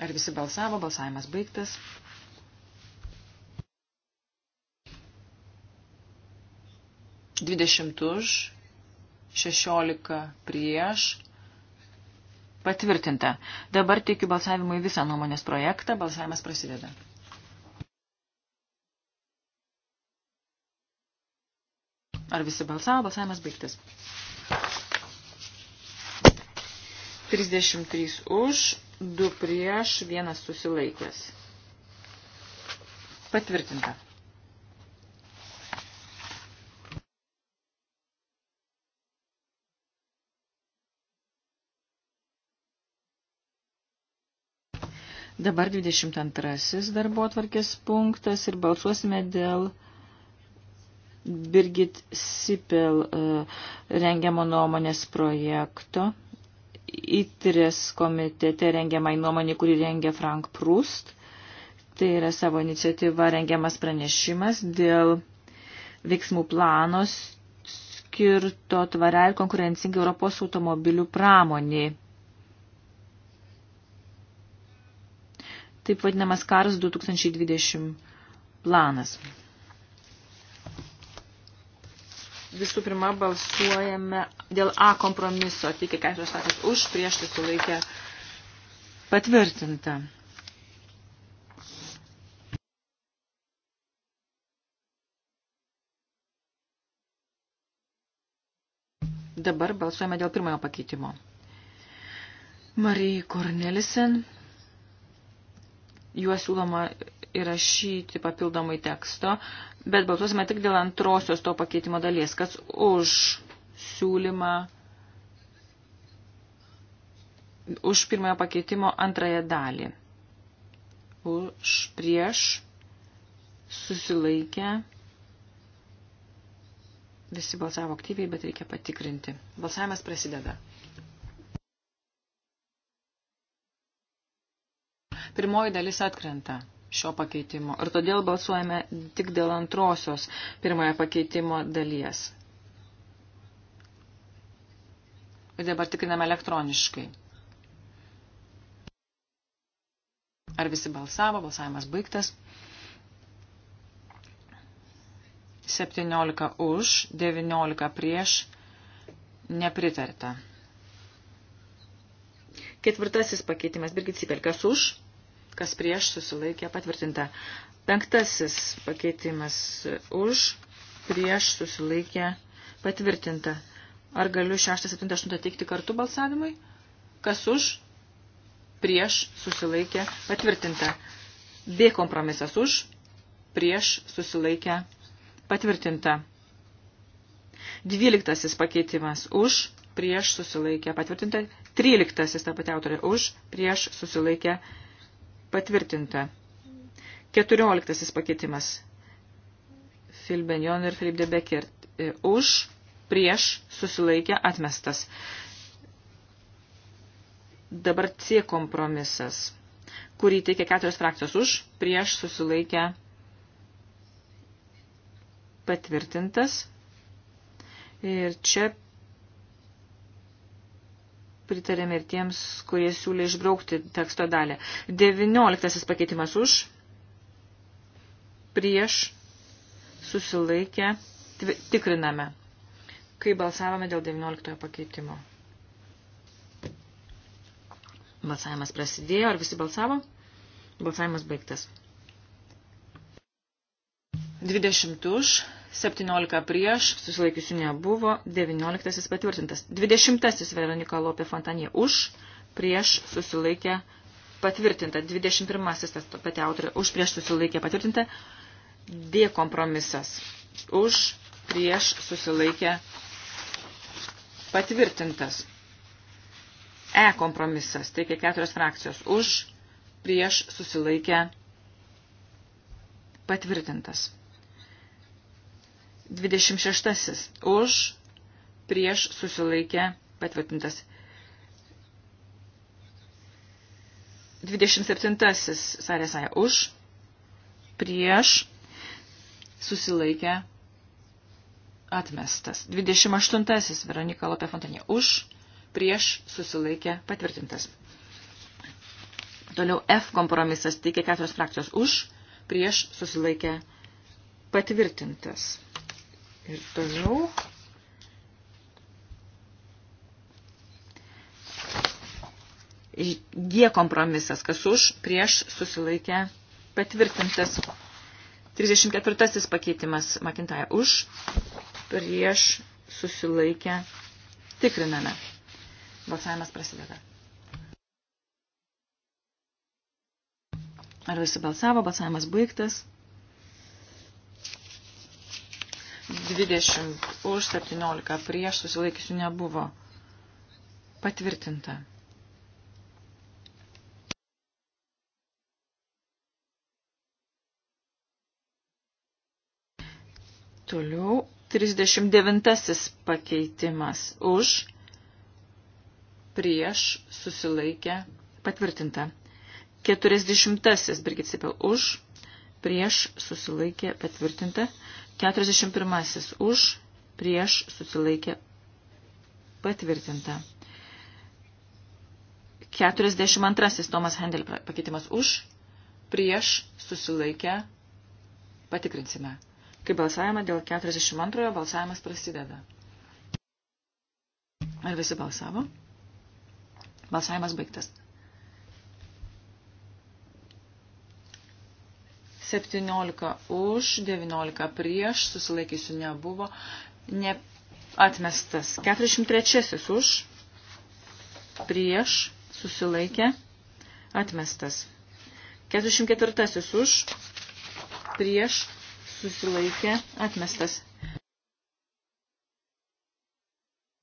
Ar visi balsavo? Balsavimas baigtas. Dvidešimt už, 16 prieš. Patvirtinta. Dabar teikiu balsavimui visą nuomonės projektą. Balsavimas prasideda. Ar visi balsavo? Balsavimas baigtas. 33 už, 2 prieš, 1 susilaikęs. Patvirtinta. Dabar 22 darbo atvarkės punktas ir balsuosime dėl Birgit Sipel e, rengiamo nuomonės projekto. ITRES komitete rengiamai nuomonė, kurį rengia Frank Prust. Tai yra savo iniciatyva rengiamas pranešimas dėl veiksmų planos skirto tvariai ir konkurencingai Europos automobilių pramoniai. taip vadinamas Karas 2020 planas. Visų pirma, balsuojame dėl A kompromiso, tik keturios sakės už, prieš tai sulaikę patvirtinta. Dabar balsuojame dėl pirmojo pakeitimo. Marijai Kornelisen juos siūloma įrašyti papildomai teksto, bet balsuosime tik dėl antrosios to pakeitimo dalies, kas už siūlymą, už pirmojo pakeitimo antrąją dalį. Už prieš susilaikę. Visi balsavo aktyviai, bet reikia patikrinti. Balsavimas prasideda. Pirmoji dalis atkrenta šio pakeitimo ir todėl balsuojame tik dėl antrosios pirmojo pakeitimo dalies. Ir dabar tikriname elektroniškai. Ar visi balsavo? Balsavimas baigtas. 17 už, 19 prieš, nepritarta. Ketvirtasis pakeitimas, Birgit Sipel, kas už? kas prieš susilaikė patvirtinta. Penktasis pakeitimas už, prieš susilaikė patvirtinta. Ar galiu 6, 7, 8 teikti kartu balsavimui? Kas už, prieš susilaikė patvirtinta. B kompromisas už, prieš susilaikę patvirtinta. Dvyliktasis pakeitimas už, prieš susilaikę patvirtinta. Tryliktasis ta pati autorė už, prieš susilaikę Patvirtinta. Keturioliktasis pakeitimas. Filbenjon ir Filip de Becker. E, už, prieš, susilaikė, atmestas. Dabar C kompromisas, kurį teikia keturios frakcijos už, prieš, susilaikė, patvirtintas. Ir čia pritarėme ir tiems, kurie siūlė išbraukti teksto dalį. 19 pakeitimas už, prieš, susilaikę, tikriname, kai balsavome dėl 19 pakeitimo. Balsavimas prasidėjo, ar visi balsavo? Balsavimas baigtas. 20 už, 17 prieš, susilaikiusių nebuvo, 19 patvirtintas. 20 Veronika Lopė Fontanė už, prieš susilaikė patvirtinta. 21 tas pati autorė už, prieš susilaikė patvirtinta. D kompromisas už, prieš susilaikė patvirtintas. E kompromisas, teikia keturios frakcijos už, prieš susilaikė patvirtintas. 26. Už, prieš, susilaikė, patvirtintas. 27. Sarėsaja už, prieš, susilaikė, atmestas. 28. Veronika Lopė Fontanė už, prieš, susilaikė, patvirtintas. Toliau F kompromisas teikia keturios frakcijos už, prieš, susilaikė, patvirtintas. Ir toliau. G kompromisas, kas už, prieš susilaikę patvirtintas. 34 pakeitimas Makintaja už, prieš susilaikę tikriname. Balsavimas prasideda. Ar visi balsavo, balsavimas baigtas. 20 už 17 prieš susilaikysiu nebuvo. Patvirtinta. Toliau 39 pakeitimas už prieš susilaikę patvirtinta. 40 Birgit Sipel už prieš susilaikė patvirtinta. 41. Už, prieš, susilaikė, patvirtinta. 42. Tomas Hendel pakeitimas už, prieš, susilaikę, patikrinsime. Kai balsavimą dėl 42. balsavimas prasideda. Ar visi balsavo? Balsavimas baigtas. 17 už, 19 prieš, susilaikysiu nebuvo, ne atmestas. 43 už, prieš, susilaikė, atmestas. 44 už, prieš, susilaikė, atmestas.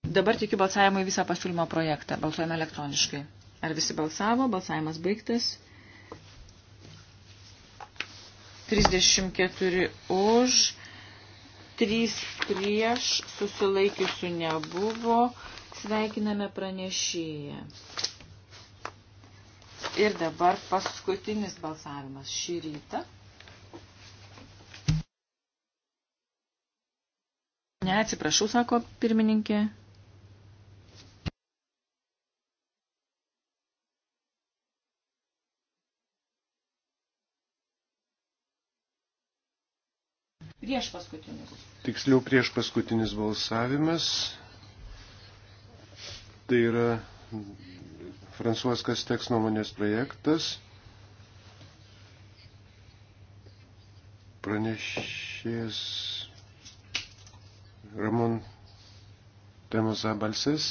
Dabar tikiu balsavimui visą pasiūlymo projektą. Balsuojame elektroniškai. Ar visi balsavo? Balsavimas baigtas. 34 už, 3 prieš, susilaikiusių nebuvo. Sveikiname pranešėją. Ir dabar paskutinis balsavimas šį rytą. Ne, atsiprašau, sako pirmininkė. Prieš paskutinis. Tiksliau prieš paskutinis balsavimas. Tai yra Fransuoskas teks nuomonės projektas. Pranešės Ramon Temoza Balsis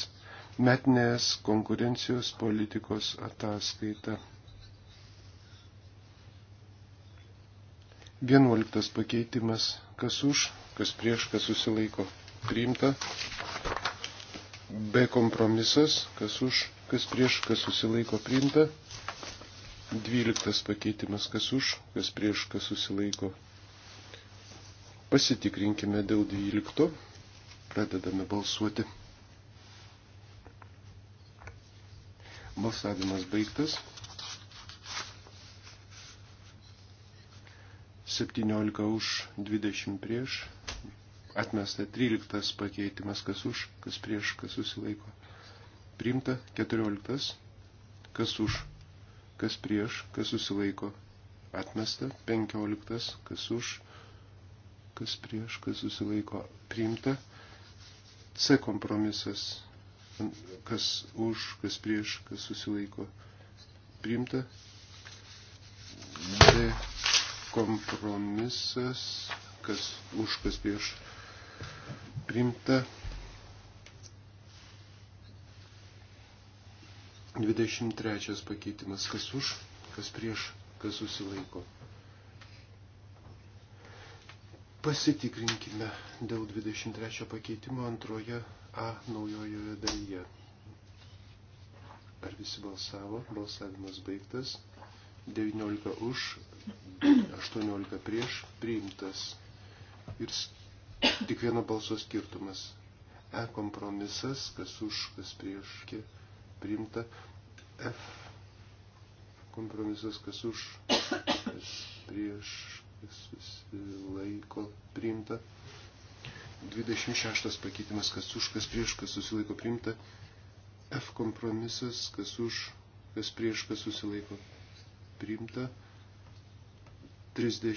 metinės konkurencijos politikos ataskaita. 11 pakeitimas kas už, kas prieš, kas susilaiko priimta. B kompromisas, kas už, kas prieš, kas susilaiko priimta. Dvyliktas pakeitimas, kas už, kas prieš, kas susilaiko. Pasitikrinkime dėl dvylikto. Pradedame balsuoti. Balsavimas baigtas. 17 už, 20 prieš. Atmesta 13 pakeitimas, kas už, kas prieš, kas susilaiko. Primta 14, kas už, kas prieš, kas susilaiko. Atmesta 15, kas už, kas prieš, kas susilaiko. Primta C kompromisas, kas už, kas prieš, kas susilaiko. Primta D kompromisas, kas už, kas prieš primta. 23 pakeitimas, kas už, kas prieš, kas susilaiko. Pasitikrinkime dėl 23 pakeitimo antroje A naujojoje dalyje. Ar visi balsavo? Balsavimas baigtas. 19 už, 18 prieš, priimtas. Ir tik vieno balso skirtumas. E kompromisas, kas už, kas prieš, kiek priimta. F kompromisas, kas už, kas prieš, kas susilaiko priimta. 26 pakeitimas, kas už, kas prieš, kas susilaiko priimta. F kompromisas, kas už, kas prieš, kas susilaiko priimta priimta. 30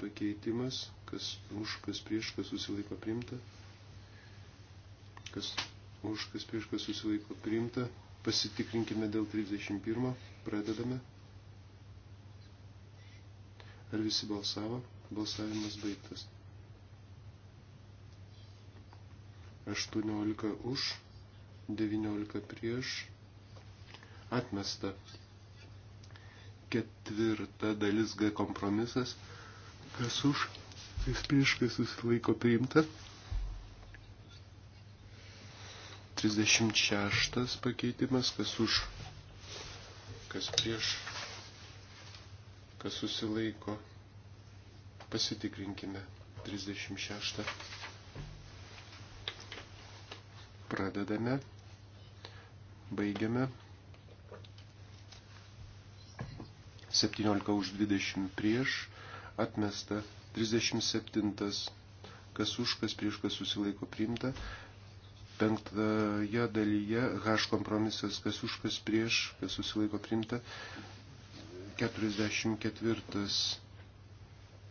pakeitimas, kas už, kas prieš, kas susilaiko priimta. Kas už, kas prieš, kas susilaiko priimta. Pasitikrinkime dėl 31. Pradedame. Ar visi balsavo? Balsavimas baigtas. 18 už, 19 prieš. Atmesta. Ketvirta dalis G kompromisas. Kas už, kas prieš, kas susilaiko priimta. 36 pakeitimas, kas už, kas prieš, kas susilaiko. Pasitikrinkime 36. Pradedame. Baigiame. 17 už 20 prieš, atmesta 37, kas už, kas prieš, kas susilaiko priimta. Penktoje dalyje H kompromisas, kas už, kas prieš, kas susilaiko priimta. 44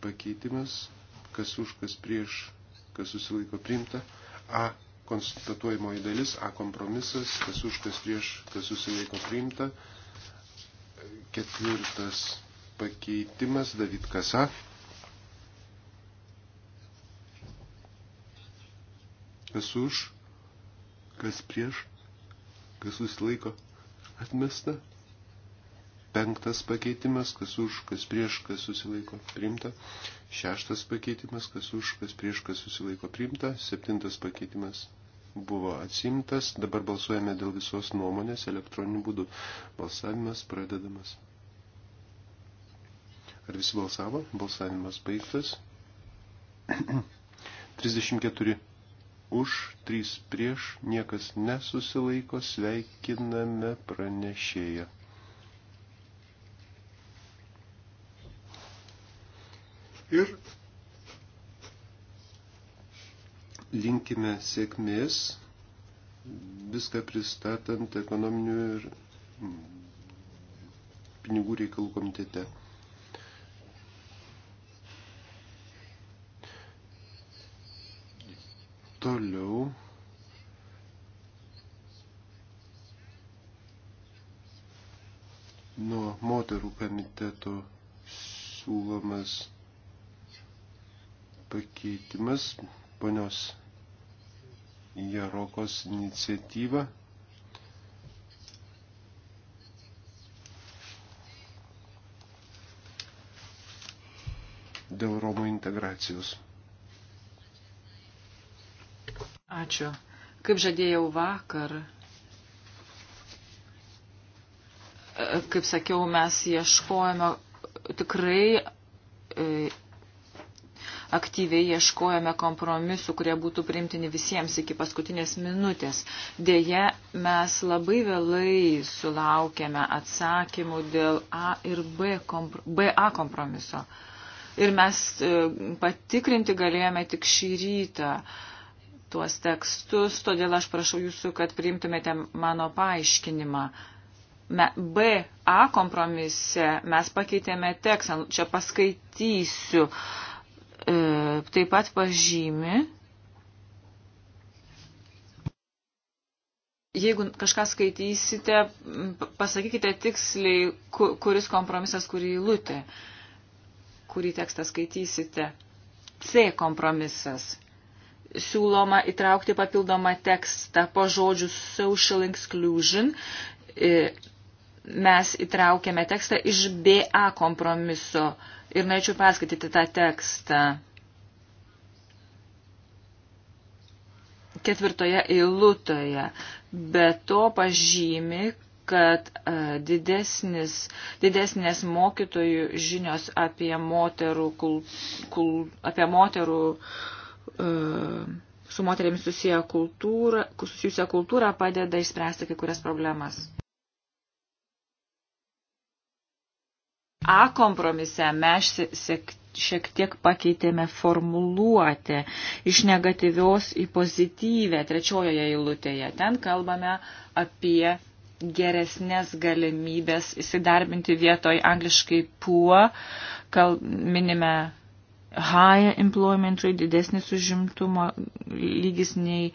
pakeitimas, kas už, kas prieš, kas susilaiko priimta. A konstatuojamoji dalis, A kompromisas, kas už, kas prieš, kas susilaiko priimta. Ketvirtas pakeitimas David Kasa. Kas už, kas prieš, kas susilaiko atmesta. Penktas pakeitimas, kas už, kas prieš, kas susilaiko priimta. Šeštas pakeitimas, kas už, kas prieš, kas susilaiko priimta. Septintas pakeitimas, buvo atsimtas. Dabar balsuojame dėl visos nuomonės elektroniniu būdu. Balsavimas pradedamas. Ar visi balsavo? Balsavimas baigtas. 34 už, 3 prieš, niekas nesusilaiko, sveikiname pranešėją. Ir linkime sėkmės, viską pristatant ekonominių ir mm, pinigų reikalų komitete. Toliau. Nuo moterų komiteto siūlomas pakeitimas ponios Jarokos iniciatyvą. Dėl Romų integracijos. Ačiū. Kaip žadėjau vakar, e, kaip sakiau, mes ieškojame tikrai e, aktyviai ieškojame kompromisų, kurie būtų priimtini visiems iki paskutinės minutės. Deja, mes labai vėlai sulaukėme atsakymų dėl A ir B kompro, BA kompromiso. Ir mes e, patikrinti galėjome tik šį rytą tuos tekstus, todėl aš prašau jūsų, kad priimtumėte mano paaiškinimą. BA kompromise mes pakeitėme tekstą, čia paskaitysiu taip pat pažymi, jeigu kažką skaitysite, pasakykite tiksliai, kuris kompromisas, kurį įlūtė, kurį tekstą skaitysite. C kompromisas. Siūloma įtraukti papildomą tekstą po žodžių social exclusion. E, mes įtraukėme tekstą iš BA kompromiso ir norėčiau perskaityti tą tekstą. ketvirtoje eilutėje. Be to pažymi, kad e, didesnis, didesnės mokytojų žinios apie moterų, kul, kul, apie moterų e, su moteriamis susijusią kultūrą, susijusią kultūrą padeda išspręsti kai kurias problemas. A kompromise mes siek, šiek tiek pakeitėme formuluotę iš negatyvios į pozityvę trečiojoje eilutėje. Ten kalbame apie geresnės galimybės įsidarbinti vietoj angliškai puo, kal, minime high employment rate, didesnis užimtumo lygis nei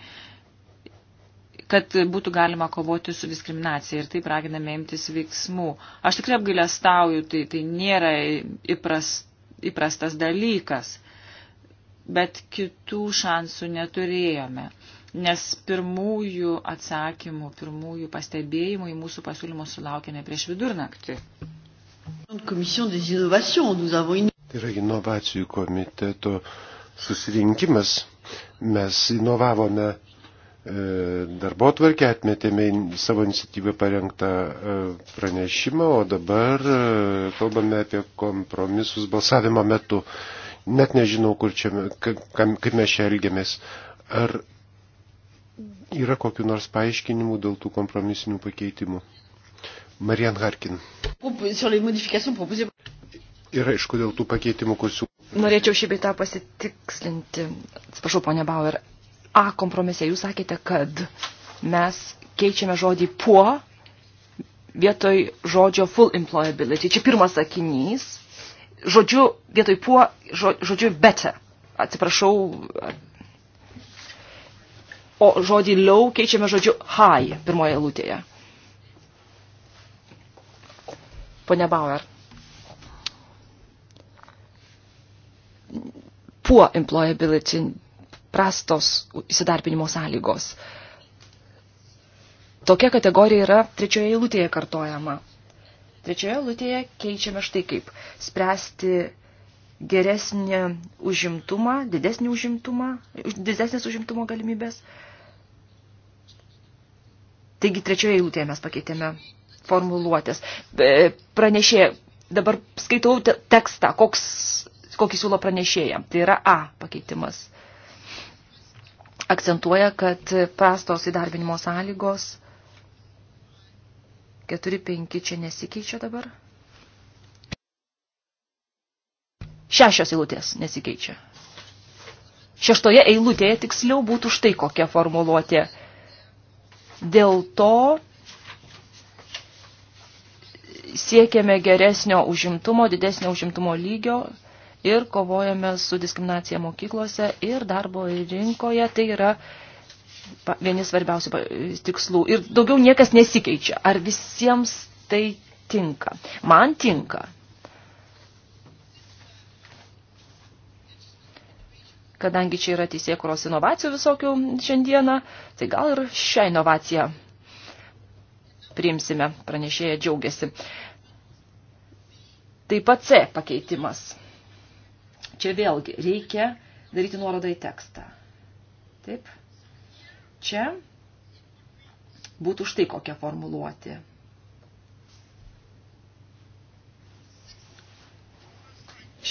kad būtų galima kovoti su diskriminacija ir taip raginame imtis veiksmų. Aš tikrai apgailestauju, tai, tai nėra įprast, įprastas dalykas. Bet kitų šansų neturėjome, nes pirmųjų atsakymų, pirmųjų pastebėjimų į mūsų pasiūlymus sulaukėme prieš vidurnaktį. Tai yra inovacijų komiteto susirinkimas. Mes inovavome E, darbo tvarkę, atmetėme savo iniciatyvą parengtą e, pranešimą, o dabar e, kalbame apie kompromisus balsavimo metu. Net nežinau, kur čia, kaip mes čia elgiamės. Ar yra kokiu nors paaiškinimu dėl tų kompromisinių pakeitimų? Marian Harkin. Ir aišku, dėl tų pakeitimų, kur siūlau. Norėčiau šį beitą pasitikslinti. Atsiprašau, ponia Bauer, A kompromise. Jūs sakėte, kad mes keičiame žodį puo vietoj žodžio full employability. Čia pirmas sakinys. Žodžiu, vietoj puo, žodžiu better. Atsiprašau. O žodį low keičiame žodžiu high pirmoje lūtėje. Pone Bauer. Puo employability prastos įsidarbinimo sąlygos. Tokia kategorija yra trečioje eilutėje kartojama. Trečioje eilutėje keičiame štai kaip spręsti geresnį užimtumą, didesnį užimtumą, didesnės užimtumo galimybės. Taigi trečioje eilutėje mes pakeitėme formuluotės. E, pranešė, dabar skaitau tekstą, koks, kokį siūlo pranešėja. Tai yra A pakeitimas akcentuoja, kad prastos įdarbinimo sąlygos 4-5 čia nesikeičia dabar. Šešios eilutės nesikeičia. Šeštoje eilutėje tiksliau būtų štai kokia formuluotė. Dėl to siekiame geresnio užimtumo, didesnio užimtumo lygio ir kovojame su diskriminacija mokyklose ir darbo rinkoje. Tai yra vieni svarbiausių tikslų. Ir daugiau niekas nesikeičia. Ar visiems tai tinka? Man tinka. Kadangi čia yra teisėkuros inovacijų visokių šiandieną, tai gal ir šią inovaciją priimsime, pranešėja džiaugiasi. Taip pat C pakeitimas. Čia vėlgi reikia daryti nuorodą į tekstą. Taip. Čia būtų štai kokia formuluoti.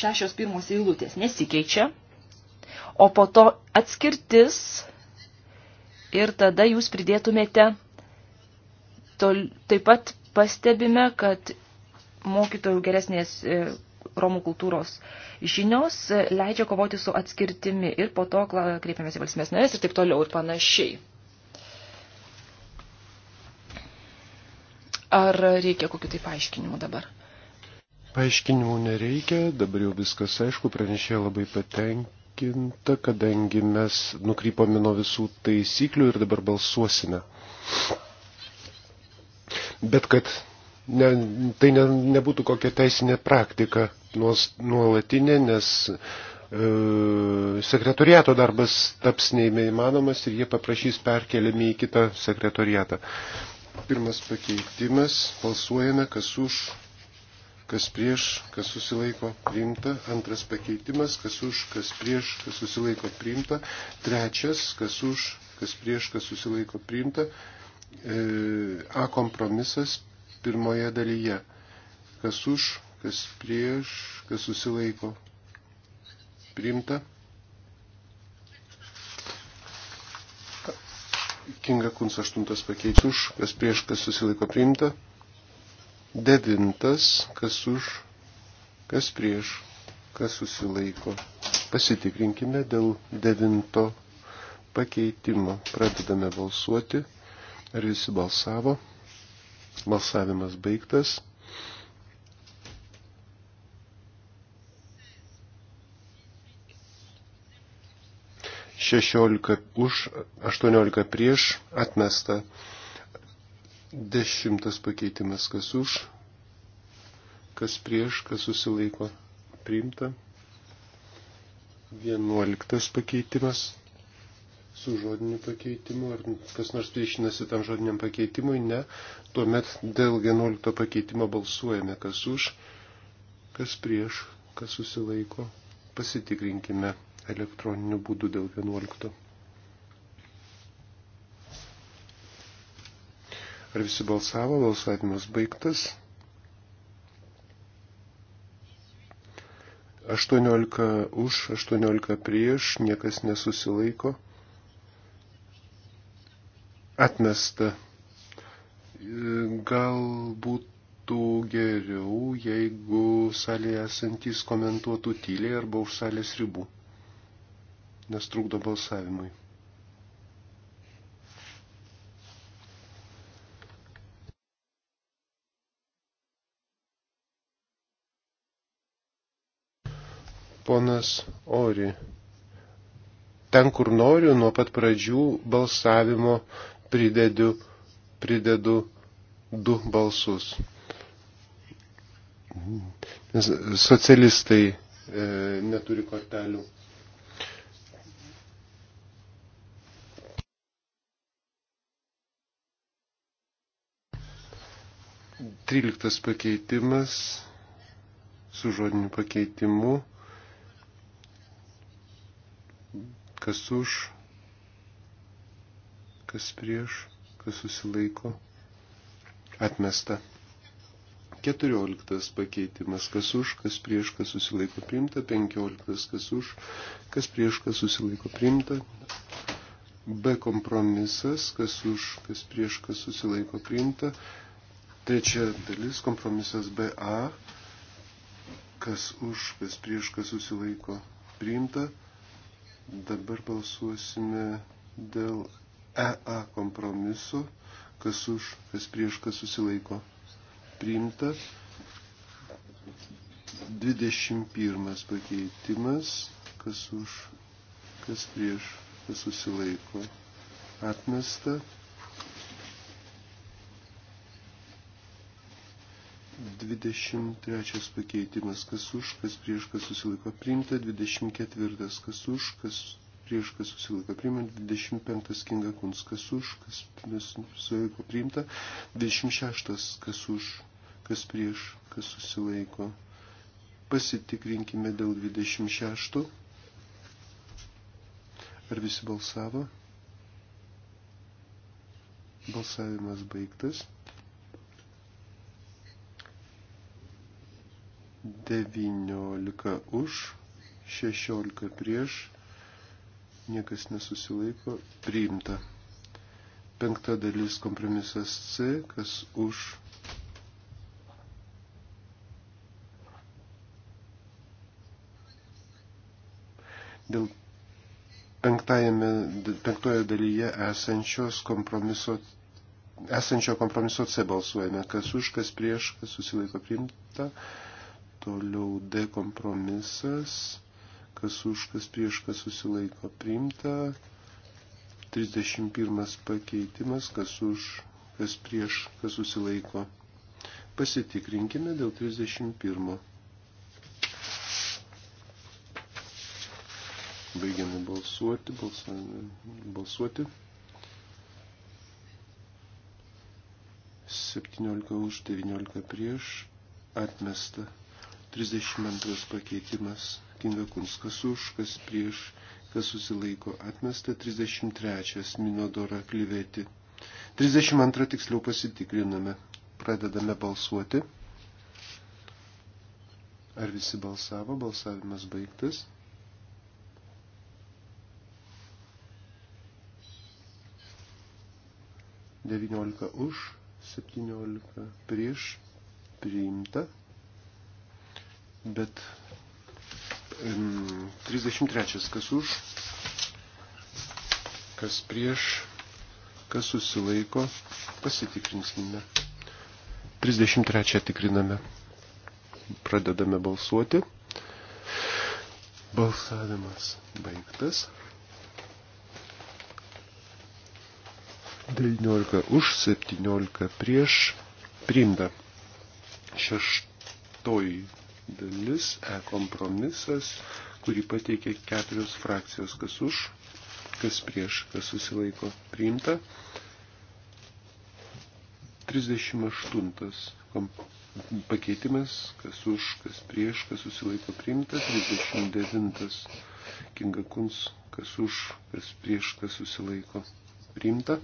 Šešios pirmos eilutės nesikeičia, o po to atskirtis ir tada jūs pridėtumėte, tol, taip pat pastebime, kad mokytojų geresnės e, Romų kultūros žinios e, leidžia kovoti su atskirtimi ir po to kreipiamės į valstybės narės ir taip toliau ir panašiai. Ar reikia kokiu tai paaiškinimu dabar? Paaiškinimų nereikia, dabar jau viskas aišku, pranešė labai patenkinta, kadangi mes nukrypome nuo visų taisyklių ir dabar balsuosime. Bet kad ne, tai ne, nebūtų kokia teisinė praktika nuos, nuolatinė, nes e, sekretoriato darbas taps neįmanomas ir jie paprašys perkeliami į kitą sekretoriatą. Pirmas pakeitimas, balsuojame, kas už, kas prieš, kas susilaiko priimta. Antras pakeitimas, kas už, kas prieš, kas susilaiko priimta. Trečias, kas už, kas prieš, kas susilaiko priimta. E, A kompromisas pirmoje dalyje. Kas už, kas prieš, kas susilaiko. Primta. Kinga Kuns 8 pakeičiu už, kas prieš, kas susilaiko priimta. Devintas, kas už, kas prieš, kas susilaiko. Pasitikrinkime dėl devinto pakeitimo. Pradedame balsuoti. Ar visi balsavo? Balsavimas baigtas. Šešiolika už, aštuoniolika prieš, atmesta. Dešimtas pakeitimas, kas už, kas prieš, kas susilaiko, priimta. Vienuoliktas pakeitimas, su žodiniu pakeitimu, ar kas nors priešinasi tam žodiniam pakeitimui, ne. Tuomet dėl 11 pakeitimo balsuojame, kas už, kas prieš, kas susilaiko. Pasitikrinkime elektroniniu būdu dėl 11. Ar visi balsavo, balsavimas baigtas. 18 už, 18 prieš, niekas nesusilaiko atmesta. Gal būtų geriau, jeigu salėje esantys komentuotų tyliai arba už salės ribų, nes trukdo balsavimui. ponas Ori. Ten, kur noriu, nuo pat pradžių balsavimo pridedu, pridedu du balsus. Nes socialistai e, neturi kortelių. Tryliktas pakeitimas su žodiniu pakeitimu. Kas už? kas prieš, kas susilaiko, atmesta. Keturioliktas pakeitimas, kas už, kas prieš, kas susilaiko primta. Penkioliktas, kas už, kas prieš, kas susilaiko primta. B kompromisas, kas už, kas prieš, kas susilaiko primta. Trečia dalis, kompromisas BA, kas už, kas prieš, kas susilaiko primta. Dabar balsuosime dėl EA kompromisu, kas už, kas prieš, kas susilaiko. Priimta. 21 pakeitimas, kas už, kas prieš, kas susilaiko. Atmesta. 23 pakeitimas, kas už, kas prieš, kas susilaiko priimta, 24 kas už, kas prieš, kas susilaiko priimant, 25 kinga kuns, kas už, kas susilaiko priimta, 26 kas už, kas prieš, kas susilaiko. Pasitikrinkime dėl 26. Ar visi balsavo? Balsavimas baigtas. 19 už, 16 prieš, niekas nesusilaiko, priimta. Penkta dalis kompromisas C, kas už. Dėl penktoje dalyje esančios kompromiso, esančio kompromiso C balsuojame, kas už, kas prieš, kas susilaiko priimta. Toliau D kompromisas kas už, kas prieš, kas susilaiko priimta. 31 pakeitimas, kas už, kas prieš, kas susilaiko. Pasitikrinkime dėl 31. Baigiame balsuoti, balsuojame, balsuoti. 17 už 19 prieš atmesta. 32 pakeitimas kinga kuns, kas už, kas prieš, kas susilaiko atmesta, 33 minodora klyvėti. 32 tiksliau pasitikriname, pradedame balsuoti. Ar visi balsavo, balsavimas baigtas. Devyniolika už, septyniolika prieš, priimta, bet 33. Kas už, kas prieš, kas susilaiko, pasitikrinsime. 33 tikriname. Pradedame balsuoti. Balsavimas baigtas. 19 už, 17 prieš, priimta. Šeštoji dalis, E kompromisas, kurį pateikė keturios frakcijos, kas už, kas prieš, kas susilaiko priimta. 38 pakeitimas, kas už, kas prieš, kas susilaiko priimta. 39 kingakuns, kas už, kas prieš, kas susilaiko priimta.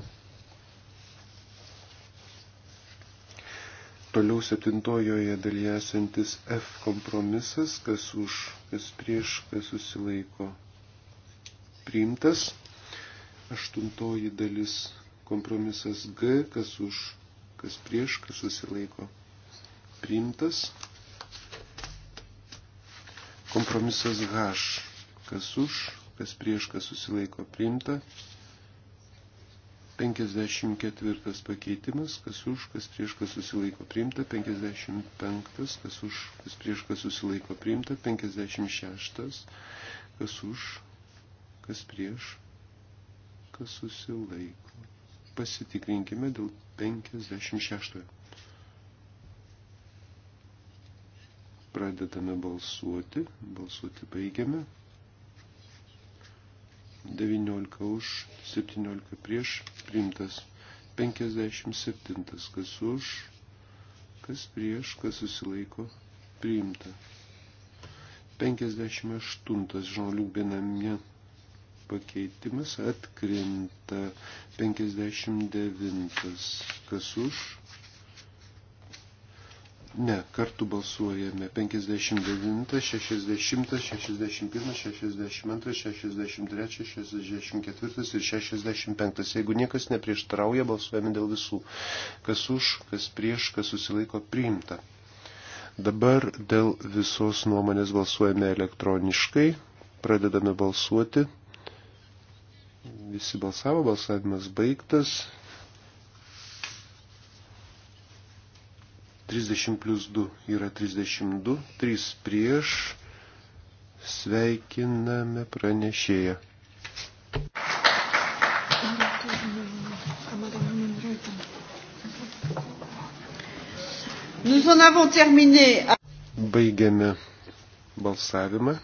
Toliau septintojoje dalyje esantis F kompromisas, kas už, kas prieš, kas susilaiko priimtas. Aštuntoji dalis kompromisas G, kas už, kas prieš, kas susilaiko priimtas. Kompromisas H, kas už, kas prieš, kas susilaiko priimta. 54 pakeitimas, kas už, kas prieš, kas susilaiko priimta, 55, kas už, kas prieš, kas susilaiko priimta, 56, kas už, kas prieš, kas susilaiko. Pasitikrinkime dėl 56. Pradedame balsuoti, balsuoti baigiame. 19 už, 17 prieš, priimtas. 57 kas už, kas prieš, kas susilaiko, priimta. 58 Žonliuk benamė pakeitimas atkrinta. 59 kas už, Ne, kartu balsuojame 59, 60, 61, 62, 63, 64 ir 65. Jeigu niekas neprieštarauja, balsuojame dėl visų. Kas už, kas prieš, kas susilaiko priimta. Dabar dėl visos nuomonės balsuojame elektroniškai. Pradedame balsuoti. Visi balsavo, balsavimas baigtas. 30 plus 2 yra 32, 3 prieš. Sveikiname pranešėją. Baigiame balsavimą.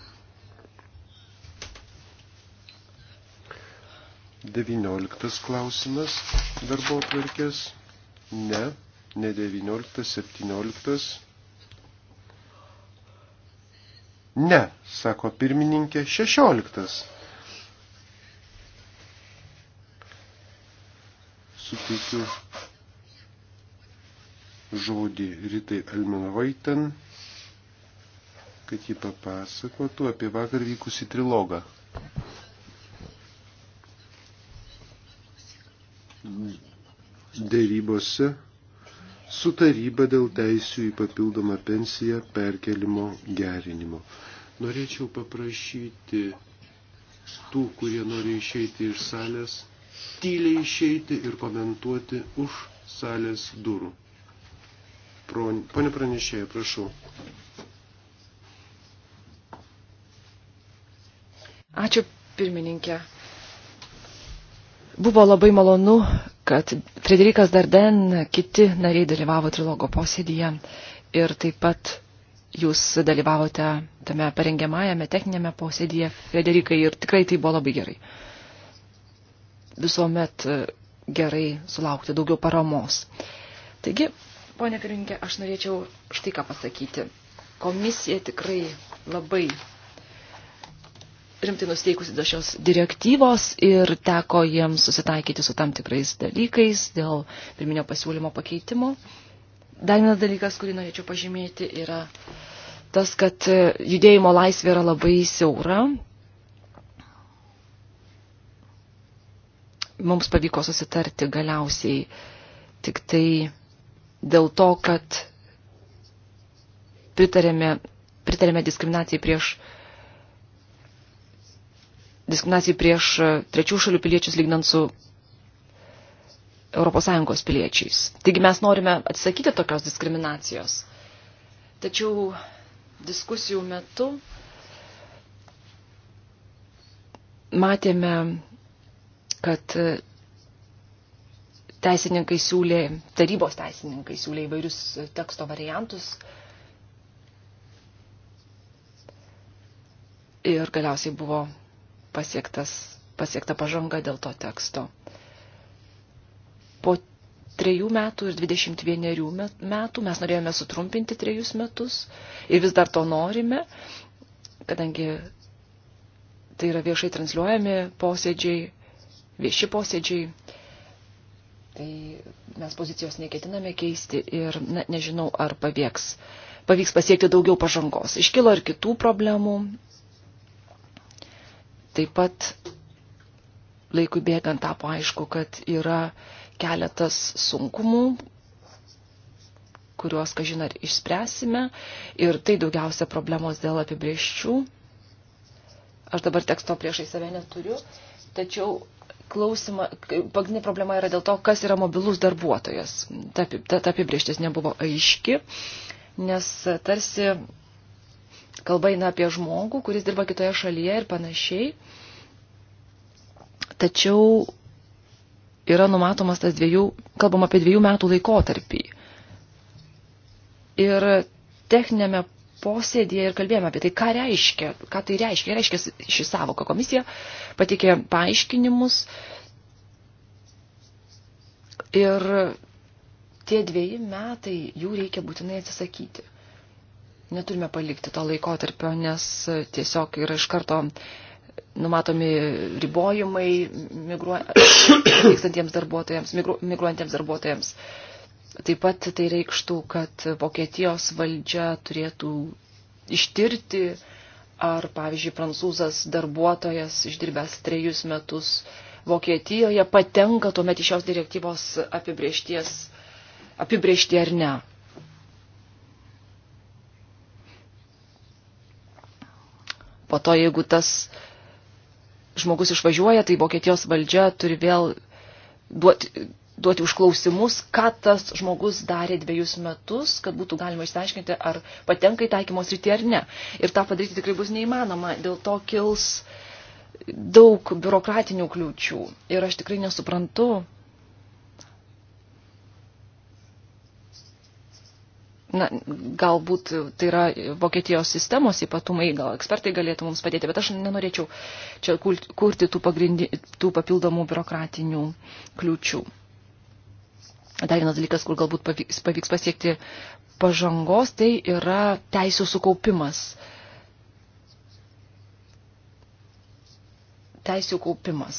19 klausimas darbo atvarkės. Ne ne 19, 17. Ne, sako pirmininkė, 16. Suteikiu žodį Ritai Almenovaitin, kad ji papasakotų apie vakar vykusį trilogą. Dėrybose su taryba dėl teisių į papildomą pensiją perkelimo gerinimo. Norėčiau paprašyti tų, kurie nori išeiti iš salės, tyliai išeiti ir komentuoti už salės durų. Pone pranešėja, prašau. Ačiū pirmininkė. Buvo labai malonu kad Frederikas Darden, kiti nariai dalyvavo trilogo posėdyje ir taip pat jūs dalyvavote tame parengiamajame techninėme posėdyje, Frederikai, ir tikrai tai buvo labai gerai. Visuomet e, gerai sulaukti daugiau paramos. Taigi, ponė pirmininkė, aš norėčiau štai ką pasakyti. Komisija tikrai labai rimtai nusteikusi dėl šios direktyvos ir teko jiems susitaikyti su tam tikrais dalykais dėl pirminio pasiūlymo pakeitimo. Dar vienas dalykas, kurį norėčiau pažymėti, yra tas, kad e, judėjimo laisvė yra labai siaura. Mums pavyko susitarti galiausiai tik tai dėl to, kad pritarėme, pritarėme diskriminacijai prieš uh, diskriminacijai prieš e, trečių šalių piliečius lygnant su ES piliečiais. Taigi mes norime atsisakyti tokios diskriminacijos. Tačiau diskusijų metu matėme, kad teisininkai siūlė, tarybos teisininkai siūlė įvairius teksto variantus. Ir galiausiai buvo pasiekta pažanga dėl to teksto. Po trejų metų ir 21 metų mes norėjome sutrumpinti trejus metus ir vis dar to norime, kadangi tai yra viešai transliuojami posėdžiai, vieši posėdžiai. Tai mes pozicijos neketiname keisti ir na, nežinau, ar pavyks, pavyks pasiekti daugiau pažangos. Iškilo ir kitų problemų, Taip pat laikui bėgant tapo aišku, kad yra keletas sunkumų, kuriuos, kažin ar išspręsime, ir tai daugiausia problemos dėl apibrieščių. Aš dabar teksto priešai save neturiu, tačiau klausimą, pagrindinė problema yra dėl to, kas yra mobilus darbuotojas. Ta, ta, ta apibrieštis nebuvo aiški, nes tarsi Kalba eina apie žmogų, kuris dirba kitoje šalyje ir panašiai. Tačiau yra numatomas tas dviejų, kalbam apie dviejų metų laikotarpį. Ir techninėme posėdėje ir kalbėjome apie tai, ką reiškia, ką tai reiškia. Reiškia šį savoką komisija patikė paaiškinimus ir tie dviejai metai jų reikia būtinai atsisakyti neturime palikti to laikotarpio, nes tiesiog yra iš karto numatomi ribojimai migruo... vykstantiems darbuotojams, migru... migruojantiems darbuotojams. Taip pat tai reikštų, kad Vokietijos valdžia turėtų ištirti, ar, pavyzdžiui, prancūzas darbuotojas išdirbęs trejus metus Vokietijoje patenka tuomet iš šios direktyvos apibriešties, apibriešti ar ne. Po to, jeigu tas žmogus išvažiuoja, tai Vokietijos valdžia turi vėl duoti, duoti užklausimus, ką tas žmogus darė dviejus metus, kad būtų galima išsiaiškinti, ar patenka į taikymos rytį ar ne. Ir tą padaryti tikrai bus neįmanoma, dėl to kils daug biurokratinių kliūčių. Ir aš tikrai nesuprantu, na, galbūt tai yra Vokietijos sistemos ypatumai, gal ekspertai galėtų mums padėti, bet aš nenorėčiau čia kurti tų, pagrindi, tų papildomų biurokratinių kliūčių. Dar vienas dalykas, kur galbūt pavyks, pavyks pasiekti pažangos, tai yra teisų sukaupimas. Teisų kaupimas,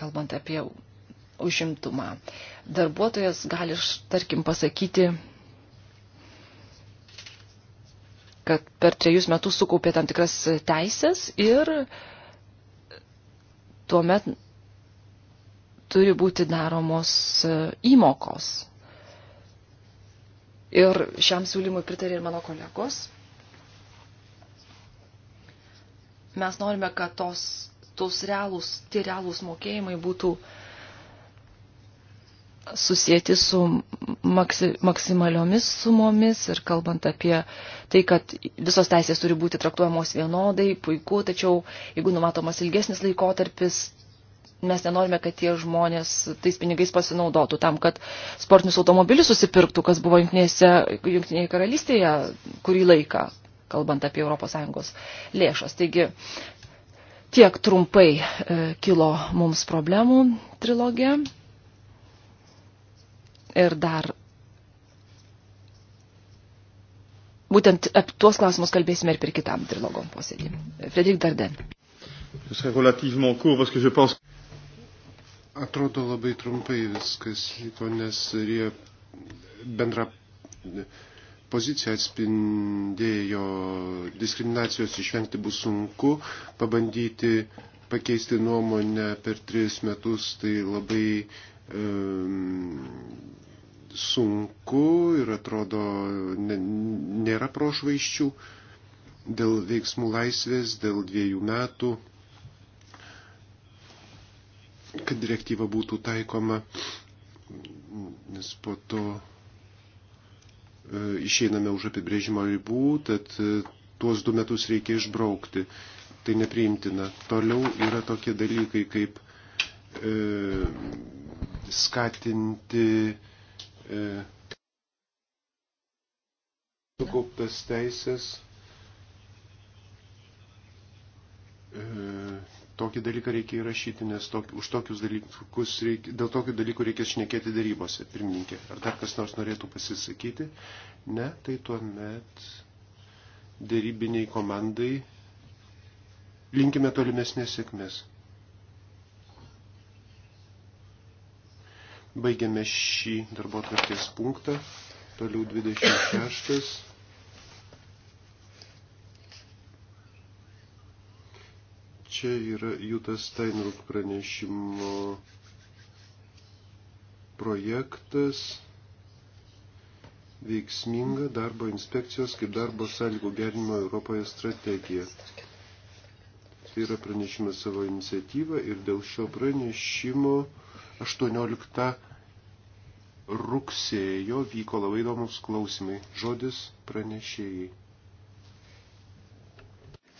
kalbant apie užimtumą. Darbuotojas gali, tarkim, pasakyti kad per trejus metus sukaupė tam tikras teisės ir tuomet turi būti daromos įmokos. Ir šiam siūlymui pritarė ir mano kolegos. Mes norime, kad tos, tos realūs, tie realūs mokėjimai būtų uh, susijęti su maksi, maksimaliomis sumomis ir kalbant apie tai, kad visos teisės turi būti traktuojamos vienodai, puiku, tačiau jeigu numatomas ilgesnis laikotarpis, mes nenorime, kad tie žmonės tais pinigais pasinaudotų tam, kad sportinius automobilius susipirktų, kas buvo Junktinėje karalystėje kurį laiką, kalbant apie ES lėšas. Taigi tiek trumpai e, kilo mums problemų trilogija. Ir dar būtent apie tuos klausimus kalbėsime ir per kitam trilogom posėdį. Frederik Darden. Atrodo labai trumpai viskas liko, nes jie bendra poziciją atspindėjo diskriminacijos išvengti bus sunku, pabandyti pakeisti nuomonę per tris metus tai labai sunku ir atrodo nėra prošvaiščių dėl veiksmų laisvės, dėl dviejų metų, kad direktyva būtų taikoma, nes po to e, išeiname už apibrėžimo ribų, tad e, tuos du metus reikia išbraukti. Tai nepriimtina. Toliau yra tokie dalykai kaip E, skatinti e, sukauptas teisės. E, tokį dalyką reikia įrašyti, nes tok, už tokius dalykus reikia, dėl tokių dalykų reikės šnekėti darybose, pirmininkė. Ar dar kas nors norėtų pasisakyti? Ne, tai tuomet darybiniai komandai linkime tolimesnės sėkmės. Baigiame šį darbo atvarkės punktą. Toliau 26. Čia yra Jutas Steinruk pranešimo projektas veiksminga darbo inspekcijos kaip darbo sąlygų gerinimo Europoje strategija. Tai yra pranešimas savo iniciatyvą ir dėl šio pranešimo 18 rugsėjo vyko labai įdomus klausimai. Žodis pranešėjai.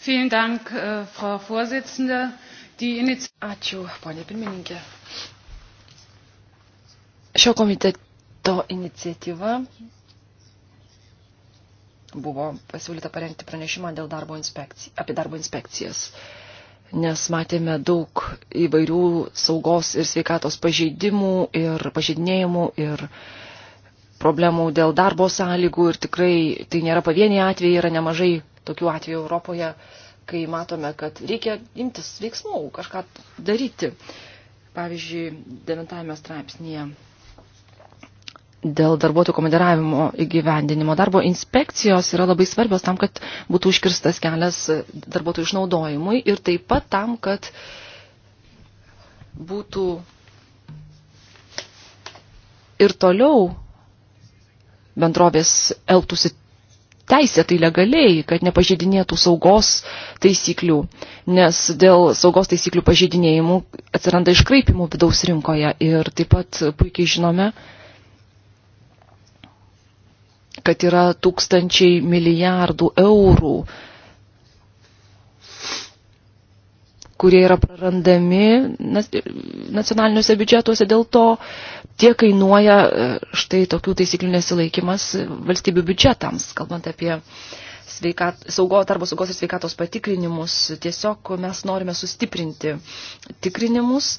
Vielen Dank, äh, Frau Vorsitzende. Die Ačiū, ponė pirmininkė. Šio komiteto iniciatyva buvo pasiūlyta parengti pranešimą dėl darbo inspekcijų, apie darbo inspekcijas. Uh, nes matėme daug įvairių saugos ir sveikatos pažeidimų ir pažeidinėjimų ir problemų dėl darbo sąlygų ir tikrai tai nėra pavieniai atvejai, yra nemažai tokių atvejų Europoje, kai matome, kad reikia imtis veiksmų, kažką daryti. Pavyzdžiui, devintame straipsnėje dėl darbuotojų komandiravimo įgyvendinimo. Darbo inspekcijos yra labai svarbios tam, kad būtų užkirstas kelias darbuotojų išnaudojimui ir taip pat tam, kad būtų ir toliau bendrovės elgtųsi teisėtai legaliai, kad nepažeidinėtų saugos taisyklių, nes dėl saugos taisyklių pažeidinėjimų atsiranda iškraipimų vidaus rinkoje ir taip pat puikiai žinome, kad yra tūkstančiai milijardų eurų, kurie yra prarandami nacionaliniuose biudžetuose. Dėl to tie kainuoja e, štai tokių taisyklių nesilaikimas valstybių biudžetams, kalbant apie sveikat, saugo, darbo saugos ir sveikatos patikrinimus. Tiesiog mes norime sustiprinti tikrinimus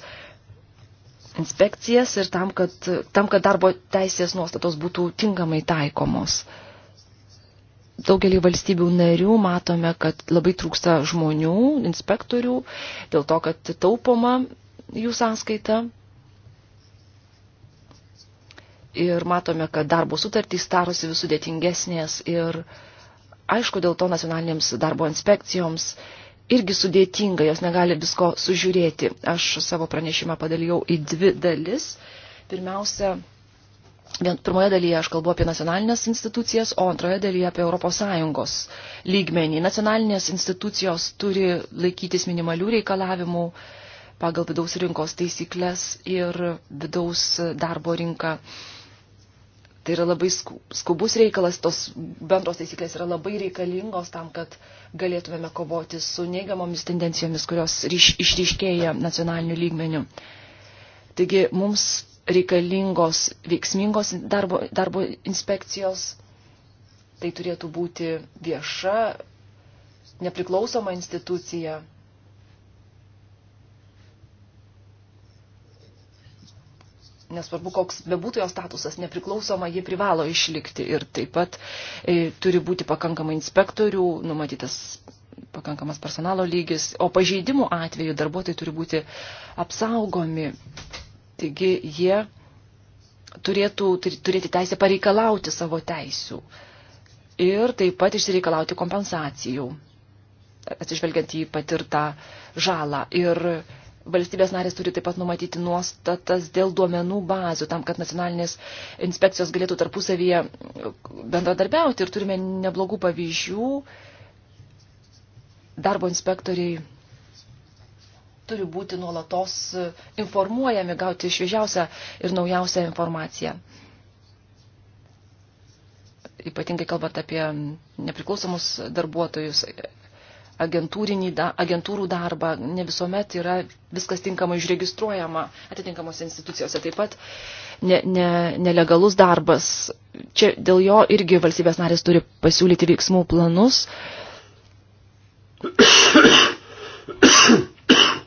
inspekcijas ir tam, kad, tam, kad darbo teisės nuostatos būtų tinkamai taikomos. Daugelį valstybių narių matome, kad labai trūksta žmonių, inspektorių, dėl to, kad taupoma jų sąskaita. Ir matome, kad darbo sutartys tarosi vis sudėtingesnės ir aišku, dėl to nacionalinėms darbo inspekcijoms uh, irgi sudėtinga, jos negali visko sužiūrėti. Aš savo pranešimą padalijau į dvi dalis. Pirmiausia, Pirmoje dalyje aš kalbu apie nacionalinės institucijas, o antroje dalyje apie ES lygmenį. Nacionalinės institucijos turi laikytis minimalių reikalavimų pagal vidaus rinkos taisyklės ir vidaus darbo rinką tai yra labai skubus reikalas, tos bendros taisyklės yra labai reikalingos tam, kad galėtumėme kovoti su neigiamomis tendencijomis, kurios ryš, išryškėja nacionaliniu lygmeniu. Taigi mums reikalingos veiksmingos darbo, darbo inspekcijos, tai turėtų būti vieša, nepriklausoma institucija, nesvarbu, koks bebūtų jos statusas, nepriklausoma, ji privalo išlikti ir taip pat e, turi būti pakankamai inspektorių, numatytas pakankamas personalo lygis, o pažeidimų atveju darbuotojai turi būti apsaugomi. Taigi jie turėtų turėti teisę pareikalauti savo teisių ir taip pat išsireikalauti kompensacijų, atsižvelgiant į patirtą žalą. Ir Valstybės narės turi taip pat numatyti nuostatas dėl duomenų bazių, tam, kad nacionalinės inspekcijos galėtų tarpusavyje uh, bendradarbiauti. Ir turime neblogų pavyzdžių. Darbo inspektoriai turi būti nuolatos uh, informuojami, gauti šviežiausią ir naujausią informaciją. Ypatingai kalbant apie nepriklausomus darbuotojus, agentūrų darbą, ne visuomet yra viskas tinkamai išregistruojama atitinkamose institucijose. Taip pat ne, ne, nelegalus darbas, čia dėl jo irgi valstybės narės turi pasiūlyti veiksmų planus.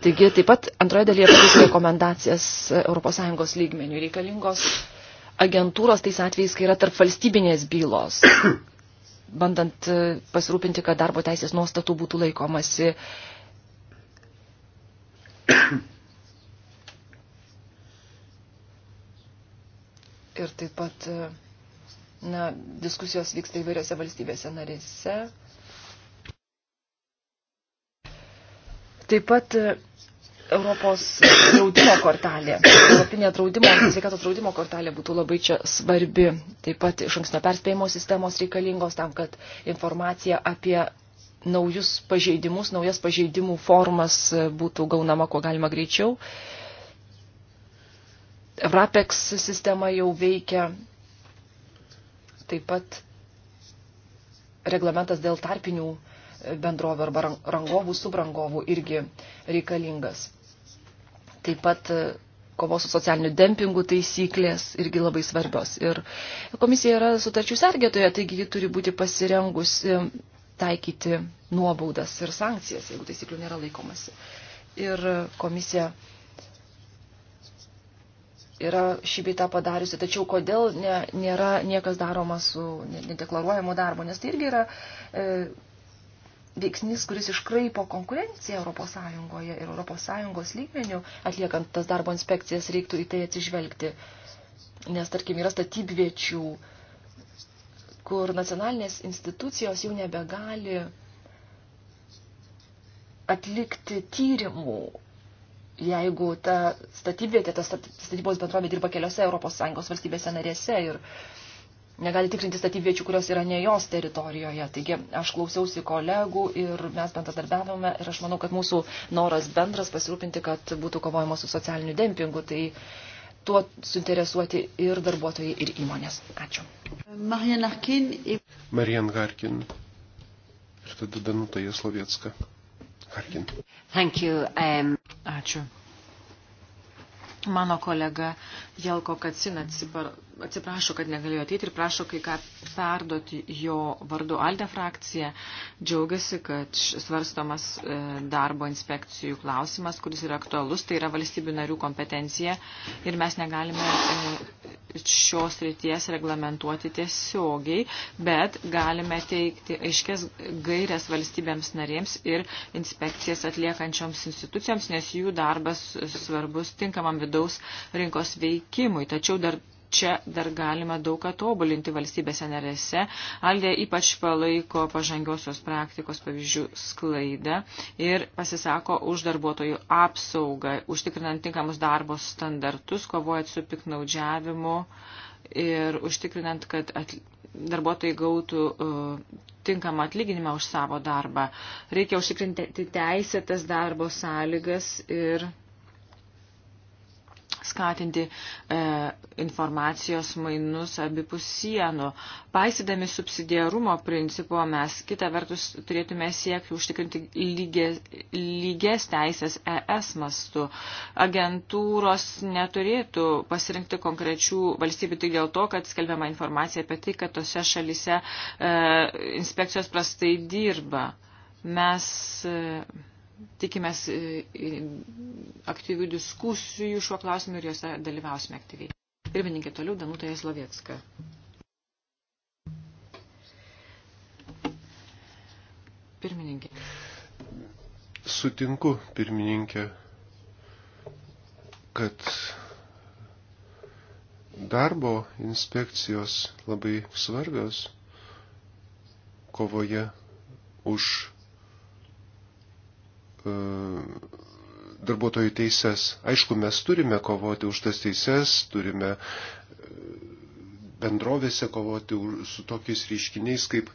Taigi taip pat antroje dalyje patys rekomendacijas ES lygmenių reikalingos agentūros tais atvejais, kai yra tarp valstybinės bylos bandant e, pasirūpinti, kad darbo teisės nuostatų būtų laikomasi. Ir taip pat e, na, diskusijos vyksta įvairiose valstybėse narėse. Taip pat e, Europos draudimo kortelė, Europinė draudimo, sveikatos draudimo kortelė būtų labai čia svarbi. Taip pat iš anksto perspėjimo sistemos reikalingos tam, kad informacija apie naujus pažeidimus, naujas pažeidimų formas e, būtų gaunama kuo galima greičiau. RAPEX sistema jau veikia. Taip pat reglamentas dėl tarpinių uh, bendrovė arba rangovų, subrangovų irgi reikalingas. Taip pat e, kovos su socialiniu dempingu taisyklės irgi labai svarbios. Ir komisija yra sutarčių sergėtoje, taigi ji turi būti pasirengusi taikyti nuobaudas ir sankcijas, jeigu taisyklių nėra laikomasi. Ir komisija yra šį beitą padariusi, tačiau kodėl ne, nėra niekas daroma su nedeklaruojamu darbu, nes tai irgi yra e, veiksnys, kuris iškraipo konkurenciją Europos Sąjungoje ir Europos Sąjungos lygmenių, atliekant tas darbo inspekcijas, reiktų į tai atsižvelgti. Nes, tarkim, yra statybviečių, kur nacionalinės institucijos jau nebegali atlikti tyrimų, jeigu ta statybvietė, ta statybos bendrovė dirba keliose Europos Sąjungos valstybėse narėse ir uh, negali tikrinti statybviečių, kurios yra ne jos teritorijoje. Taigi aš klausiausi kolegų ir mes bendradarbiavome ir aš manau, kad mūsų noras bendras pasirūpinti, kad būtų kovojama su socialiniu dempingu. Tai tuo suinteresuoti ir darbuotojai, ir įmonės. Ačiū. Marian Harkin. Ir... Marian Harkin. Ir tada Danuta Jaslovietska. Harkin. Thank you. Um... Ačiū. Mano kolega Jelko Kacina atsiprašo, kad negalėjo ateiti ir prašo kai ką perduoti jo vardu Alde frakcija. Džiaugiasi, kad svarstomas e, darbo inspekcijų klausimas, kuris yra aktualus, tai yra valstybių narių kompetencija ir mes negalime e, šios ryties reglamentuoti tiesiogiai, bet galime teikti aiškės gairias valstybėms narėms ir inspekcijas atliekančioms institucijoms, nes jų darbas svarbus tinkamam vidaus rinkos veikimui. Tačiau dar čia dar galima daug ką tobulinti valstybėse narėse. Aldė ypač palaiko pažangiosios praktikos pavyzdžių sklaidą ir pasisako už darbuotojų apsaugą, užtikrinant tinkamus darbo standartus, kovojant su piknaudžiavimu ir užtikrinant, kad atli... darbuotojai gautų uh, tinkamą atlyginimą už savo darbą. Reikia užtikrinti teisėtas darbo sąlygas ir skatinti e, informacijos mainus abipus sienų. Paisydami subsidiarumo principo, mes kitą vertus turėtume siekti užtikrinti lygės, lygės teisės ES mastu. Agentūros neturėtų pasirinkti konkrečių valstybių tik dėl to, kad skelbiama informacija apie tai, kad tose šalise e, inspekcijos prastai dirba. Mes. E, tikimės e, e, aktyvių diskusijų šiuo klausimu ir juose dalyvausime aktyviai. Pirmininkė toliau Danuta Jaslovietska. Pirmininkė. Sutinku, pirmininkė, kad darbo inspekcijos labai svarbios kovoje už E, darbuotojų teises. Aišku, mes turime kovoti už tas teises, turime e, bendrovėse kovoti su tokiais reiškiniais kaip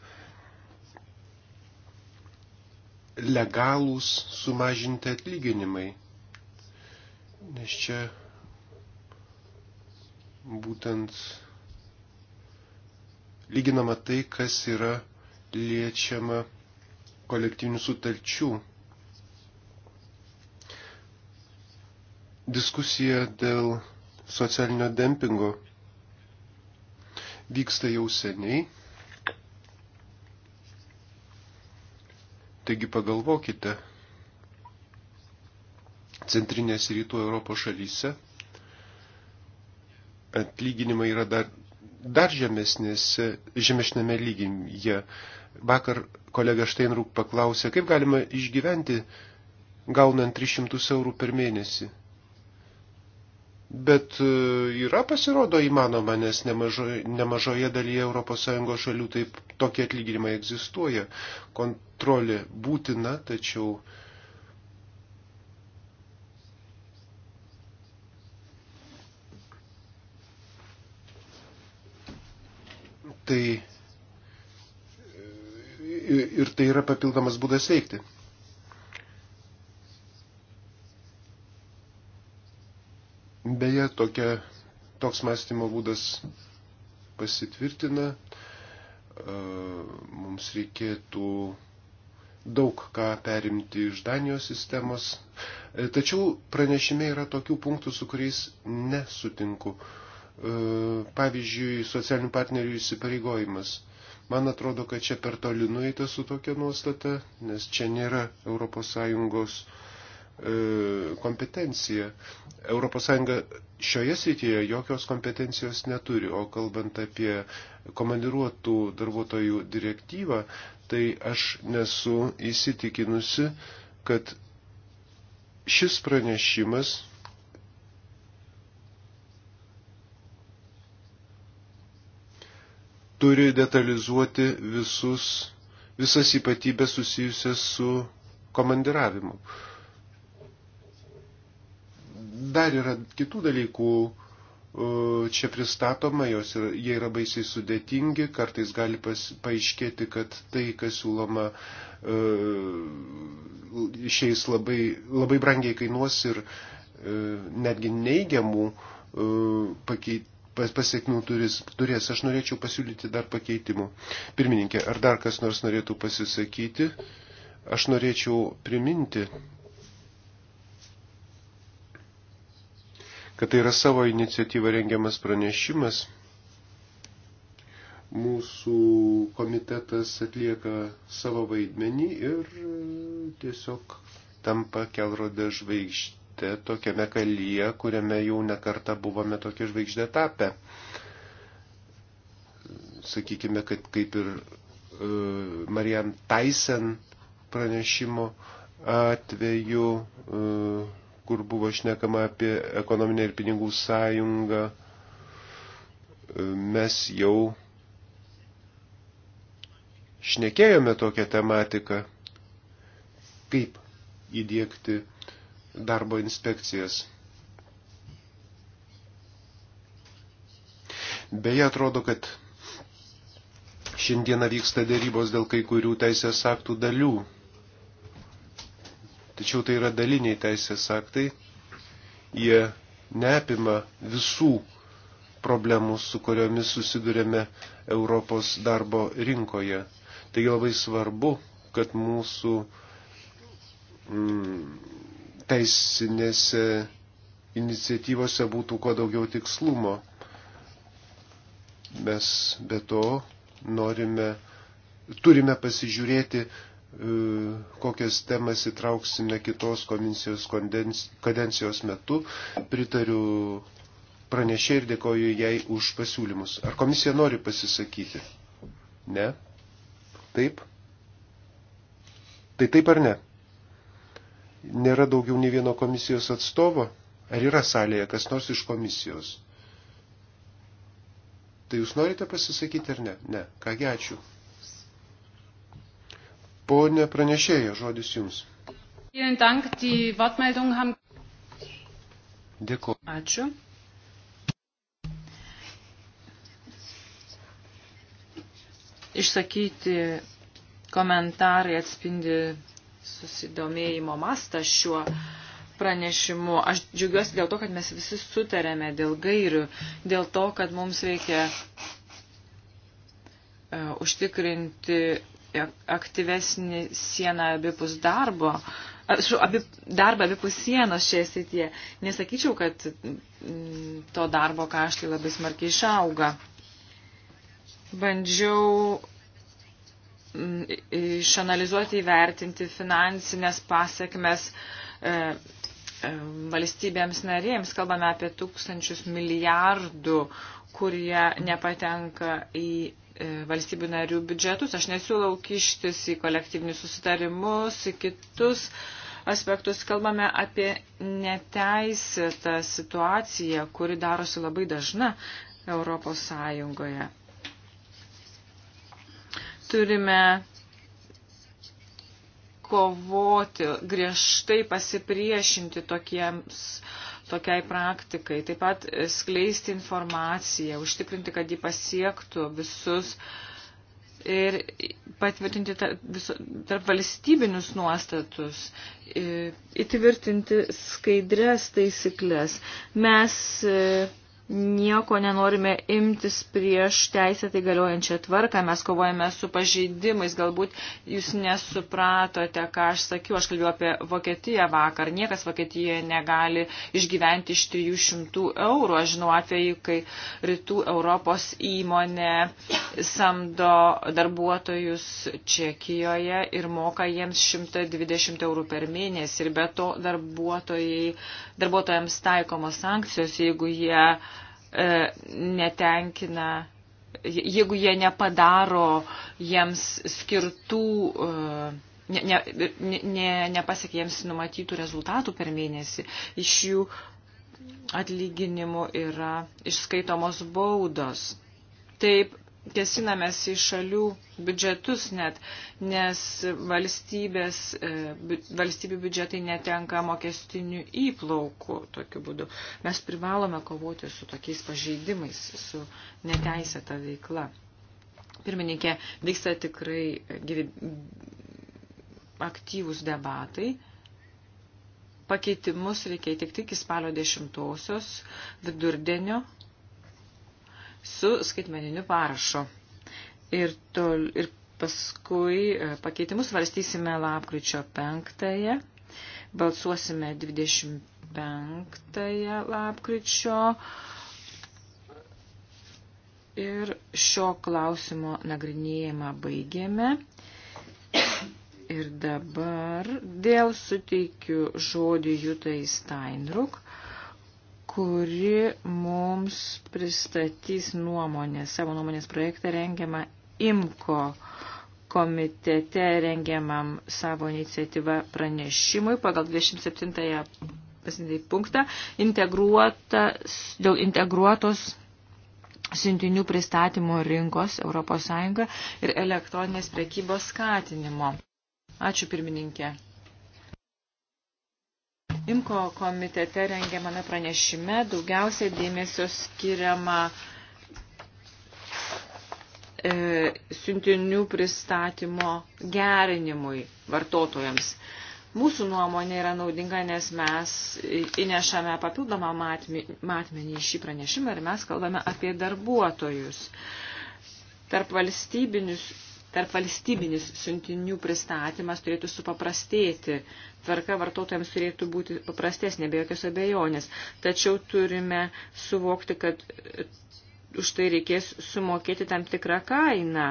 legalūs sumažinti atlyginimai. Nes čia būtent lyginama tai, kas yra liečiama kolektyvinių sutarčių Diskusija dėl socialinio dempingo vyksta jau seniai. Taigi pagalvokite, centrinės rytų Europos šalyse atlyginimai yra dar, dar žemesnėme lyginyje. Vakar kolega Steinruk paklausė, kaip galima išgyventi gaunant 300 eurų per mėnesį. Bet e, yra pasirodo įmanoma, nes nemažo, nemažoje dalyje ES šalių taip tokie atlyginimai egzistuoja. Kontrolė būtina, tačiau. Tai e, ir tai yra papildomas būdas veikti. Beje, tokia, toks mąstymo būdas pasitvirtina. E, mums reikėtų daug ką perimti iš Danijos sistemos. E, tačiau pranešime yra tokių punktų, su kuriais nesutinku. E, pavyzdžiui, socialinių partnerių įsipareigojimas. Man atrodo, kad čia per toli nueita su tokia nuostata, nes čia nėra ES E, kompetencija. ES šioje srityje jokios kompetencijos neturi, o kalbant apie komandiruotų darbuotojų direktyvą, tai aš nesu įsitikinusi, kad šis pranešimas turi detalizuoti visus, visas ypatybės susijusias su komandiravimu. Uh, Dar yra kitų dalykų e, čia pristatoma, jos yra, jie yra baisiai sudėtingi, kartais gali pas, paaiškėti, kad tai, kas siūloma, e, išeis labai, labai brangiai kainuos ir e, netgi neigiamų pakeitimų pasiekmių turės. Aš norėčiau pasiūlyti dar pakeitimų. Pirmininkė, ar dar kas nors norėtų pasisakyti? Aš norėčiau priminti kad tai yra savo iniciatyva rengiamas pranešimas. Mūsų komitetas atlieka savo vaidmenį ir e, tiesiog tampa kelrodė žvaigždė tokiame kalyje, kuriame jau nekarta buvome tokia žvaigždė tapę. Sakykime, kad kaip ir e, Marian Tyson pranešimo atveju e, kur buvo išnekama apie ekonominę ir pinigų sąjungą, e, mes jau šnekėjome tokią tematiką, kaip įdėkti darbo inspekcijas. Beje, atrodo, kad šiandieną vyksta dėrybos dėl kai kurių teisės aktų dalių Tačiau tai yra daliniai teisės aktai. Jie neapima visų problemų, su kuriomis susidurėme Europos darbo rinkoje. Taigi labai svarbu, kad mūsų mm, teisinėse iniciatyvose būtų kuo daugiau tikslumo. Mes be to norime, turime pasižiūrėti, kokias temas įtrauksime kitos komisijos kadencijos metu. Pritariu pranešė ir dėkoju jai už pasiūlymus. Ar komisija nori pasisakyti? Ne? Taip? Tai taip ar ne? Nėra daugiau nei vieno komisijos atstovo? Ar yra salėje kas nors iš komisijos? Tai jūs norite pasisakyti ar ne? Ne. Kągi ačiū. Pone pranešėja, žodis jums. Dėkuoju. Ačiū. Išsakyti komentarai atspindi susidomėjimo mastą šiuo pranešimu. Aš džiugiuosi dėl to, kad mes visi sutarėme dėl gairių, dėl to, kad mums reikia e, užtikrinti aktyvesnį sieną abipus darbo, abi, darbą abipus sienos šioje srityje. Nesakyčiau, kad mm, to darbo kaštai labai smarkiai išauga. Bandžiau mm, išanalizuoti, įvertinti finansinės pasiekmes e, e, valstybėms narėms. Kalbame apie tūkstančius milijardų, kurie nepatenka į E, valstybių narių biudžetus. Aš nesiūlau kištis į kolektyvinius susitarimus, į kitus aspektus. Kalbame apie neteisėtą situaciją, kuri darosi labai dažna Europos Sąjungoje. Turime kovoti, griežtai pasipriešinti tokiems uh, tokiai praktikai. Taip pat skleisti informaciją, užtikrinti, kad ji pasiektų visus ir patvirtinti tarp valstybinius nuostatus, įtvirtinti skaidrės taisyklės. Mes e, nieko nenorime imtis prieš teisėtai galiojančią tvarką, mes kovojame su pažeidimais, galbūt jūs nesupratote, ką aš sakiau, aš kalbėjau apie Vokietiją vakar, niekas Vokietijoje negali išgyventi iš 300 eurų, aš žinau atveju, kai rytų Europos įmonė samdo darbuotojus Čekijoje ir moka jiems 120 eurų per mėnesį ir be to darbuotojams taikomos sankcijos, jeigu jie E, netenkina jeigu jie nepadaro jiems skirtų, e, ne, ne, ne, nepasiekia jiems numatytų rezultatų per mėnesį, iš jų atlyginimų yra išskaitomos baudos. Taip kesinamės į šalių biudžetus net, nes valstybės, e, valstybių biudžetai netenka mokestinių įplaukų tokiu būdu. Mes privalome kovoti su tokiais pažeidimais, su neteisėta veikla. Pirmininkė, vyksta tikrai gyvi, aktyvūs debatai. Pakeitimus reikia tik iki spalio 10 vidurdienio su skaitmeniniu parašu. Ir, tol, ir paskui e, pakeitimus valstysime lapkričio 5, balsuosime 25 lapkričio. Ir šio klausimo nagrinėjimą baigėme. Ir dabar dėl suteikiu žodį Jutai Steinruk, kuri mums pristatys nuomonę, savo nuomonės projektą rengiamą IMKO komitete rengiamam savo iniciatyvą pranešimui pagal 27-ąją punktą dėl integruotos siuntinių pristatymo rinkos ES ir elektroninės prekybos skatinimo. Ačiū pirmininkė. Imko komitete rengiamame pranešime daugiausiai dėmesio skiriama e, siuntinių pristatymo gerinimui vartotojams. Mūsų nuomonė yra naudinga, nes mes įnešame papildomą matmenį į šį pranešimą ir mes kalbame apie darbuotojus. Tarp valstybinius tarp valstybinis siuntinių pristatymas turėtų supaprastėti. Tvarka vartotojams turėtų būti paprastesnė, be jokios abejonės. Tačiau turime suvokti, kad e, už tai reikės sumokėti tam tikrą kainą.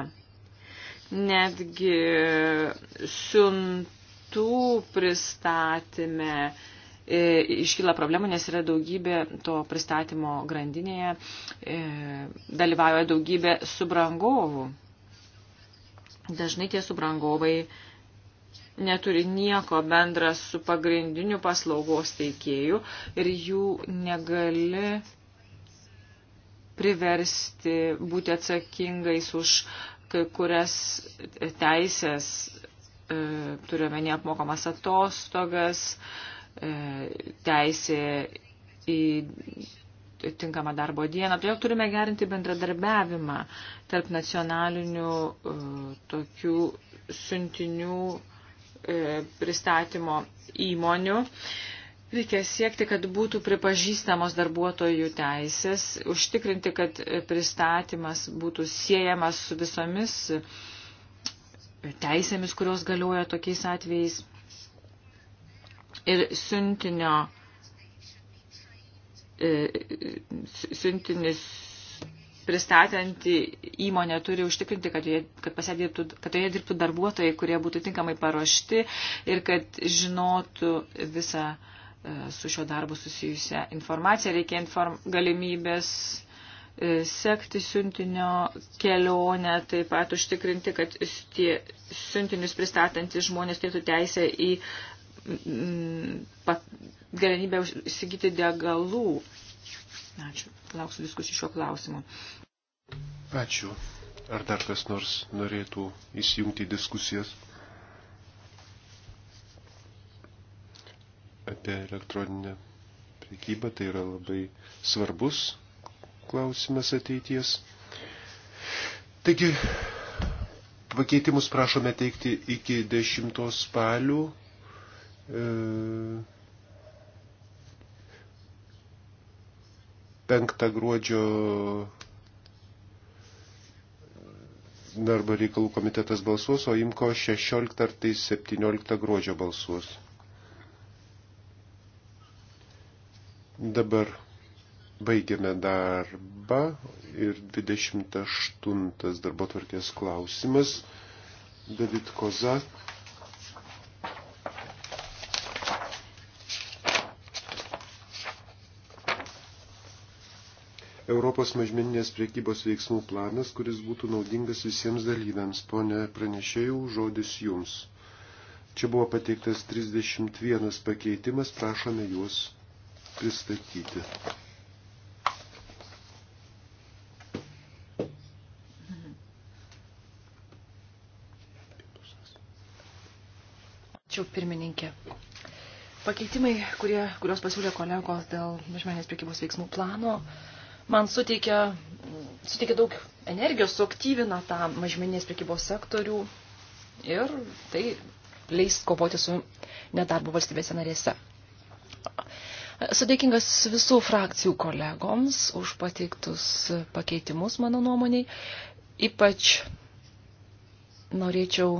Netgi e, siuntų pristatyme iškyla problemų, nes yra daugybė to pristatymo grandinėje, e, dalyvauja daugybė subrangovų. Dažnai tie subrangovai neturi nieko bendra su pagrindiniu paslaugos teikėju ir jų negali priversti būti atsakingais už kai kurias teisės, e, turiuomenį neapmokamas atostogas, e, teisė į tinkamą darbo dieną. Todėl turime gerinti bendradarbiavimą tarp nacionalinių e, tokių siuntinių e, pristatymo įmonių. Reikia siekti, kad būtų pripažįstamos darbuotojų teisės, užtikrinti, kad pristatymas būtų siejamas su visomis teisėmis, kurios galioja tokiais atvejais. Ir siuntinio E, siuntinis pristatanti įmonė turi užtikrinti, kad, jie, kad, dirbtų, kad joje dirbtų darbuotojai, kurie būtų tinkamai paruošti ir kad žinotų visą e, su šio darbu susijusią informaciją. Reikia inform, galimybės e, sekti siuntinio kelionę, taip pat užtikrinti, kad tie siuntinius pristatantis žmonės turėtų teisę į Mm, galimybę įsigyti degalų. Ačiū. Lauksiu diskusijų šiuo klausimu. Ačiū. Ar dar kas nors norėtų įsijungti į diskusijas apie elektroninę prekybą? Tai yra labai svarbus klausimas ateities. Taigi, pakeitimus prašome teikti iki 10 spalių 5 gruodžio darbo reikalų komitetas balsuos, o imko 16 ar tai 17 gruodžio balsuos. Dabar baigiame darbą ir 28 darbo tvarkės klausimas. David Kozak Europos mažmeninės priekybos veiksmų planas, kuris būtų naudingas visiems dalyviams. Pone pranešėjų, žodis jums. Čia buvo pateiktas 31 pakeitimas, prašome juos pristatyti. Ačiū pirmininkė. Pakeitimai, kurie, kurios pasiūlė kolegos dėl mažmenės prekybos veiksmų plano, uh, man suteikia, suteikia daug energijos, suaktyvina tą mažmeninės prekybos sektorių ir tai leis kovoti su nedarbu valstybėse narėse. Sudėkingas visų frakcijų kolegoms už pateiktus pakeitimus, mano nuomoniai. Ypač norėčiau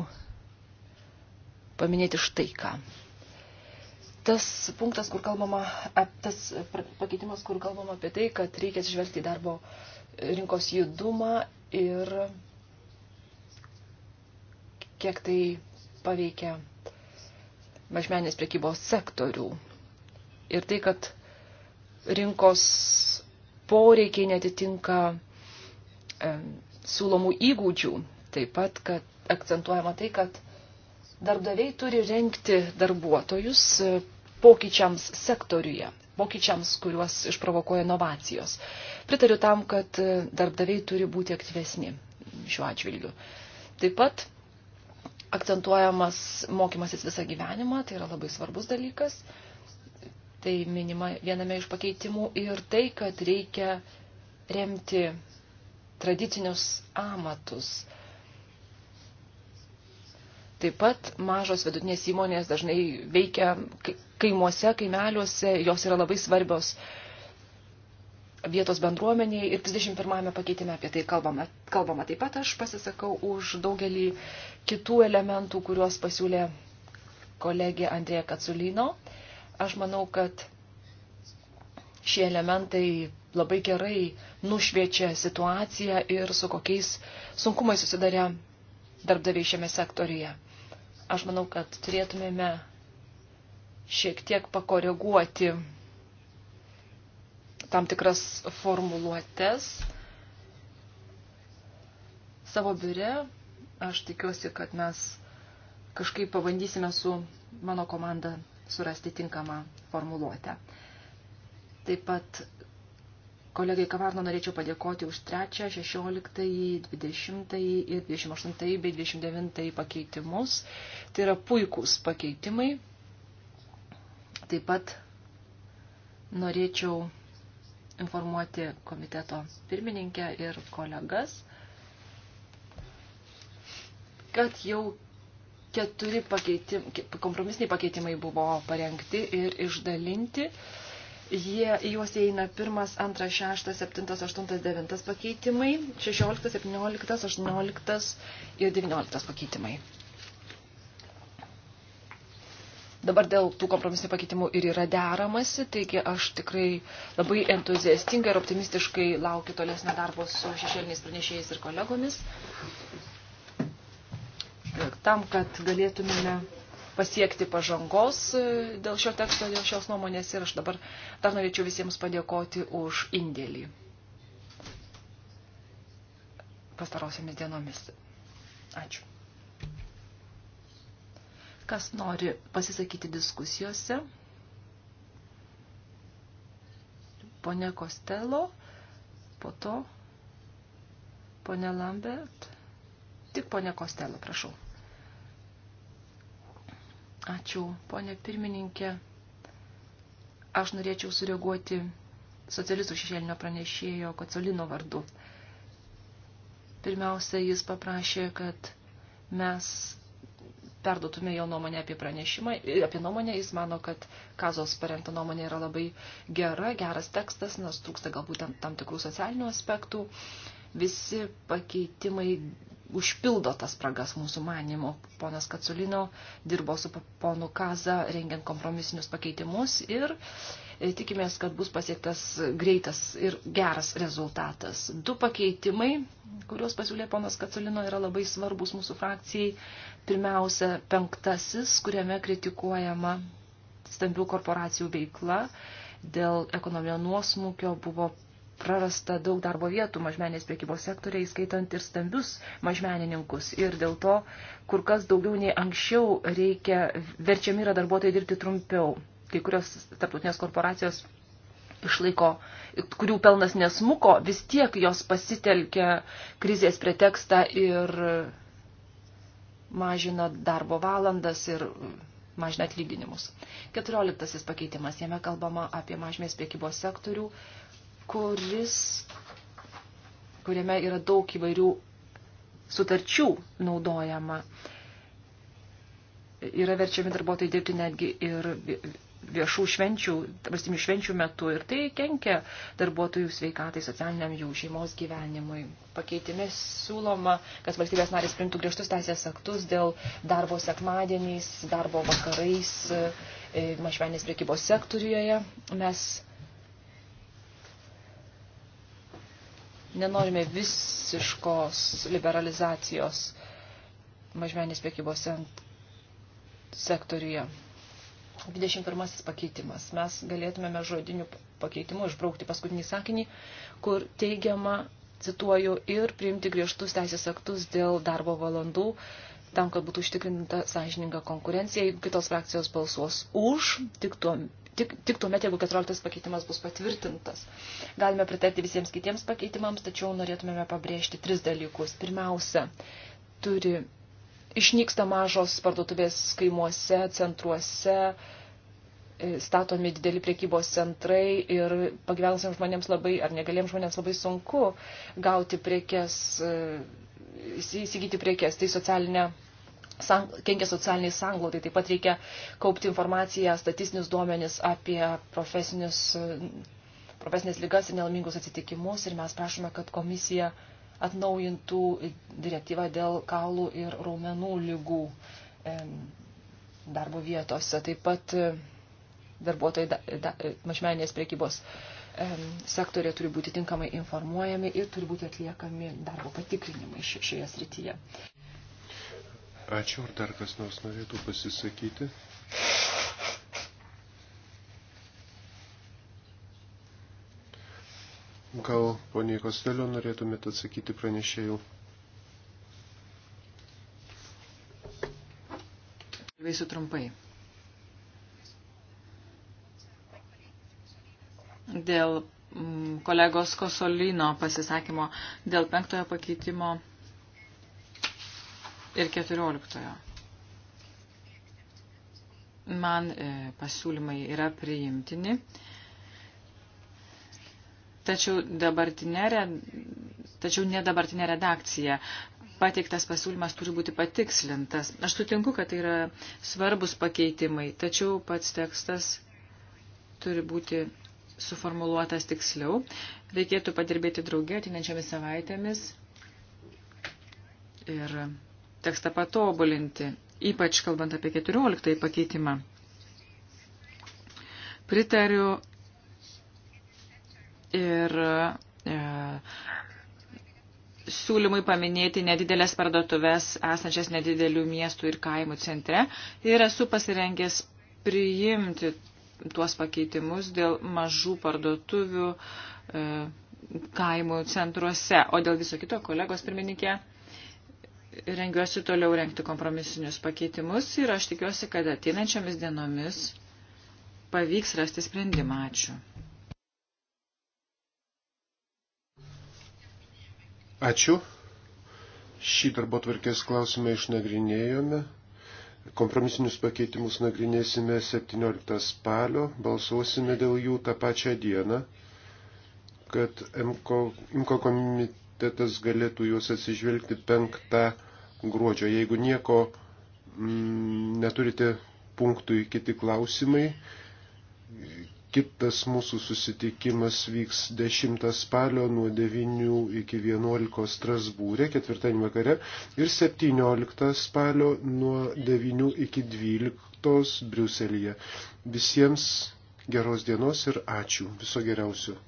paminėti štai ką tas punktas, kur kalbama, tas pakeitimas, kur kalbama apie tai, kad reikia atsižvelgti į darbo rinkos judumą ir kiek tai paveikia mažmenės prekybos sektorių. Ir tai, kad rinkos poreikiai netitinka e, siūlomų įgūdžių. Taip pat, kad akcentuojama tai, kad darbdaviai turi renkti darbuotojus pokyčiams sektoriuje, pokyčiams, kuriuos išprovokuoja inovacijos. Pritariu tam, kad darbdaviai turi būti aktyvesni šiuo atžvilgiu. Taip pat akcentuojamas mokymasis visą gyvenimą, tai yra labai svarbus dalykas. Tai minima viename iš pakeitimų ir tai, kad reikia remti tradicinius amatus, Taip pat mažos vidutinės įmonės dažnai veikia kaimuose, kaimeliuose, jos yra labai svarbios vietos bendruomeniai ir 31 pakeitime apie tai kalbama. kalbama. Taip pat aš pasisakau už daugelį kitų elementų, kuriuos pasiūlė kolegė Andrėja Katsulino. Aš manau, kad šie elementai labai gerai nušviečia situaciją ir su kokiais sunkumais susidarė darbdaviai šiame sektoriuje. Aš manau, kad turėtumėme šiek tiek pakoreguoti tam tikras formuluotės savo biure. Aš tikiuosi, kad mes kažkaip pabandysime su mano komanda surasti tinkamą formuluotę. Taip pat Kolegai Kavarno norėčiau padėkoti už 3, 16, 20 ir 28 bei 29 pakeitimus. Tai yra puikūs pakeitimai. Taip pat norėčiau informuoti komiteto pirmininkę ir kolegas, kad jau keturi pakeitim, kompromisiniai pakeitimai buvo parengti ir išdalinti. Uh, Jie, juos įeina 1, 2, 6, 7, 8, 9 pakeitimai, 16, 17, 18 ir 19 pakeitimai. Dabar dėl tų kompromisinių pakeitimų ir yra deramasi, taigi aš tikrai labai entuziastingai ir optimistiškai laukiu tolesnio darbo su šešėliniais pranešėjais ir kolegomis, tam, kad galėtumėme pasiekti pažangos e, dėl šio teksto, dėl šios nuomonės ir aš dabar dar norėčiau visiems padėkoti už indėlį pastarosiamis dienomis. Ačiū. Kas nori pasisakyti diskusijose? Pone Kostelo, po to pone Lambert, tik pone Kostelo, prašau. Ačiū, ponė pirmininkė. Aš norėčiau sureaguoti socialistų šešėlinio pranešėjo Kocolino vardu. Pirmiausia, jis paprašė, kad mes perduotume jo nuomonę apie pranešimą, apie nuomonę, jis mano, kad Kazos parengta nuomonė yra labai gera, geras tekstas, nes trūksta galbūt tam, tam tikrų socialinių aspektų. Visi pakeitimai užpildo tas spragas mūsų manimo. Ponas Katsulino dirbo su ponu Kaza, rengiant kompromisinius pakeitimus ir e, tikimės, kad bus pasiektas greitas ir geras rezultatas. Du pakeitimai, kuriuos pasiūlė ponas Katsulino, yra labai svarbus mūsų frakcijai. Pirmiausia, penktasis, kuriame kritikuojama stambių korporacijų veikla dėl ekonominio nuosmukio buvo prarasta daug darbo vietų mažmenės priekybos sektoriai, skaitant ir stambius mažmenininkus. Ir dėl to, kur kas daugiau nei anksčiau reikia, verčiami yra darbuotojai dirbti trumpiau. Kai kurios tarptautinės korporacijos išlaiko, kurių pelnas nesmuko, vis tiek jos pasitelkia krizės pretekstą ir mažina darbo valandas ir mažina atlyginimus. Keturioliktasis pakeitimas. Jame kalbama apie mažmės priekybos sektorių, kuris, kuriame yra daug įvairių sutarčių naudojama. Yra verčiami darbuotojai dirbti netgi ir viešų švenčių, valstybinių švenčių metu ir tai kenkia darbuotojų sveikatai, socialiniam jų šeimos gyvenimui. Pakeitime siūloma, kad valstybės narės primtų griežtus teisės aktus dėl darbo sekmadieniais, darbo vakarais, e, mažmenės priekybos sektoriuje. Mes Nenorime visiškos liberalizacijos mažmenės priekybos sektoriuje. 21 pakeitimas. Mes galėtumėme žodiniu pakeitimu išbraukti paskutinį sakinį, kur teigiama, cituoju, ir priimti griežtus teisės aktus dėl darbo valandų, tam, kad būtų užtikrinta sąžininga konkurencija. Jeigu kitos frakcijos balsuos už, tik tuo tik, tik tuomet, jeigu 14 pakeitimas bus patvirtintas. Galime pritarti visiems kitiems pakeitimams, tačiau norėtumėme pabrėžti tris dalykus. Pirmiausia, turi išnyksta mažos parduotuvės kaimuose, centruose, e, statomi dideli priekybos centrai ir pagyvenusiems žmonėms labai, ar negaliems žmonėms labai sunku gauti priekes, e, įsigyti priekes. Tai socialinė kenkia socialiniai sanglaudai. Taip pat reikia kaupti informaciją, statistinius duomenis apie profesinius, profesinės ligas ir nelaimingus atsitikimus. Ir mes prašome, kad komisija atnaujintų direktyvą dėl kaulų ir raumenų lygų darbo vietose. Taip pat e, darbuotojai e, mažmeninės priekybos sektorė turi būti tinkamai informuojami ir turi būti atliekami darbo patikrinimai šioje srityje. Ačiū, ar dar kas nors norėtų pasisakyti? Gal poniai Kostelio norėtumėte atsakyti pranešėjų? Kalbėsiu trumpai. Dėl mm, kolegos Kosolino pasisakymo, dėl penktojo pakeitimo ir 14. Man e, pasiūlymai yra priimtini, tačiau, dabartinė, tačiau ne dabartinė redakcija. Pateiktas pasiūlymas turi būti patikslintas. Aš sutinku, kad tai yra svarbus pakeitimai, tačiau pats tekstas turi būti suformuluotas tiksliau. Reikėtų padirbėti draugė atinančiamis savaitėmis ir tekstą patobulinti, ypač kalbant apie 14 pakeitimą. Pritariu ir e, siūlymui paminėti nedidelės parduotuvės esančias nedidelių miestų ir kaimų centre ir esu pasirengęs priimti tuos pakeitimus dėl mažų parduotuvių e, kaimų centruose. O dėl viso kito, kolegos pirmininkė, rengiuosi toliau renkti kompromisinius pakeitimus ir aš tikiuosi, kad ateinančiomis dienomis pavyks rasti sprendimą. Ačiū. Ačiū. Šį darbo tvarkės klausimą išnagrinėjome. Kompromisinius pakeitimus nagrinėsime 17 spalio, balsuosime dėl jų tą pačią dieną, kad MKO, MKO komite komitetas galėtų juos atsižvelgti 5 gruodžio. Jeigu nieko m, mm, neturite punktų į kiti klausimai, kitas mūsų susitikimas vyks 10 spalio nuo 9 iki 11 Strasbūrė, ketvirtadienį vakare, ir 17 spalio nuo 9 iki 12 Briuselėje. Visiems geros dienos ir ačiū. Viso geriausio.